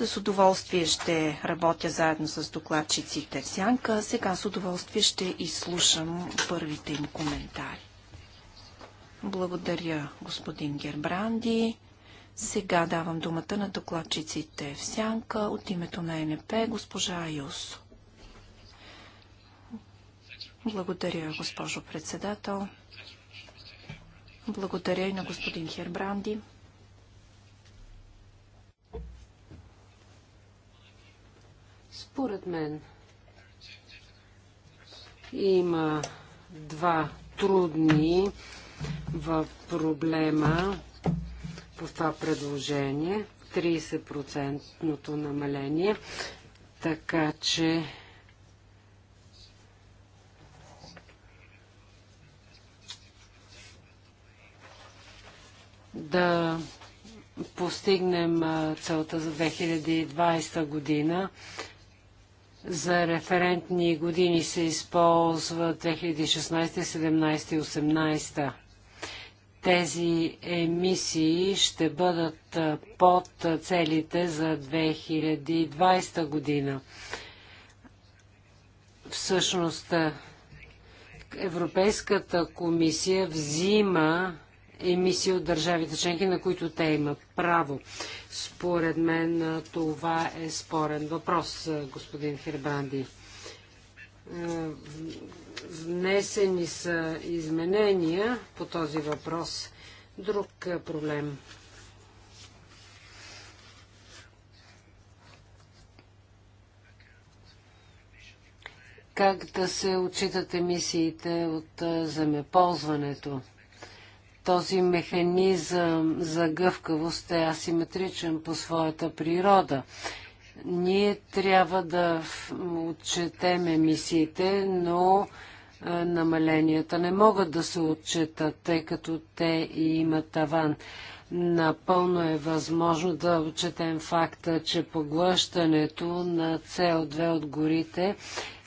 С удоволствие ще работя заедно с докладчиците в Сянка. Сега с удоволствие ще изслушам първите им коментари. Благодаря, господин Гербранди. Сега давам думата на докладчиците в сянка от името на НП, госпожа Айус. Благодаря, госпожо председател. Благодаря и на господин Хербранди. Според мен има два трудни в проблема по това предложение, 30 намаление, така че да постигнем целта за 2020 година. За референтни години се използва 2016, 2017 и 2018 тези емисии ще бъдат под целите за 2020 година. Всъщност, Европейската комисия взима емисии от държавите членки, на които те имат право. Според мен това е спорен въпрос, господин Хербранди Внесени са изменения по този въпрос. Друг е, проблем. Как да се отчитат емисиите от е, земеползването? Този механизъм за гъвкавост е асиметричен по своята природа ние трябва да отчетем емисиите, но намаленията не могат да се отчитат, тъй като те и имат таван. Напълно е възможно да отчетем факта, че поглъщането на CO2 от горите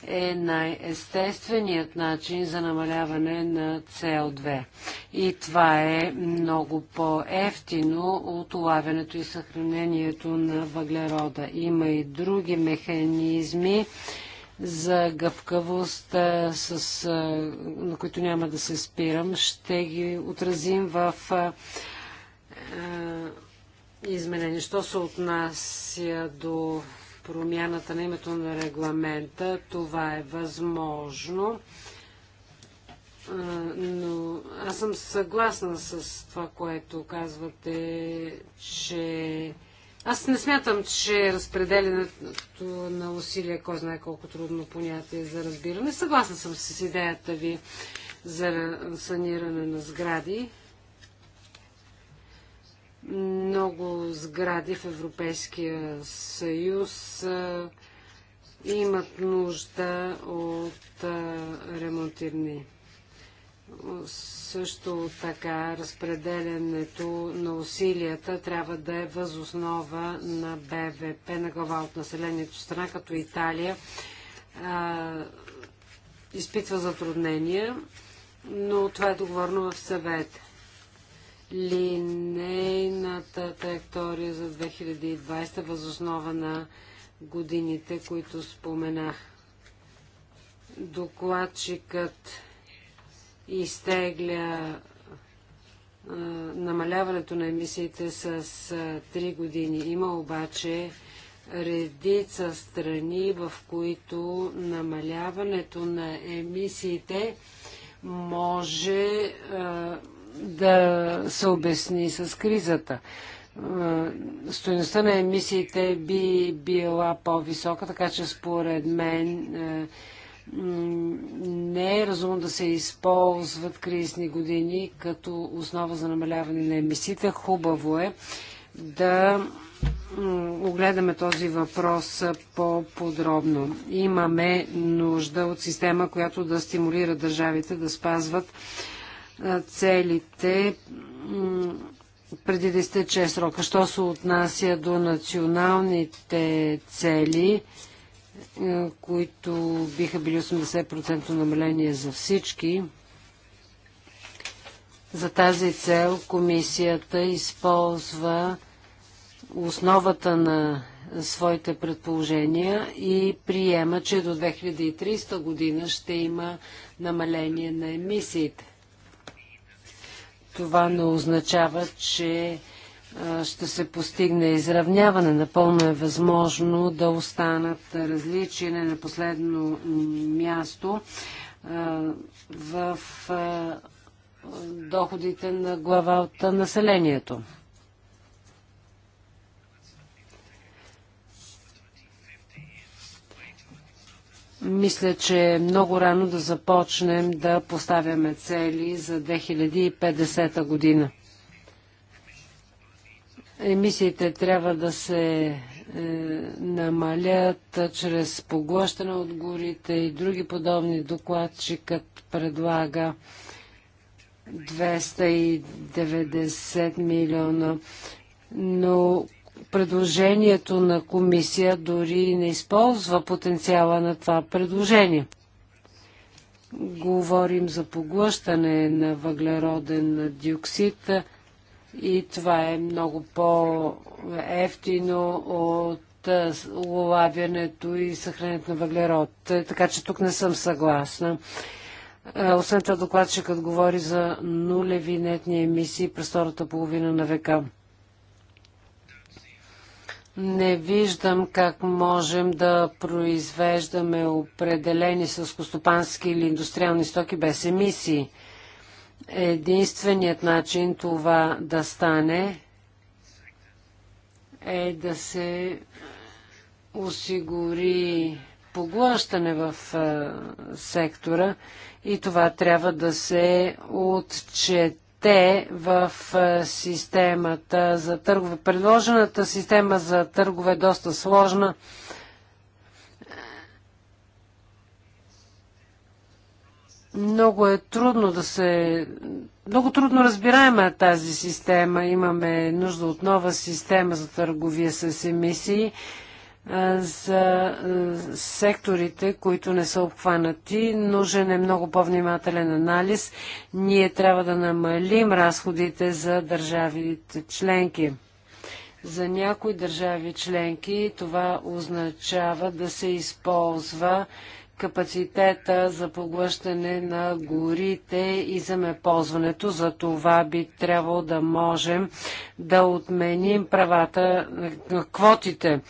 е най-естественият начин за намаляване на CO2. И това е много по-ефтино от улавянето и съхранението на въглерода. Има и други механизми за гъвкавост, с, на които няма да се спирам. Ще ги отразим в изменение. Що се отнася до промяната на името на регламента, това е възможно. Но аз съм съгласна с това, което казвате, че аз не смятам, че разпределянето на усилия, е кой знае колко трудно понятие за разбиране. Съгласна съм с идеята ви за саниране на сгради. Много сгради в Европейския съюз имат нужда от ремонтирани също така разпределенето на усилията трябва да е възоснова на БВП на глава от населението. Страна като Италия а, изпитва затруднения, но това е договорно в съвет. Линейната траектория за 2020 възоснова на годините, които споменах. Докладчикът изтегля а, намаляването на емисиите с а, 3 години. Има обаче редица страни, в които намаляването на емисиите може а, да се обясни с кризата. Стоеността на емисиите би била по-висока, така че според мен не е разумно да се използват кризисни години като основа за намаляване на емисиите. Хубаво е да огледаме този въпрос по-подробно. Имаме нужда от система, която да стимулира държавите да спазват целите преди да изтече срока. Що се отнася до националните цели, е, които биха били 80% намаление за всички. За тази цел комисията използва основата на своите предположения и приема, че до 2300 година ще има намаление на емисиите. Това не означава, че ще се постигне изравняване. Напълно е възможно да останат различия на последно място в доходите на глава от населението. Мисля, че е много рано да започнем да поставяме цели за 2050 година. Емисиите трябва да се е, намалят чрез поглъщане от горите и други подобни докладчикът предлага 290 милиона, но предложението на комисия дори не използва потенциала на това предложение. Говорим за поглъщане на въглероден диоксид – и това е много по-ефтино от улавянето и съхранението на въглерод. Така че тук не съм съгласна. Освен това докладчикът говори за нулеви нетни емисии през втората половина на века. Не виждам как можем да произвеждаме определени сълскостопански или индустриални стоки без емисии – Единственият начин това да стане е да се осигури поглъщане в сектора и това трябва да се отчете те в системата за търгове. Предложената система за търгове е доста сложна Много е трудно да се... Много трудно разбираема е тази система. Имаме нужда от нова система за търговия с емисии за секторите, които не са обхванати. Нужен е много по-внимателен анализ. Ние трябва да намалим разходите за държавите членки. За някои държави членки това означава да се използва капацитета за поглъщане на горите и земеползването. За това би трябвало да можем да отменим правата на квотите.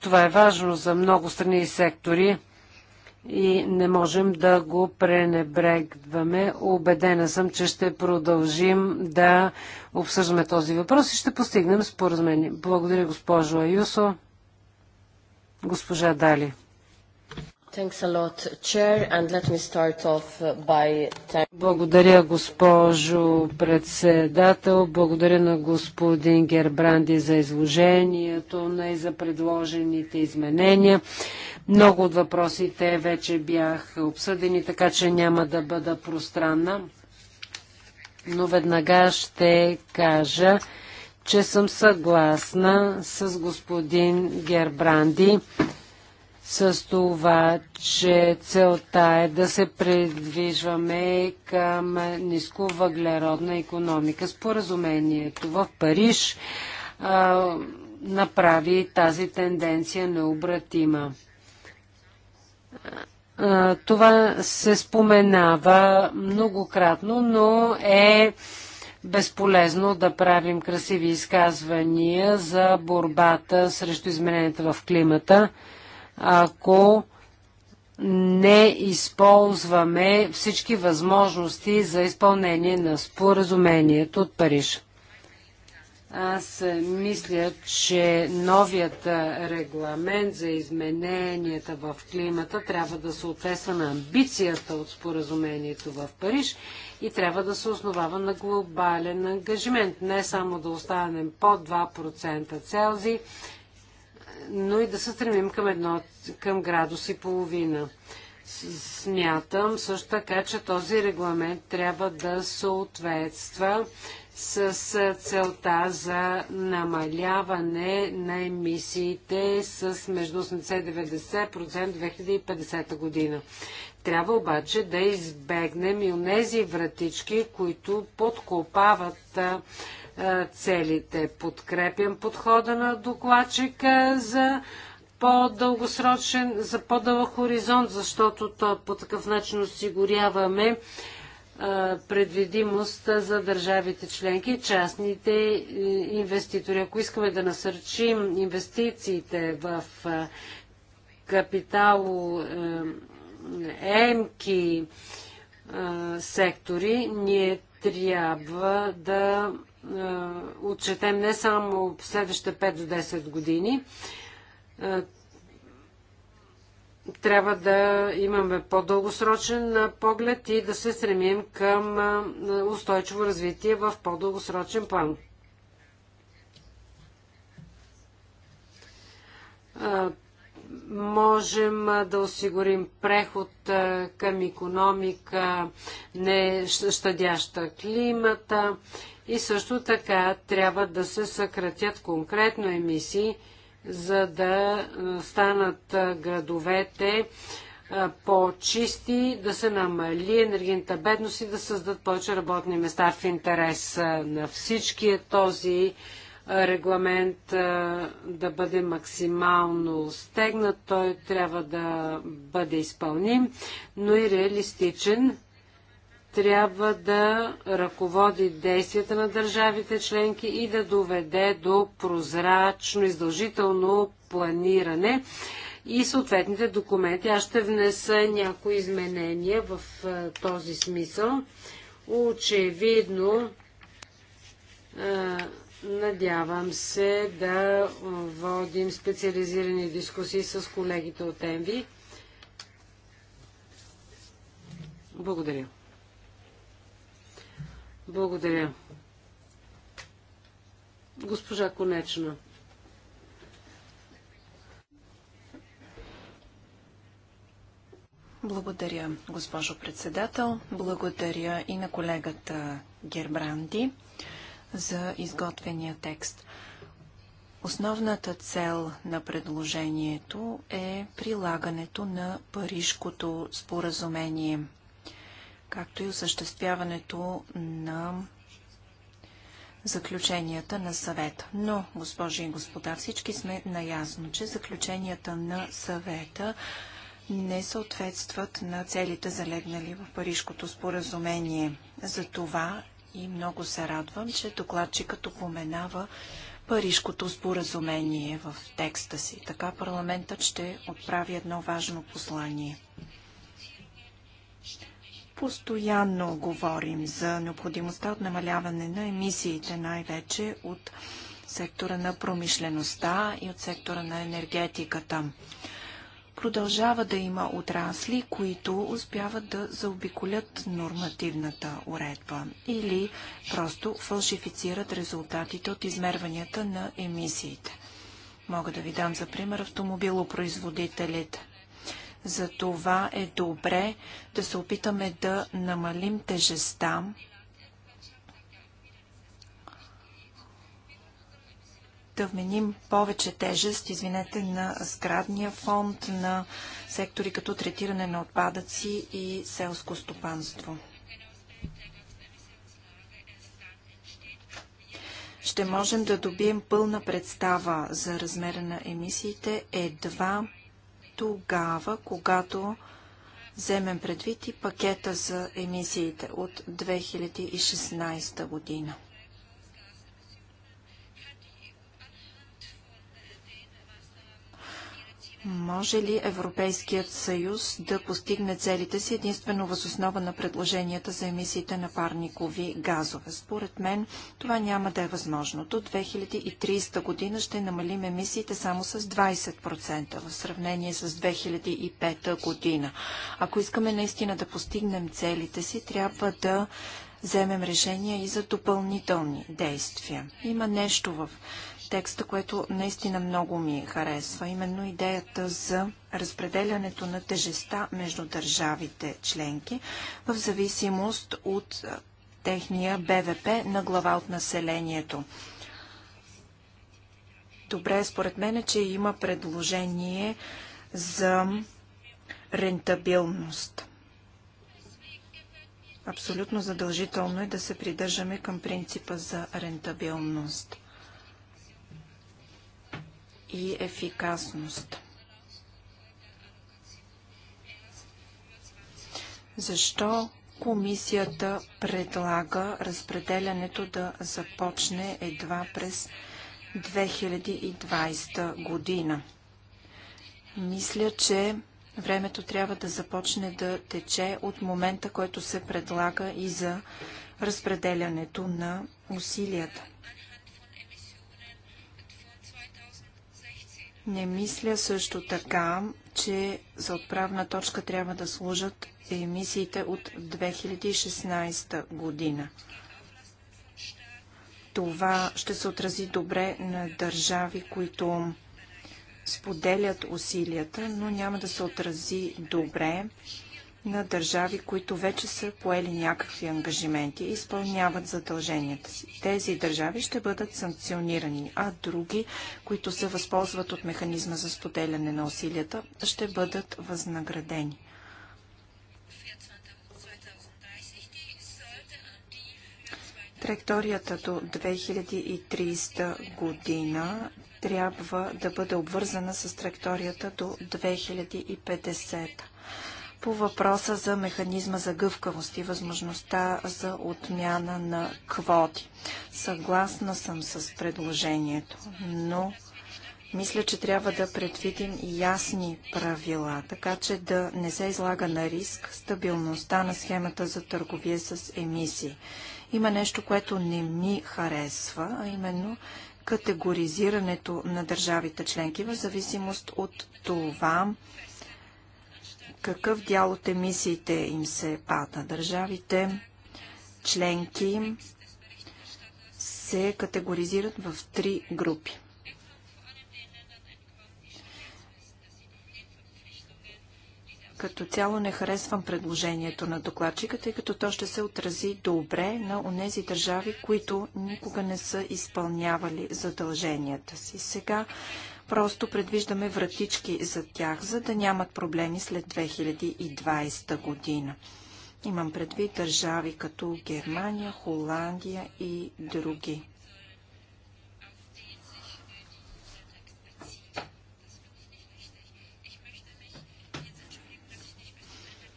Това е важно за много страни и сектори и не можем да го пренебрегваме. Обедена съм, че ще продължим да обсъждаме този въпрос и ще постигнем споразумение. Благодаря, госпожо Аюсо. Госпожа Дали. Благодаря, госпожо председател. Благодаря на господин Гербранди за изложението и за предложените изменения. Много от въпросите вече бяха обсъдени, така че няма да бъда пространна. Но веднага ще кажа, че съм съгласна с господин Гербранди с това, че целта е да се предвижваме към нисковъглеродна економика. Споразумението в Париж а, направи тази тенденция необратима. А, това се споменава многократно, но е безполезно да правим красиви изказвания за борбата срещу измененията в климата ако не използваме всички възможности за изпълнение на споразумението от Париж. Аз мисля, че новият регламент за измененията в климата трябва да съответства на амбицията от споразумението в Париж и трябва да се основава на глобален ангажимент. Не само да останем по 2% Целзий, но и да се стремим към, едно, към градус и половина. Смятам също така, че този регламент трябва да съответства с целта за намаляване на емисиите с между 80-90% 2050 година. Трябва обаче да избегнем и тези вратички, които подкопават е, целите. Подкрепям подхода на докладчика за по-дългосрочен, за по-дълъг хоризонт, защото то по такъв начин осигуряваме е, предвидимост за държавите членки, частните е, инвеститори. Ако искаме да насърчим инвестициите в капитал емки сектори, ние трябва да е, отчетем не само следващите 5 до 10 години, е, трябва да имаме по-дългосрочен е, поглед и да се стремим към устойчиво развитие в по-дългосрочен план. можем да осигурим преход към економика, не щадяща климата и също така трябва да се съкратят конкретно емисии, за да е, станат е, градовете е, по-чисти, да се намали енергийната бедност и да създадат повече работни места в интерес на всички този регламент да бъде максимално стегнат. Той трябва да бъде изпълним, но и реалистичен трябва да ръководи действията на държавите членки и да доведе до прозрачно, издължително планиране и съответните документи. Аз ще внеса някои изменения в е, този смисъл. Очевидно, е, надявам се да водим специализирани дискусии с колегите от ЕНВИ. Благодаря. Благодаря. Госпожа Конечна. Благодаря, госпожо председател. Благодаря и на колегата Гербранди за изготвения текст. Основната цел на предложението е прилагането на Парижкото споразумение – както и осъществяването на заключенията на съвета. Но, госпожи и господа, всички сме наясно, че заключенията на съвета не съответстват на целите залегнали в Парижкото споразумение. За това и много се радвам, че докладчикът упоменава Парижкото споразумение в текста си. Така парламентът ще отправи едно важно послание. Постоянно говорим за необходимостта от намаляване на емисиите, най-вече от сектора на промишлеността и от сектора на енергетиката. Продължава да има отрасли, които успяват да заобиколят нормативната уредба или просто фалшифицират резултатите от измерванията на емисиите. Мога да ви дам за пример автомобилопроизводителите – затова е добре да се опитаме да намалим тежеста да вменим повече тежест, извинете, на сградния фонд, на сектори като третиране на отпадъци и селско стопанство. Ще можем да добием пълна представа за размера на емисиите едва тогава, когато вземем предвид и пакета за емисиите от 2016 година. Може ли Европейският съюз да постигне целите си единствено възоснова на предложенията за емисиите на парникови газове? Според мен това няма да е възможно. До 2030 година ще намалим емисиите само с 20% в сравнение с 2005 година. Ако искаме наистина да постигнем целите си, трябва да вземем решения и за допълнителни действия. Има нещо в текста, което наистина много ми харесва, именно идеята за разпределянето на тежеста между държавите членки в зависимост от техния БВП на глава от населението. Добре, е според мен е, че има предложение за рентабилност. Абсолютно задължително е да се придържаме към принципа за рентабилност и ефикасност. Защо комисията предлага разпределянето да започне едва през 2020 година? Мисля, че времето трябва да започне да тече от момента, който се предлага и за разпределянето на усилията. Не мисля също така, че за отправна точка трябва да служат емисиите от 2016 година. Това ще се отрази добре на държави, които споделят усилията, но няма да се отрази добре на държави, които вече са поели някакви ангажименти и изпълняват задълженията си. Тези държави ще бъдат санкционирани, а други, които се възползват от механизма за споделяне на усилията, ще бъдат възнаградени. Траекторията до 2030 година трябва да бъде обвързана с траекторията до 2050 по въпроса за механизма за гъвкавост и възможността за отмяна на квоти. Съгласна съм с предложението, но мисля, че трябва да предвидим ясни правила, така че да не се излага на риск стабилността на схемата за търговия с емисии. Има нещо, което не ми харесва, а именно категоризирането на държавите членки в зависимост от това какъв дял от емисиите им се падат на държавите, членки се категоризират в три групи. Като цяло не харесвам предложението на докладчика, тъй като то ще се отрази добре на онези държави, които никога не са изпълнявали задълженията си. Сега Просто предвиждаме вратички за тях, за да нямат проблеми след 2020 година. Имам предвид държави като Германия, Холандия и други.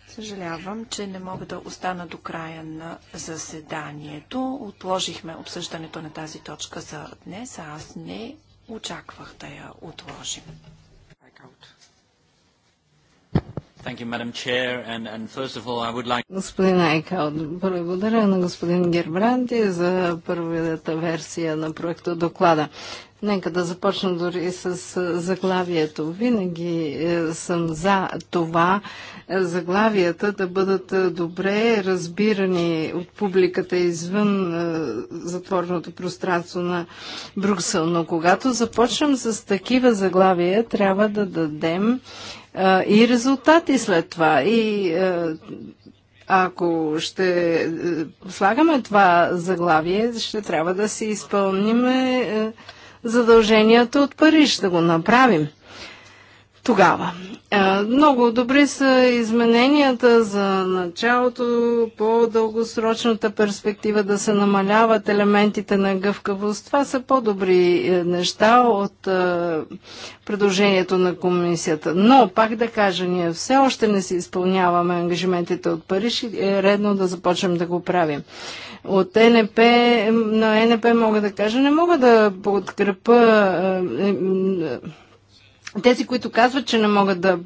Съжалявам, че не мога да остана до края на заседанието. Отложихме обсъждането на тази точка за днес, а аз не Очаквах да я отложим. Господин Айкал, благодаря на господин Гербранти за първата версия на проекта доклада. Нека да започна дори с заглавието. Винаги е, съм за това е, заглавията да бъдат е, добре разбирани от публиката извън затворното пространство на Брюксел. Но когато започнем с такива заглавия, трябва да дадем и резултати след това. И ако ще слагаме това заглавие, ще трябва да си изпълним задълженията от Париж, да го направим тогава. Е, много добри са измененията за началото, по-дългосрочната перспектива да се намаляват елементите на гъвкавост. Това са по-добри е, неща от е, предложението на комисията. Но, пак да кажа, ние все още не си изпълняваме ангажиментите от Париж и е редно да започнем да го правим. От НП, на НП мога да кажа, не мога да подкрепа тези, които казват, че не могат да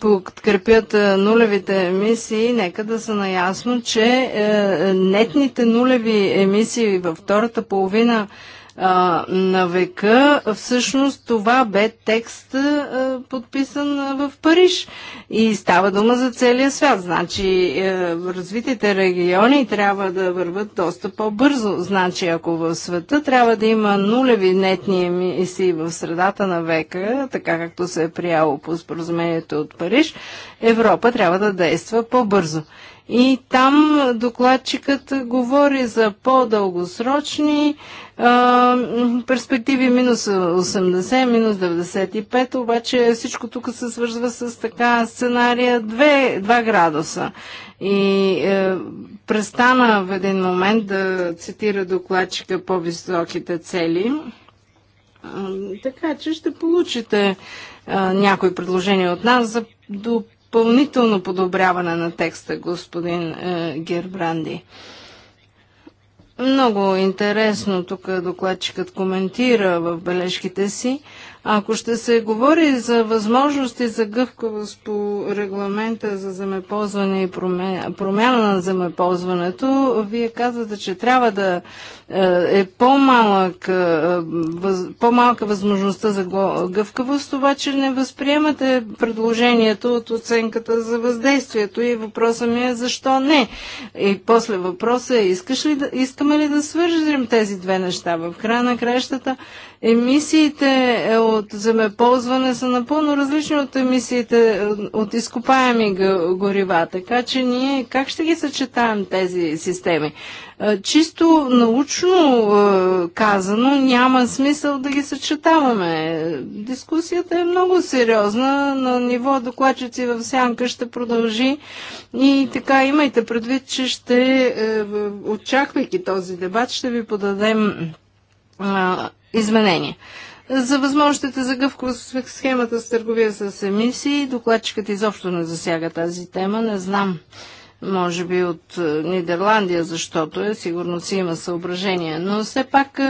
подкрепят е, нулевите емисии, нека да са наясно, че е, е, нетните нулеви емисии във втората половина а, на века, всъщност това бе текст а, подписан в Париж и става дума за целия свят. Значи а, е, развитите региони трябва да върват доста по-бързо. Значи ако в света трябва да има нулеви нетни емисии в средата на века, така както се е прияло по споразумението от Париж, Европа трябва да действа по-бързо. И там докладчикът говори за по-дългосрочни перспективи минус 80, минус 95, обаче всичко тук се свързва с така сценария 2, 2 градуса. И е, престана в един момент да цитира докладчика по-високите цели. Така че ще получите а, някои предложения от нас за до допълнително подобряване на текста, господин е, Гербранди. Много интересно тук докладчикът коментира в бележките си ако ще се говори за възможности за гъвкавост по регламента за земеползване и промяна на земеползването, вие казвате, че трябва да е, е по-малък, е, по-малка възможността за гъвкавост, обаче не възприемате предложението от оценката за въздействието и въпросът ми е защо не. И после въпросът е, искаш ли да, искаме ли да свържем тези две неща? В края на кращата Емисиите е, от земеползване са напълно различни от емисиите е, от изкопаеми горива, така че ние как ще ги съчетаем тези системи? Е, чисто научно казано няма смисъл да ги съчетаваме. Дискусията е много сериозна. На ниво докладчици в сянка ще продължи и така имайте предвид, че ще очаквайки този дебат ще ви подадем а, изменения. За възможностите за гъвкост в схемата с търговия с емисии, докладчикът изобщо не засяга тази тема. Не знам, може би от Нидерландия, защото е, сигурно си има съображения. Но все пак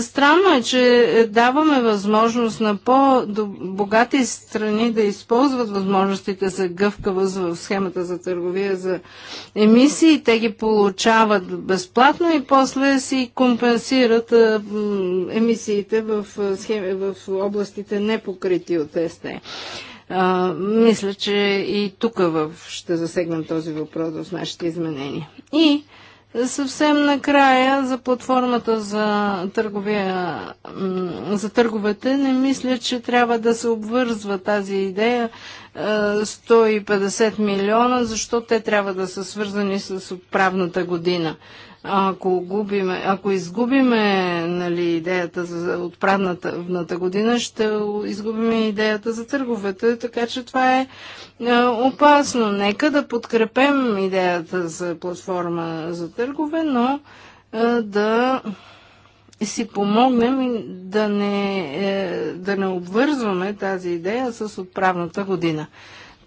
Странно е, че даваме възможност на по-богати страни да използват възможностите за гъвкавост в схемата за търговия за емисии. Те ги получават безплатно и после си компенсират емисиите в, схеми, в областите непокрити от СТ. мисля, че и тук ще засегнем този въпрос в нашите изменения. И Съвсем накрая за платформата за, търговия, за търговете не мисля, че трябва да се обвързва тази идея 150 милиона, защо те трябва да са свързани с отправната година. Ако, губиме, ако изгубиме нали, идеята за отправната година, ще изгубим идеята за търговете, така че това е, е опасно. Нека да подкрепем идеята за платформа за търгове, но е, да си помогнем и да не, е, да не обвързваме тази идея с отправната година.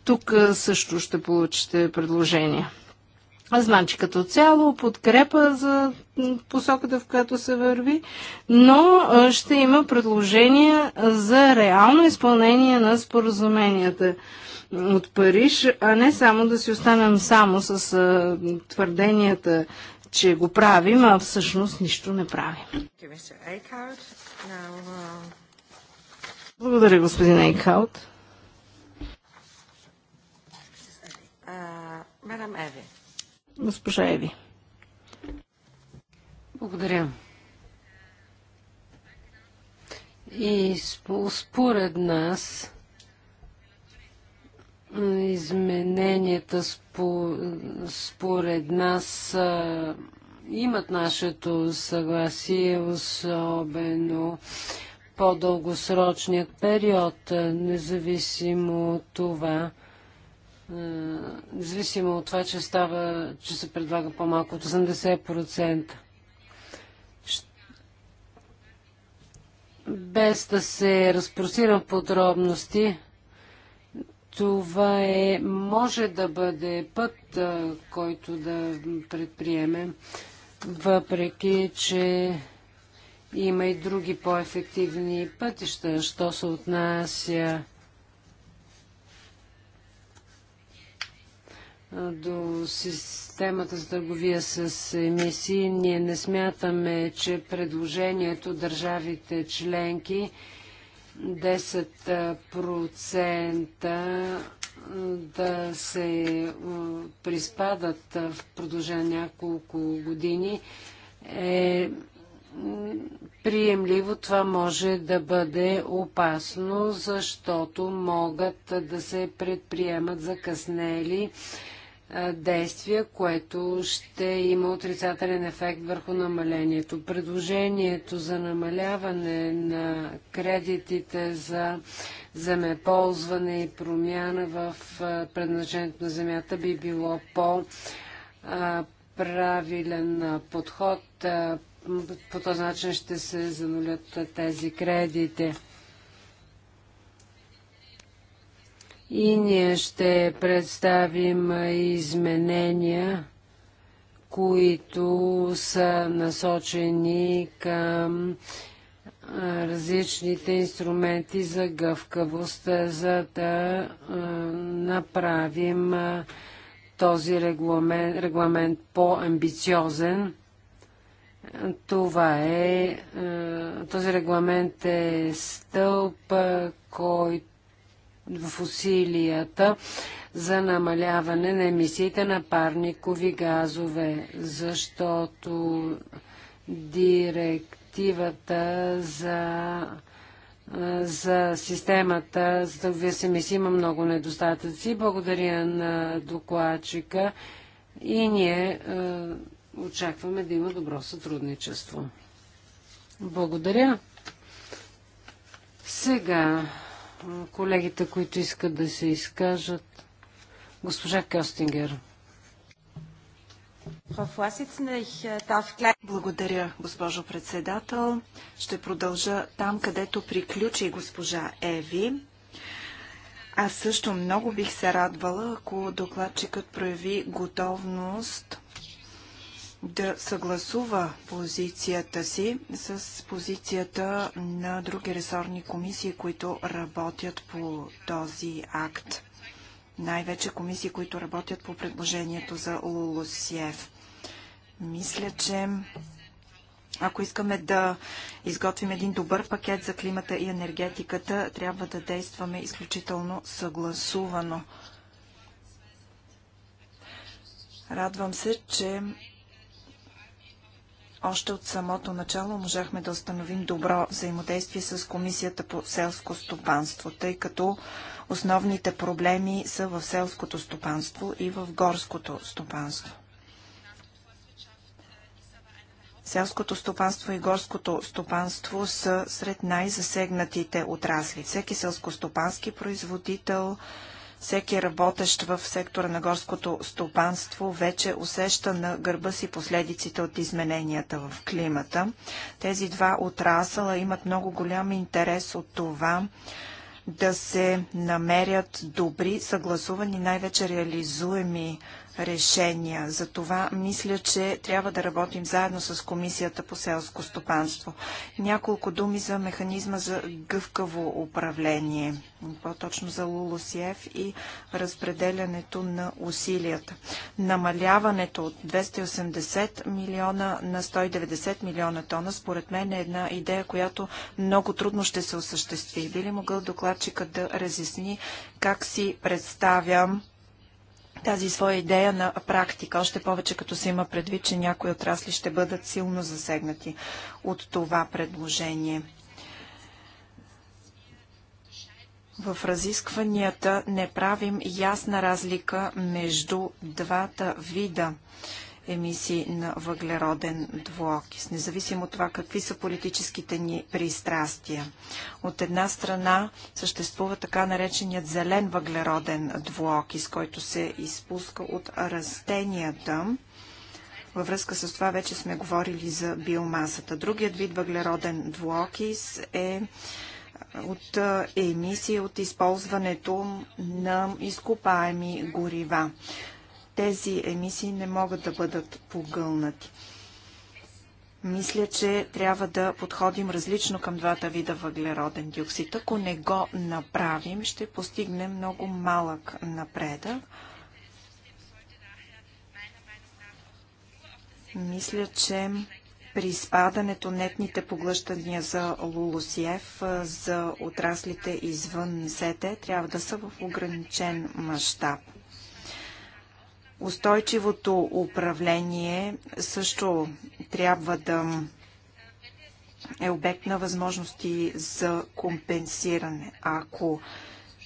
Тук също ще получите предложения. Значи като цяло подкрепа за посоката, в която се върви, но ще има предложения за реално изпълнение на споразуменията от Париж, а не само да си останем само с твърденията, че го правим, а всъщност нищо не правим. Uh, Благодаря, господин Ейкаут. Мадам Еви. Госпожа Еви. Благодаря. И според нас измененията според нас имат нашето съгласие, особено по-дългосрочният период, независимо от това, е, независимо от това, че, става, че се предлага по-малко от 80%. Без да се разпросирам подробности, това е, може да бъде път, е, който да предприемем, въпреки, че има и други по-ефективни пътища, що се отнася до системата за търговия с емисии, ние не смятаме, че предложението държавите членки 10% да се приспадат в продължение няколко години е приемливо. Това може да бъде опасно, защото могат да се предприемат закъснели действие, което ще има отрицателен ефект върху намалението. Предложението за намаляване на кредитите за земеползване и промяна в предназначението на земята би било по-правилен подход. По този начин ще се занулят тези кредити. и ние ще представим изменения, които са насочени към различните инструменти за гъвкавост, за да направим този регламент, регламент по-амбициозен. Това е, този регламент е стълб, който в усилията за намаляване на емисиите на парникови газове, защото директивата за за системата за търговия с емисии има много недостатъци. Благодаря на докладчика и ние е, очакваме да има добро сътрудничество. Благодаря. Сега колегите, които искат да се изкажат. Госпожа Кастингер. Е, Благодаря, госпожо председател. Ще продължа там, където приключи госпожа Еви. Аз също много бих се радвала, ако докладчикът прояви готовност да съгласува позицията си с позицията на други ресорни комисии, които работят по този акт. Най-вече комисии, които работят по предложението за ЛУЛУСИЕВ. Мисля, че ако искаме да изготвим един добър пакет за климата и енергетиката, трябва да действаме изключително съгласувано. Радвам се, че още от самото начало можахме да установим добро взаимодействие с Комисията по селско стопанство, тъй като основните проблеми са в селското стопанство и в горското стопанство. Селското стопанство и горското стопанство са сред най-засегнатите отрасли. Всеки селскостопански производител, всеки работещ в сектора на горското стопанство вече усеща на гърба си последиците от измененията в климата. Тези два отрасъла имат много голям интерес от това, да се намерят добри, съгласувани, най-вече реализуеми решения. Затова мисля, че трябва да работим заедно с Комисията по селско стопанство. Няколко думи за механизма за гъвкаво управление, по-точно за Лулусиев и разпределянето на усилията. Намаляването от 280 милиона на 190 милиона тона, според мен е една идея, която много трудно ще се осъществи. Би ли могъл докладчика да разясни как си представям тази своя идея на практика, още повече като се има предвид, че някои отрасли ще бъдат силно засегнати от това предложение. В разискванията не правим ясна разлика между двата вида емисии на въглероден двуокис, независимо от това какви са политическите ни пристрастия. От една страна съществува така нареченият зелен въглероден двуокис, който се изпуска от растенията. Във връзка с това вече сме говорили за биомасата. Другият вид въглероден двуокис е от е, емисии от използването на изкопаеми горива тези емисии не могат да бъдат погълнати. Мисля, че трябва да подходим различно към двата вида въглероден диоксид. Ако не го направим, ще постигнем много малък напредък. Мисля, че при спадането нетните поглъщания за Лулусиев за отраслите извън СЕТЕ трябва да са в ограничен мащаб. Устойчивото управление също трябва да е обект на възможности за компенсиране. Ако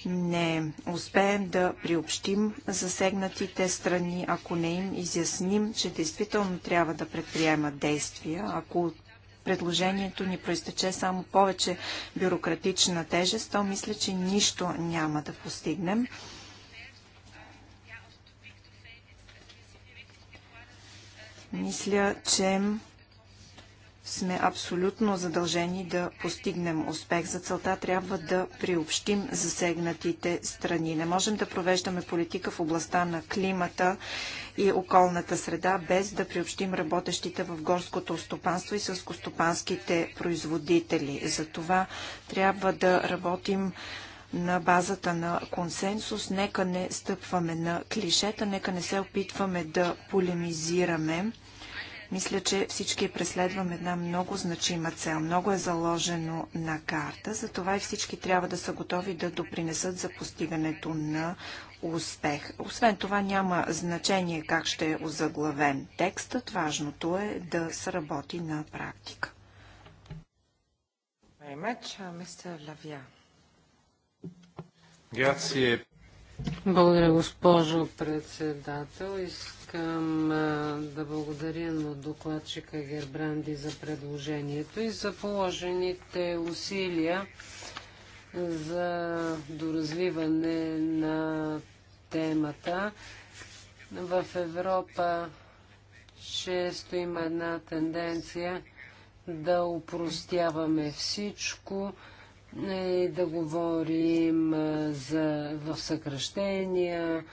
не успеем да приобщим засегнатите страни, ако не им изясним, че действително трябва да предприемат действия, ако предложението ни проистече само повече бюрократична тежест, то мисля, че нищо няма да постигнем. Мисля, че сме абсолютно задължени да постигнем успех. За целта трябва да приобщим засегнатите страни. Не можем да провеждаме политика в областта на климата и околната среда, без да приобщим работещите в горското стопанство и сълскостопанските производители. За това трябва да работим на базата на консенсус. Нека не стъпваме на клишета, нека не се опитваме да полемизираме мисля, че всички преследваме една много значима цел. Много е заложено на карта, затова и всички трябва да са готови да допринесат за постигането на успех. Освен това няма значение как ще е озаглавен текстът. Важното е да се работи на практика. Uh, Благодаря, госпожо председател искам а, да благодаря на докладчика Гербранди за предложението и за положените усилия за доразвиване на темата. В Европа често има една тенденция да упростяваме всичко и да говорим за, в съкръщения,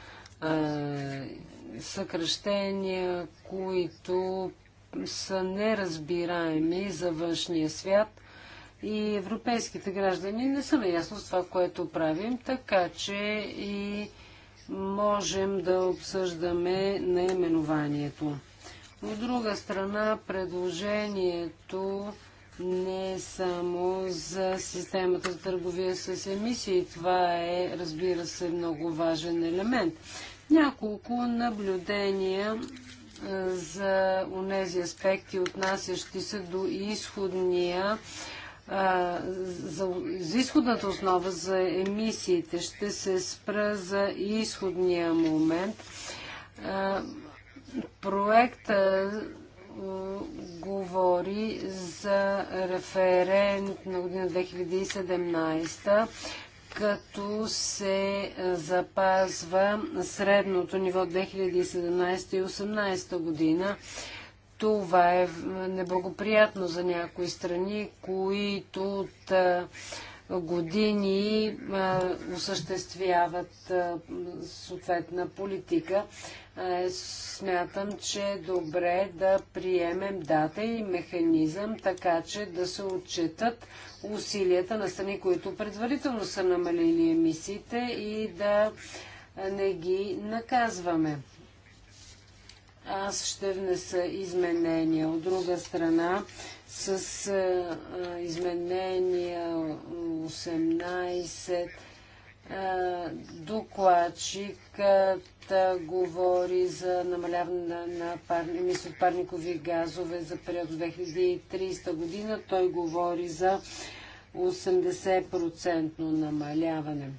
съкръщения, които са неразбираеми за външния свят и европейските граждани не са наясно с това, което правим, така че и можем да обсъждаме наименованието. От друга страна, предложението не е само за системата за търговия с емисии. Това е, разбира се, много важен елемент. Няколко наблюдения е, за онези аспекти, отнасящи се до изходния е, за, за изходната основа за емисиите. Ще се спра за изходния момент. Е, проекта говори за референт на година 2017 като се е, запазва средното ниво 2017 и 2018 година. Това е, е неблагоприятно за някои страни, които от е, години осъществяват съответна политика. смятам, че е добре да приемем дата и механизъм, така че да се отчитат усилията на страни, които предварително са намалили емисиите и да не ги наказваме. Аз ще внеса изменения. От друга страна, с а, изменения 18, докладчиката говори за намаляване на пар... емисии от парникови газове за период 2030 година. Той говори за 80% намаляване.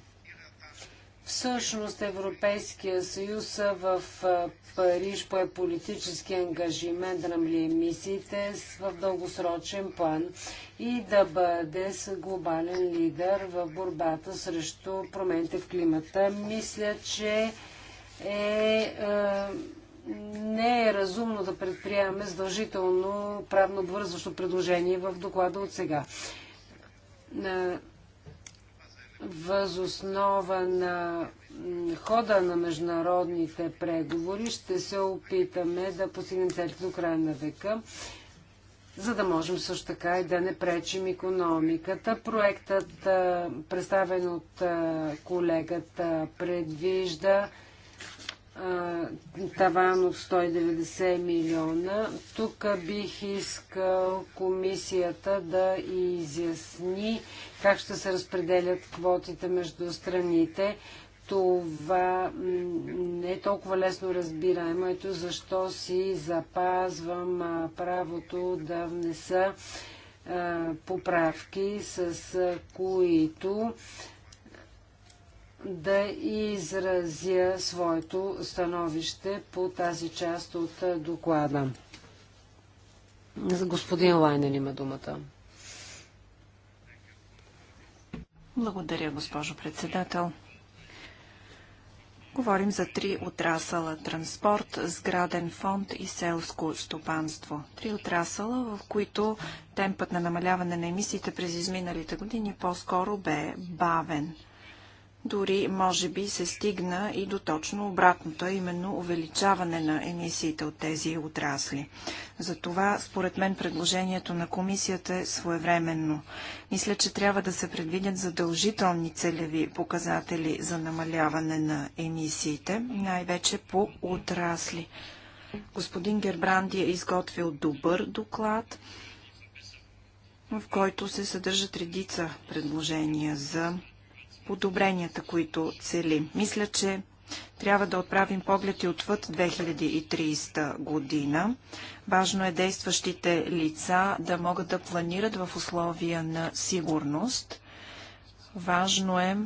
Всъщност Европейския съюз в Париж е политически ангажимент да намали емисиите в дългосрочен план и да бъде с глобален лидер в борбата срещу промените в климата. Мисля, че е, не е разумно да предприемаме задължително правно обвързващо предложение в доклада от сега на възоснова на хода на международните преговори ще се опитаме да постигнем целите до края на века, за да можем също така и да не пречим економиката. Проектът, представен от колегата, предвижда таван от 190 милиона. Тук бих искал комисията да изясни как ще се разпределят квотите между страните. Това не е толкова лесно разбираемо. Ето защо си запазвам правото да внеса поправки, с които да изразя своето становище по тази част от доклада. Господин Лайнен има думата. Благодаря, госпожо председател. Говорим за три отрасъла – транспорт, сграден фонд и селско стопанство. Три отрасъла, в които темпът на намаляване на емисиите през изминалите години по-скоро бе бавен – дори, може би, се стигна и до точно обратното, именно увеличаване на емисиите от тези отрасли. Затова, според мен, предложението на комисията е своевременно. Мисля, че трябва да се предвидят задължителни целеви показатели за намаляване на емисиите, най-вече по отрасли. Господин Гербранди е изготвил добър доклад, в който се съдържат редица предложения за подобренията, които целим. Мисля, че трябва да отправим поглед и отвъд 2030 година. Важно е действащите лица да могат да планират в условия на сигурност. Важно е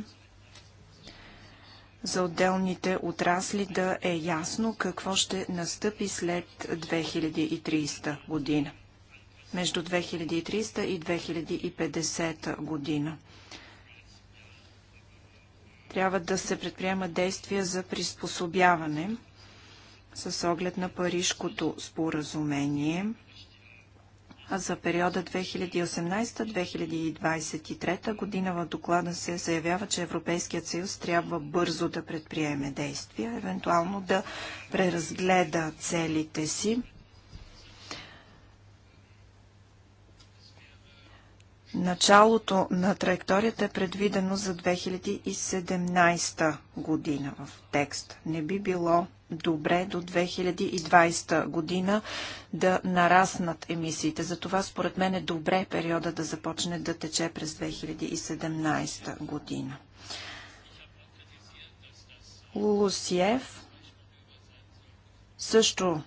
за отделните отрасли да е ясно какво ще настъпи след 2030 година. Между 2030 и 2050 година. Трябва да се предприемат действия за приспособяване с оглед на Парижкото споразумение. за периода 2018-2023 година в доклада се заявява, че Европейският съюз трябва бързо да предприеме действия, евентуално да преразгледа целите си Началото на траекторията е предвидено за 2017 година в текст. Не би било добре до 2020 година да нараснат емисиите. Затова според мен е добре периода да започне да тече през 2017 година. Лулусиев също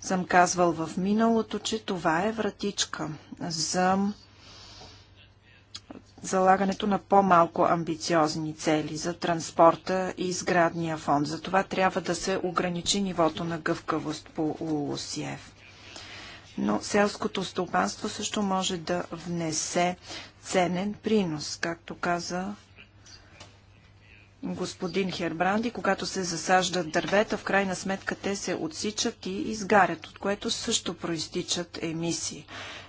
съм казвал в миналото, че това е вратичка за залагането на по-малко амбициозни цели за транспорта и сградния фонд. За това трябва да се ограничи нивото на гъвкавост по ЛУСИЕВ. Но селското стопанство също може да внесе ценен принос, както каза господин Хербранди, когато се засаждат дървета, в крайна сметка те се отсичат и изгарят, от което също проистичат емисии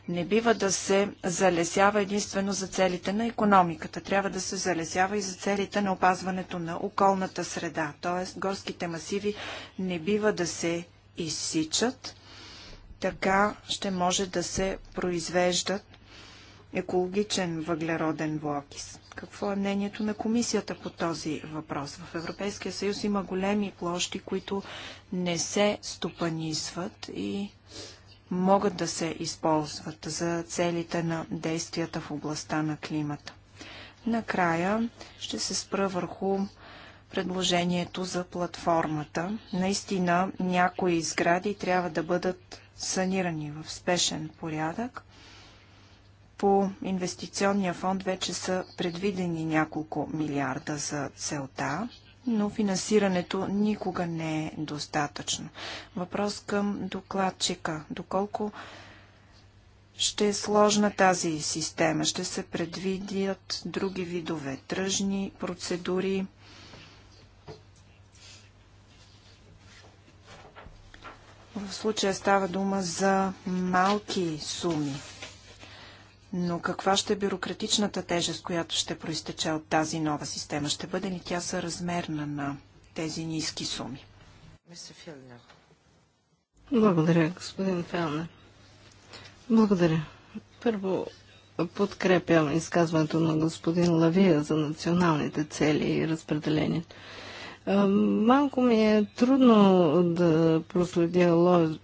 не бива да се залесява единствено за целите на економиката. Трябва да се залесява и за целите на опазването на околната среда. Т.е. горските масиви не бива да се изсичат. Така ще може да се произвеждат екологичен въглероден блокис. Какво е мнението на комисията по този въпрос? В Европейския съюз има големи площи, които не се стопанисват и могат да се използват за целите на действията в областта на климата. Накрая ще се спра върху предложението за платформата. Наистина някои сгради трябва да бъдат санирани в спешен порядък. По инвестиционния фонд вече са предвидени няколко милиарда за целта но финансирането никога не е достатъчно. Въпрос към докладчика. Доколко ще е сложна тази система? Ще се предвидят други видове тръжни процедури? В случая става дума за малки суми. Но каква ще е бюрократичната тежест, която ще проистече от тази нова система? Ще бъде ли тя съразмерна на тези ниски суми? Благодаря, господин Фелнер. Благодаря. Първо, подкрепям изказването на господин Лавия за националните цели и разпределението. Малко ми е трудно да проследя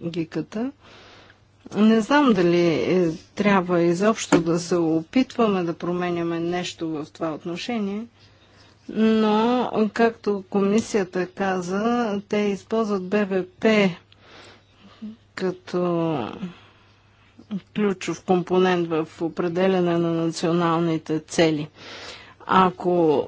логиката, не знам дали е, трябва изобщо да се опитваме да променяме нещо в това отношение, но, както комисията каза, те използват БВП като ключов компонент в определене на националните цели. Ако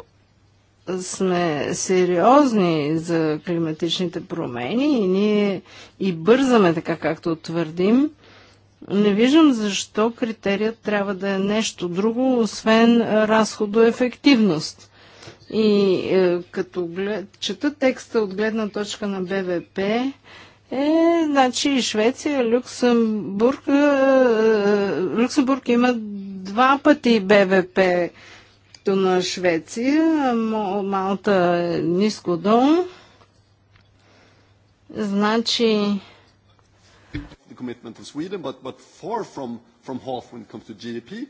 сме сериозни за климатичните промени и ние и бързаме така както твърдим, не виждам защо критерият трябва да е нещо друго, освен разходоефективност. И е, като глед, чета текста от гледна точка на БВП, е, значи Швеция, Люксембург, е, е Люксембург има два пъти БВП на Швеция, Малта е ниско долу. Значи, commitment of Sweden, but, but far from, from half when it comes to GDP.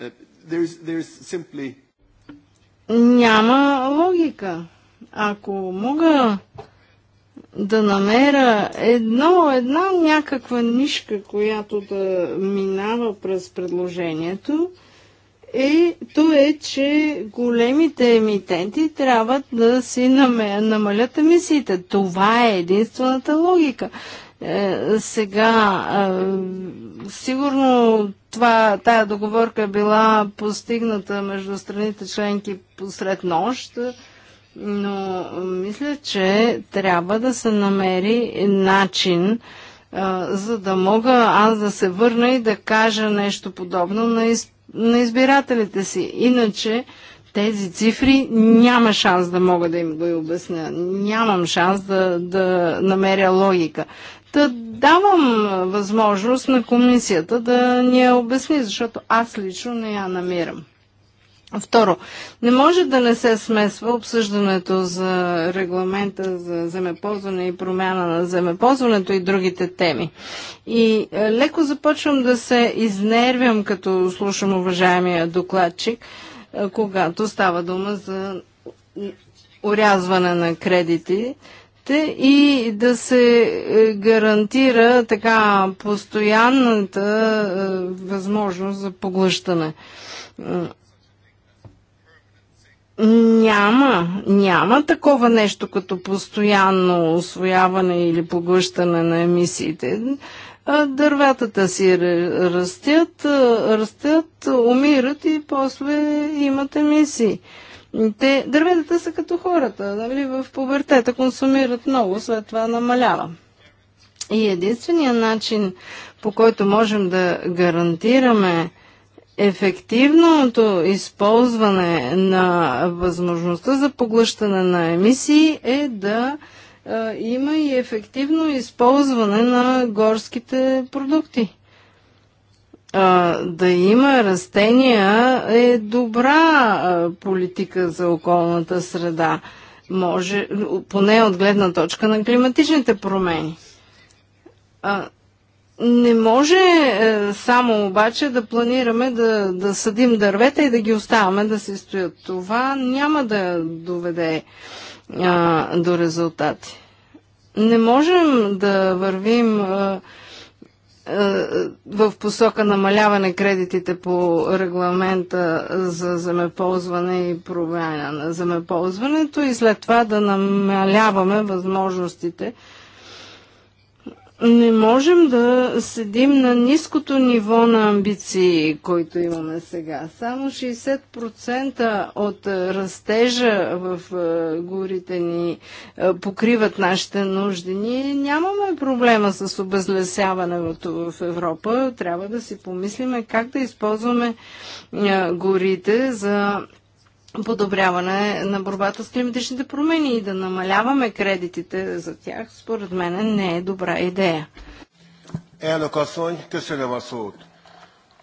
Uh, there's, there's simply... Няма логика. Ако мога да намеря едно, една някаква нишка, която да минава през предложението, е, то е, че големите емитенти трябва да си намалят емисиите. Това е единствената логика. Е, сега, е, сигурно това, тая договорка е била постигната между страните членки посред нощ, но мисля, че трябва да се намери начин, е, за да мога аз да се върна и да кажа нещо подобно на, из, на избирателите си. Иначе тези цифри няма шанс да мога да им го обясня. Нямам шанс да, да намеря логика. Та давам възможност на комисията да ни я обясни, защото аз лично не я намирам. Второ, не може да не се смесва обсъждането за регламента за земеползване и промяна на земеползването и другите теми. И е, леко започвам да се изнервям, като слушам уважаемия докладчик, е, когато става дума за урязване на кредити, и да се е, гарантира така постоянната е, възможност за поглъщане. Няма, няма такова нещо като постоянно освояване или поглъщане на емисиите. Дърветата си растят, е, растят, умират и после имат емисии. Те, дърветата са като хората, нали? в пубертета консумират много, след това намалява. И единствения начин, по който можем да гарантираме ефективното използване на възможността за поглъщане на емисии е да е, има и ефективно използване на горските продукти да има растения е добра политика за околната среда. Може, поне от гледна точка на климатичните промени. Не може е, само обаче да планираме да, да съдим дървета и да ги оставаме да се стоят. Това няма да доведе а, до резултати. Не можем да вървим а, е, в посока намаляване кредитите по регламента за земеползване и промяна на земеползването и след това да намаляваме възможностите не можем да седим на ниското ниво на амбиции, който имаме сега. Само 60% от е, растежа в е, горите ни е, покриват нашите нужди. Ние нямаме проблема с обезлесяването в Европа. Трябва да си помислиме как да използваме горите за подобряване на борбата с климатичните промени и да намаляваме кредитите за тях, според мен не е добра идея. Elnök asszony, köszönöm a szót.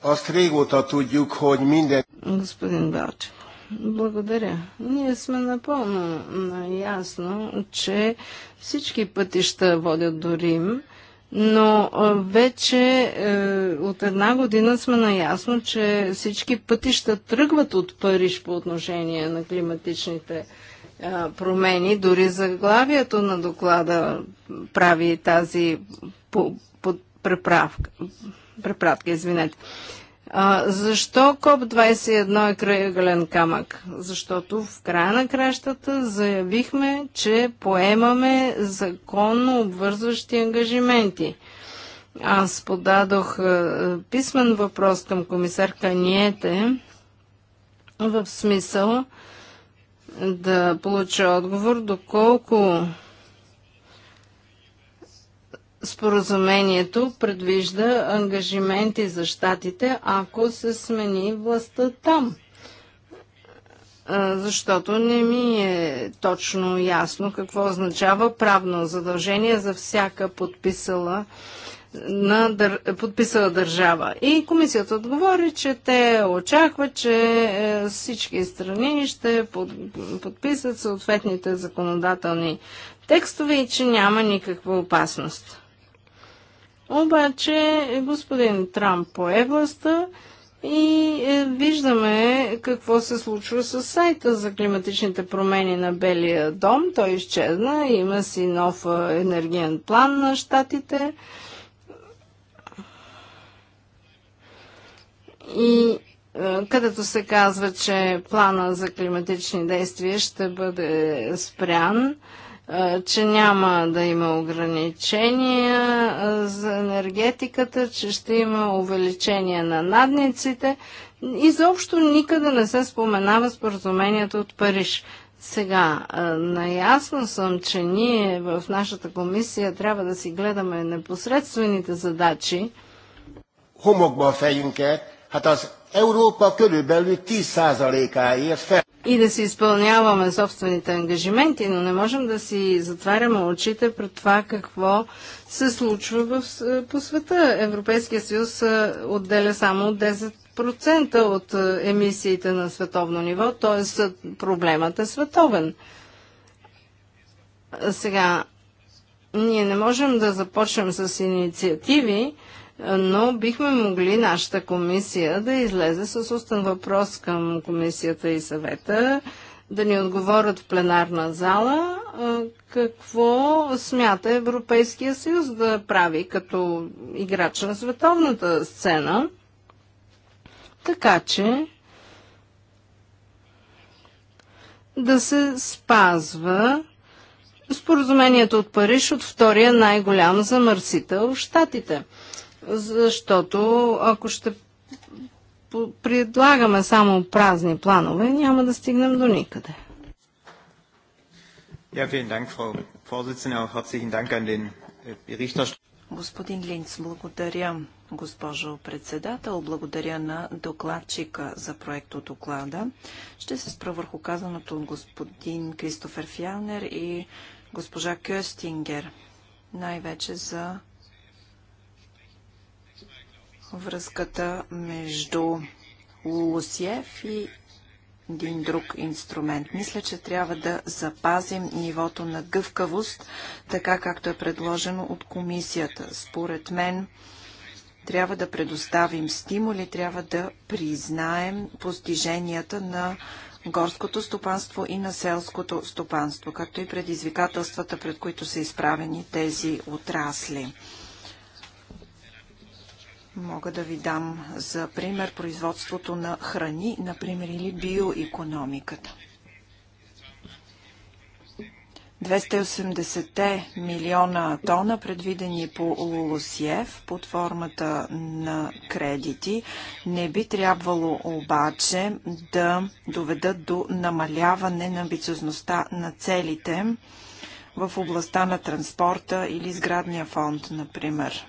Azt régóta tudjuk, hogy minden... Господин Балчев, благодаря. Ние сме напълно наясно, че всички пътища водят до Рим но вече е, от една година сме наясно, че всички пътища тръгват от Париж по отношение на климатичните промени. Дори заглавието на доклада прави тази преправка, препратка. Извинете. А, защо КОП-21 е кръгален камък? Защото в края на кращата заявихме, че поемаме законно обвързващи ангажименти. Аз подадох а, писмен въпрос към комисар Каниете в смисъл да получа отговор доколко Споразумението предвижда ангажименти за щатите, ако се смени властта там. Защото не ми е точно ясно какво означава правно задължение за всяка подписала на дър... подписала държава. И комисията отговори, че те очакват, че е, всички страни ще под... подписат съответните законодателни текстове и че няма никаква опасност. Обаче господин Трамп пое властта и е, виждаме какво се случва с сайта за климатичните промени на Белия дом. Той изчезна, има си нов е, енергиен план на щатите. И е, където се казва, че плана за климатични действия ще бъде спрян че няма да има ограничения за енергетиката, че ще има увеличение на надниците. Изобщо никъде не се споменава споразумението от Париж. Сега, наясно съм, че ние в нашата комисия трябва да си гледаме непосредствените задачи. Homokba a fejünket, hát az Európa körülbelül 10 е и да си изпълняваме собствените ангажименти, но не можем да си затваряме очите пред това какво се случва в, е, по света. Европейския съюз е, отделя само 10% от е, емисиите на световно ниво, т.е. проблемът е световен. Сега, ние не можем да започнем с инициативи, но бихме могли нашата комисия да излезе с устен въпрос към комисията и съвета, да ни отговорят в пленарна зала какво смята Европейския съюз да прави като играч на световната сцена. Така че да се спазва споразумението от Париж от втория най-голям замърсител – Штатите – защото ако ще предлагаме само празни планове, няма да стигнем до никъде. Ja, vielen Dank, Frau Vorsitzende. Auch herzlichen Dank an den äh, Господин Линц, благодаря, госпожо председател. Благодаря на докладчика за проект от доклада. Ще се спра върху казаното от господин Кристофер Фялнер и госпожа Кюстингер, най-вече за връзката между Лусиев и един друг инструмент. Мисля, че трябва да запазим нивото на гъвкавост, така както е предложено от комисията. Според мен, трябва да предоставим стимули, трябва да признаем постиженията на горското стопанство и на селското стопанство, както и предизвикателствата, пред които са изправени тези отрасли. Мога да ви дам за пример производството на храни, например, или биоекономиката. 280 те милиона тона, предвидени по ЛОЛОСИЕВ под формата на кредити, не би трябвало обаче да доведат до намаляване на амбициозността на целите в областта на транспорта или сградния фонд, например.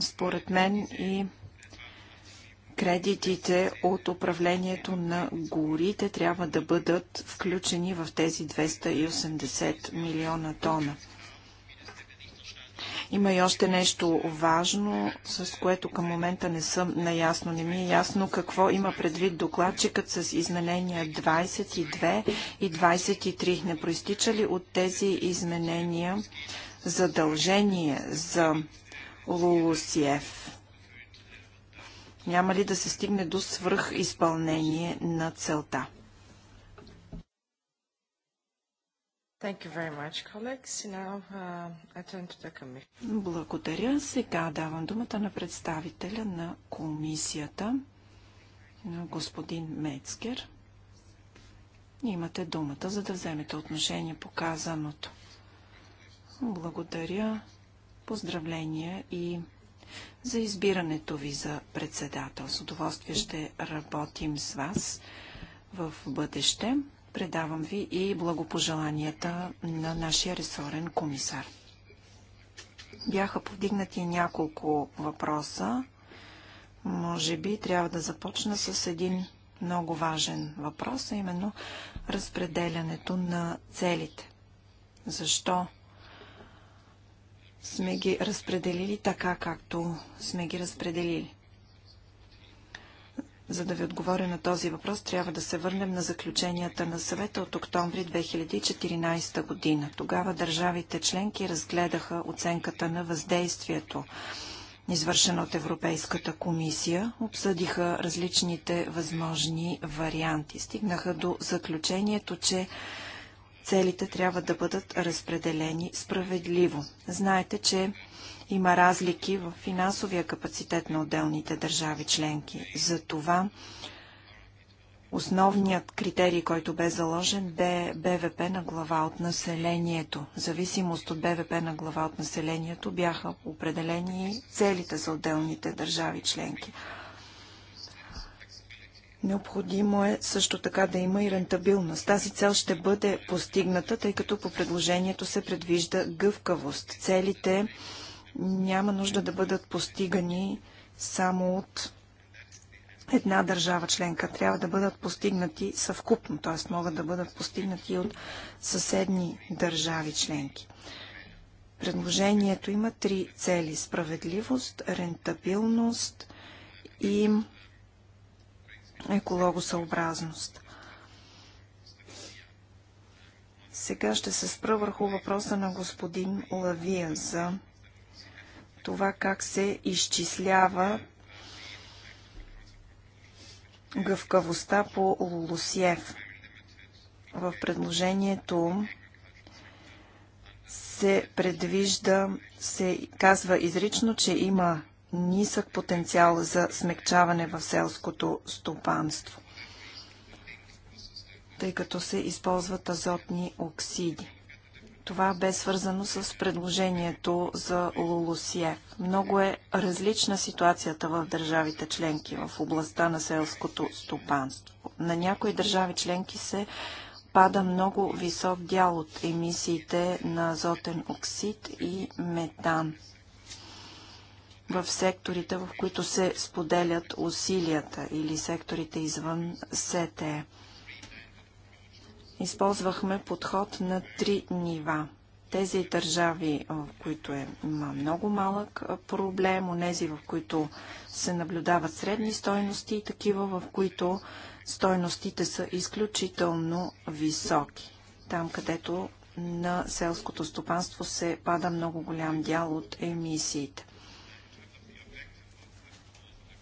според мен и кредитите от управлението на горите трябва да бъдат включени в тези 280 милиона тона. Има и още нещо важно, с което към момента не съм наясно. Не ми е ясно какво има предвид докладчикът с изменения 22 и 23. Не проистича ли от тези изменения задължение за Лулусиев. Няма ли да се стигне до свръхизпълнение на целта? Uh, Благодаря. Сега давам думата на представителя на комисията, на господин Мецкер. Имате думата, за да вземете отношение по казаното. Благодаря. Поздравления и за избирането ви за председател. С удоволствие ще работим с вас в бъдеще. Предавам ви и благопожеланията на нашия ресорен комисар. Бяха повдигнати няколко въпроса. Може би трябва да започна с един много важен въпрос, а именно разпределянето на целите. Защо сме ги разпределили така, както сме ги разпределили. За да ви отговоря на този въпрос, трябва да се върнем на заключенията на съвета от октомври 2014 година. Тогава държавите членки разгледаха оценката на въздействието, извършено от Европейската комисия, обсъдиха различните възможни варианти. Стигнаха до заключението, че целите трябва да бъдат разпределени справедливо. Знаете, че има разлики в финансовия капацитет на отделните държави членки. Затова основният критерий, който бе заложен, бе БВП на глава от населението. В зависимост от БВП на глава от населението бяха определени целите за отделните държави членки. Необходимо е също така да има и рентабилност. Тази цел ще бъде постигната, тъй като по предложението се предвижда гъвкавост. Целите няма нужда да бъдат постигани само от една държава членка. Трябва да бъдат постигнати съвкупно, т.е. могат да бъдат постигнати от съседни държави членки. Предложението има три цели – справедливост, рентабилност и екологосъобразност. Сега ще се спра върху въпроса на господин Лавия за това как се изчислява гъвкавостта по Лулусиев. В предложението се предвижда, се казва изрично, че има нисък потенциал за смекчаване в селското стопанство, тъй като се използват азотни оксиди. Това бе свързано с предложението за Лулусиев. Много е различна ситуацията в държавите членки в областта на селското стопанство. На някои държави членки се пада много висок дял от емисиите на азотен оксид и метан в секторите, в които се споделят усилията или секторите извън СТЕ. Използвахме подход на три нива. Тези държави, в които е, има много малък проблем, онези, в които се наблюдават средни стойности и такива, в които стойностите са изключително високи. Там, където на селското стопанство се пада много голям дял от емисиите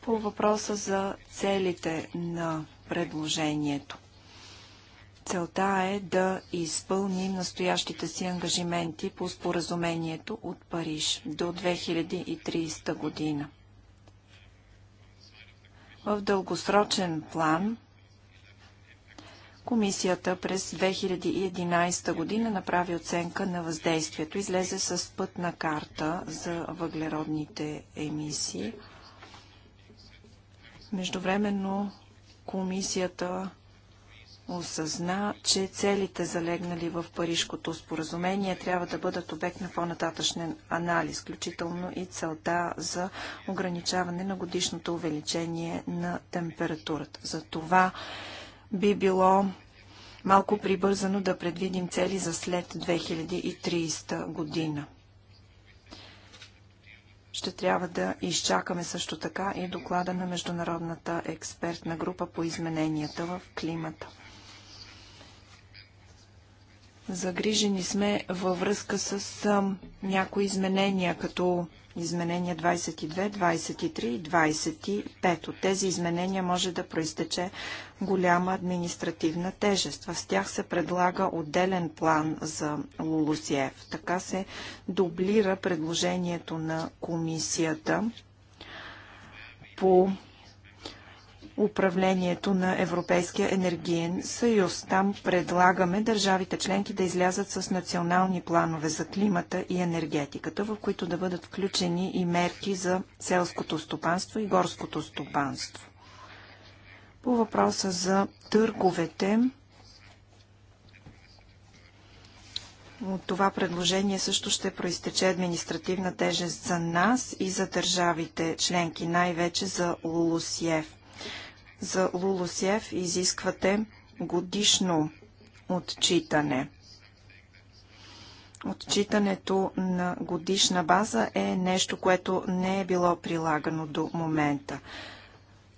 по въпроса за целите на предложението. Целта е да изпълним настоящите си ангажименти по споразумението от Париж до 2030 година. В дългосрочен план Комисията през 2011 година направи оценка на въздействието. Излезе с пътна карта за въглеродните емисии – Междувременно комисията осъзна, че целите залегнали в Парижкото споразумение трябва да бъдат обект на по-нататъчен анализ, включително и целта за ограничаване на годишното увеличение на температурата. За това би било малко прибързано да предвидим цели за след 2030 година. Ще трябва да изчакаме също така и доклада на Международната експертна група по измененията в климата. Загрижени сме във връзка с някои изменения, като изменения 22, 23 и 25. От тези изменения може да проистече голяма административна тежест. В тях се предлага отделен план за Лулусиев. Така се дублира предложението на комисията по управлението на Европейския енергиен съюз. Там предлагаме държавите членки да излязат с национални планове за климата и енергетиката, в които да бъдат включени и мерки за селското стопанство и горското стопанство. По въпроса за търговете, От това предложение също ще проистече административна тежест за нас и за държавите членки, най-вече за Лусиев. За Лулусев изисквате годишно отчитане. Отчитането на годишна база е нещо, което не е било прилагано до момента.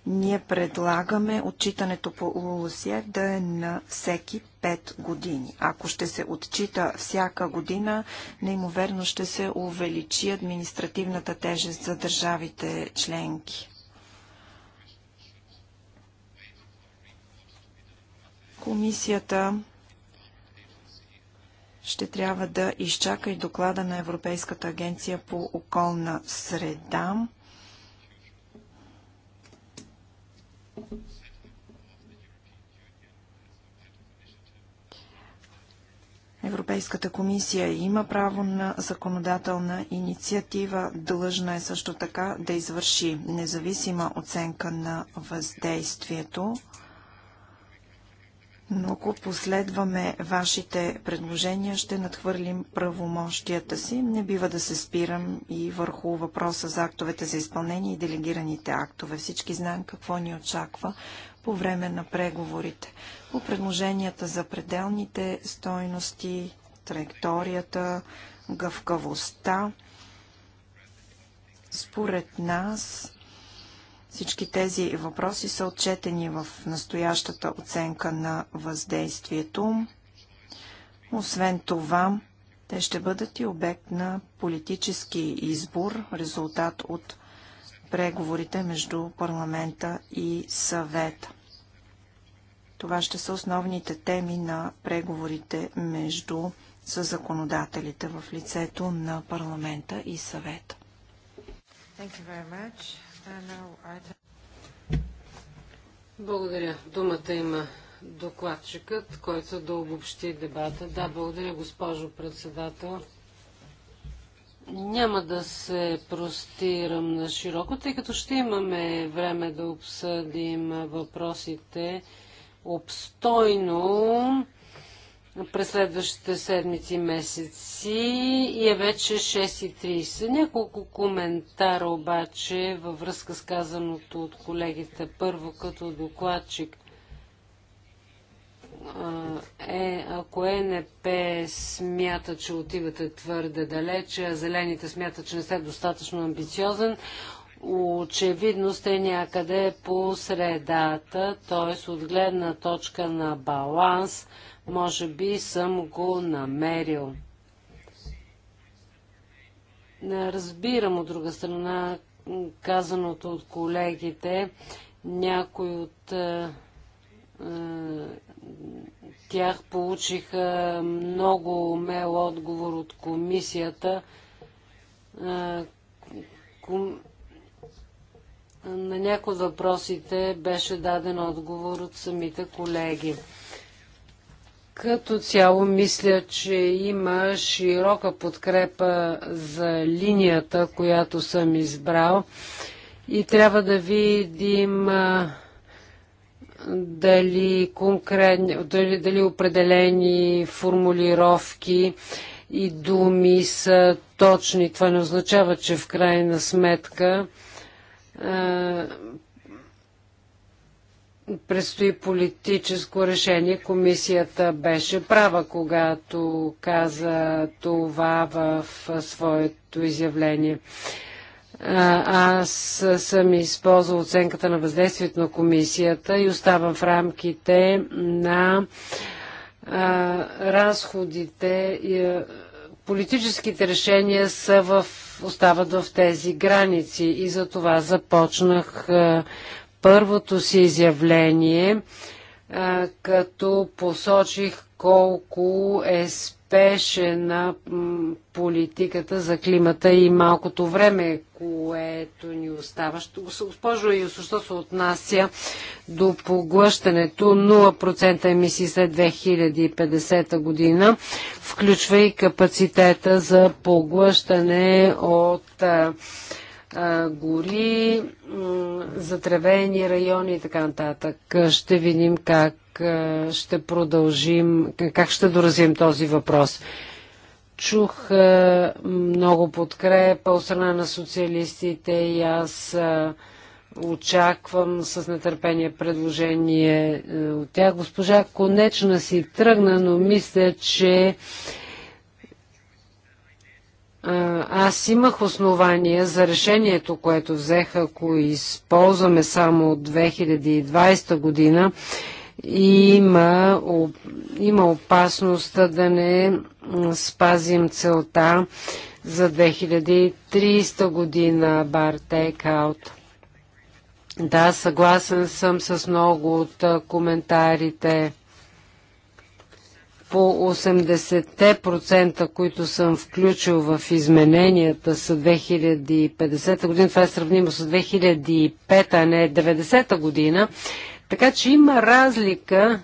Ние предлагаме отчитането по ЛУЛУСЕВ да е на всеки 5 години. Ако ще се отчита всяка година, неимоверно ще се увеличи административната тежест за държавите членки. Комисията ще трябва да изчака и доклада на Европейската агенция по околна среда. Европейската комисия има право на законодателна инициатива, длъжна е също така да извърши независима оценка на въздействието но ако последваме вашите предложения, ще надхвърлим правомощията си. Не бива да се спирам и върху въпроса за актовете за изпълнение и делегираните актове. Всички знаем какво ни очаква по време на преговорите. По предложенията за пределните стойности, траекторията, гъвкавостта, според нас всички тези въпроси са отчетени в настоящата оценка на въздействието. Освен това, те ще бъдат и обект на политически избор, резултат от преговорите между парламента и съвета. Това ще са основните теми на преговорите между със законодателите в лицето на парламента и съвета. Thank you very much. Благодаря. Думата има докладчикът, който да обобщи дебата. Да, благодаря, госпожо председател. Няма да се простирам на широко, тъй като ще имаме време да обсъдим въпросите обстойно през следващите седмици и месеци и е вече 6.30. Няколко коментара обаче във връзка с казаното от колегите. Първо като докладчик е, ако ЕНП смята, че отивате твърде далече, а зелените смятат, че не сте достатъчно амбициозен, очевидно сте някъде по средата, т.е. от гледна точка на баланс – може би съм го намерил. Не разбирам от друга страна казаното от колегите. някой от е, е, тях получиха много умел отговор от комисията. Е, ком... На някои от въпросите беше даден отговор от самите колеги. Като цяло мисля, че има широка подкрепа за линията, която съм избрал и трябва да видим дали, конкретни, дали, дали определени формулировки и думи са точни. Това не означава, че в крайна сметка предстои политическо решение. Комисията беше права, когато каза това в своето изявление. Аз съм използвал оценката на въздействието на комисията и оставам в рамките на разходите. политическите решения са в, остават в тези граници и за това започнах първото си изявление, а, като посочих колко е спешена политиката за климата и малкото време, което ни остава. Госпожо и що се отнася до поглъщането 0% емисии след 2050 година, включва и капацитета за поглъщане от гори, затревени райони и така нататък. Ще видим как ще продължим, как ще доразим този въпрос. Чух много подкрепа от страна на социалистите и аз очаквам с нетърпение предложение е, от тях. Госпожа Конечна си тръгна, но мисля, че аз имах основания за решението, което взех, ако използваме само от 2020 година, и има, има опасност да не спазим целта за 2030 година бар тейкаут. Да, съгласен съм с много от коментарите по 80%, които съм включил в измененията са 2050 година. Това е сравнимо с 2005, а не 90 година. Така че има разлика.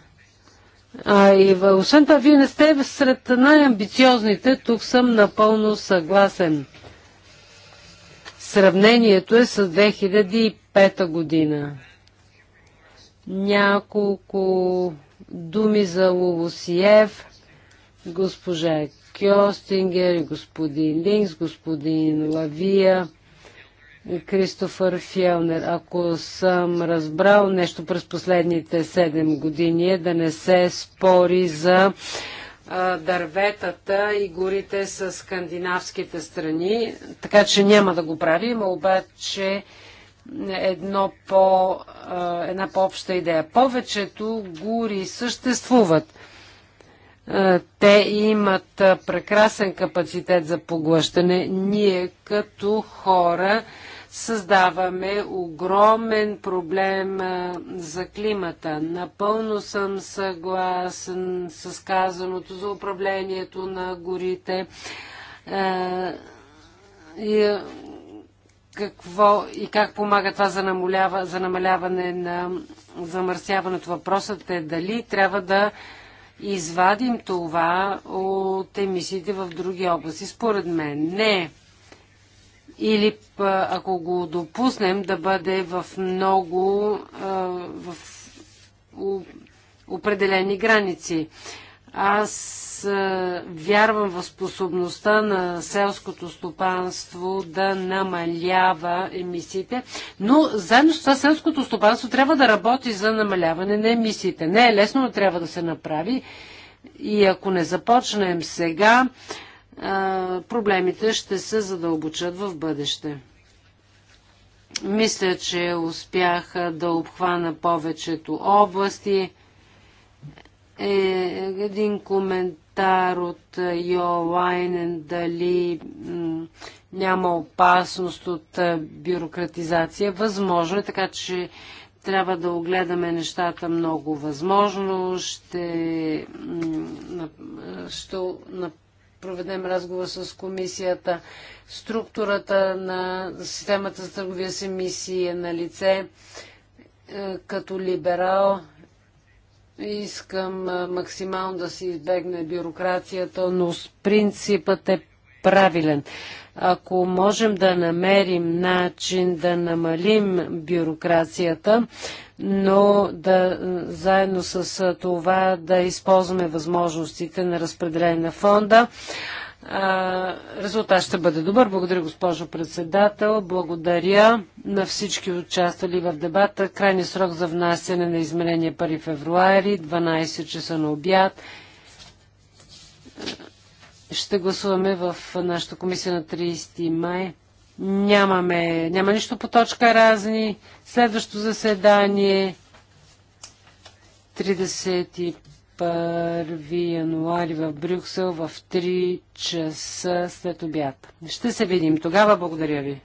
А, и в... освен това, вие не сте сред най-амбициозните. Тук съм напълно съгласен. Сравнението е с 2005 година. Няколко думи за Лулусиев, госпожа Кьостингер, господин Линкс, господин Лавия, Кристофър Фелнер. Ако съм разбрал нещо през последните 7 години е да не се спори за дърветата и горите с скандинавските страни, така че няма да го правим, обаче едно по, една по-обща идея. Повечето гури съществуват. Те имат прекрасен капацитет за поглъщане. Ние като хора създаваме огромен проблем за климата. Напълно съм съгласен с казаното за управлението на горите какво и как помага това за, намалява, за намаляване на замърсяването. Въпросът е дали трябва да извадим това от емисиите в други области. Според мен не. Или ако го допуснем да бъде в много в определени граници. Аз аз вярвам в способността на селското стопанство да намалява емисиите, но заедно с това селското стопанство трябва да работи за намаляване на емисиите. Не е лесно, но трябва да се направи. И ако не започнем сега, проблемите ще се задълбочат в бъдеще. Мисля, че успях да обхвана повечето области. Е, един комент коментар от Йолайнен дали няма опасност от бюрократизация. Възможно е, така че трябва да огледаме нещата много възможно. Ще, ще проведем разговор с комисията. Структурата на системата за търговия с емисии е на лице. Е, като либерал Искам максимално да се избегне бюрокрацията, но принципът е правилен. Ако можем да намерим начин да намалим бюрокрацията, но да заедно с това да използваме възможностите на разпределение на фонда, Резултат ще бъде добър. Благодаря, госпожо председател. Благодаря на всички участвали в дебата. Крайният срок за внасяне на изменение 1 е февруари, 12 часа на обяд. Ще гласуваме в нашата комисия на 30 май. Нямаме, няма нищо по точка разни. Следващото заседание 35 1 януари в Брюксел в 3 часа след обяд. Ще се видим тогава. Благодаря ви.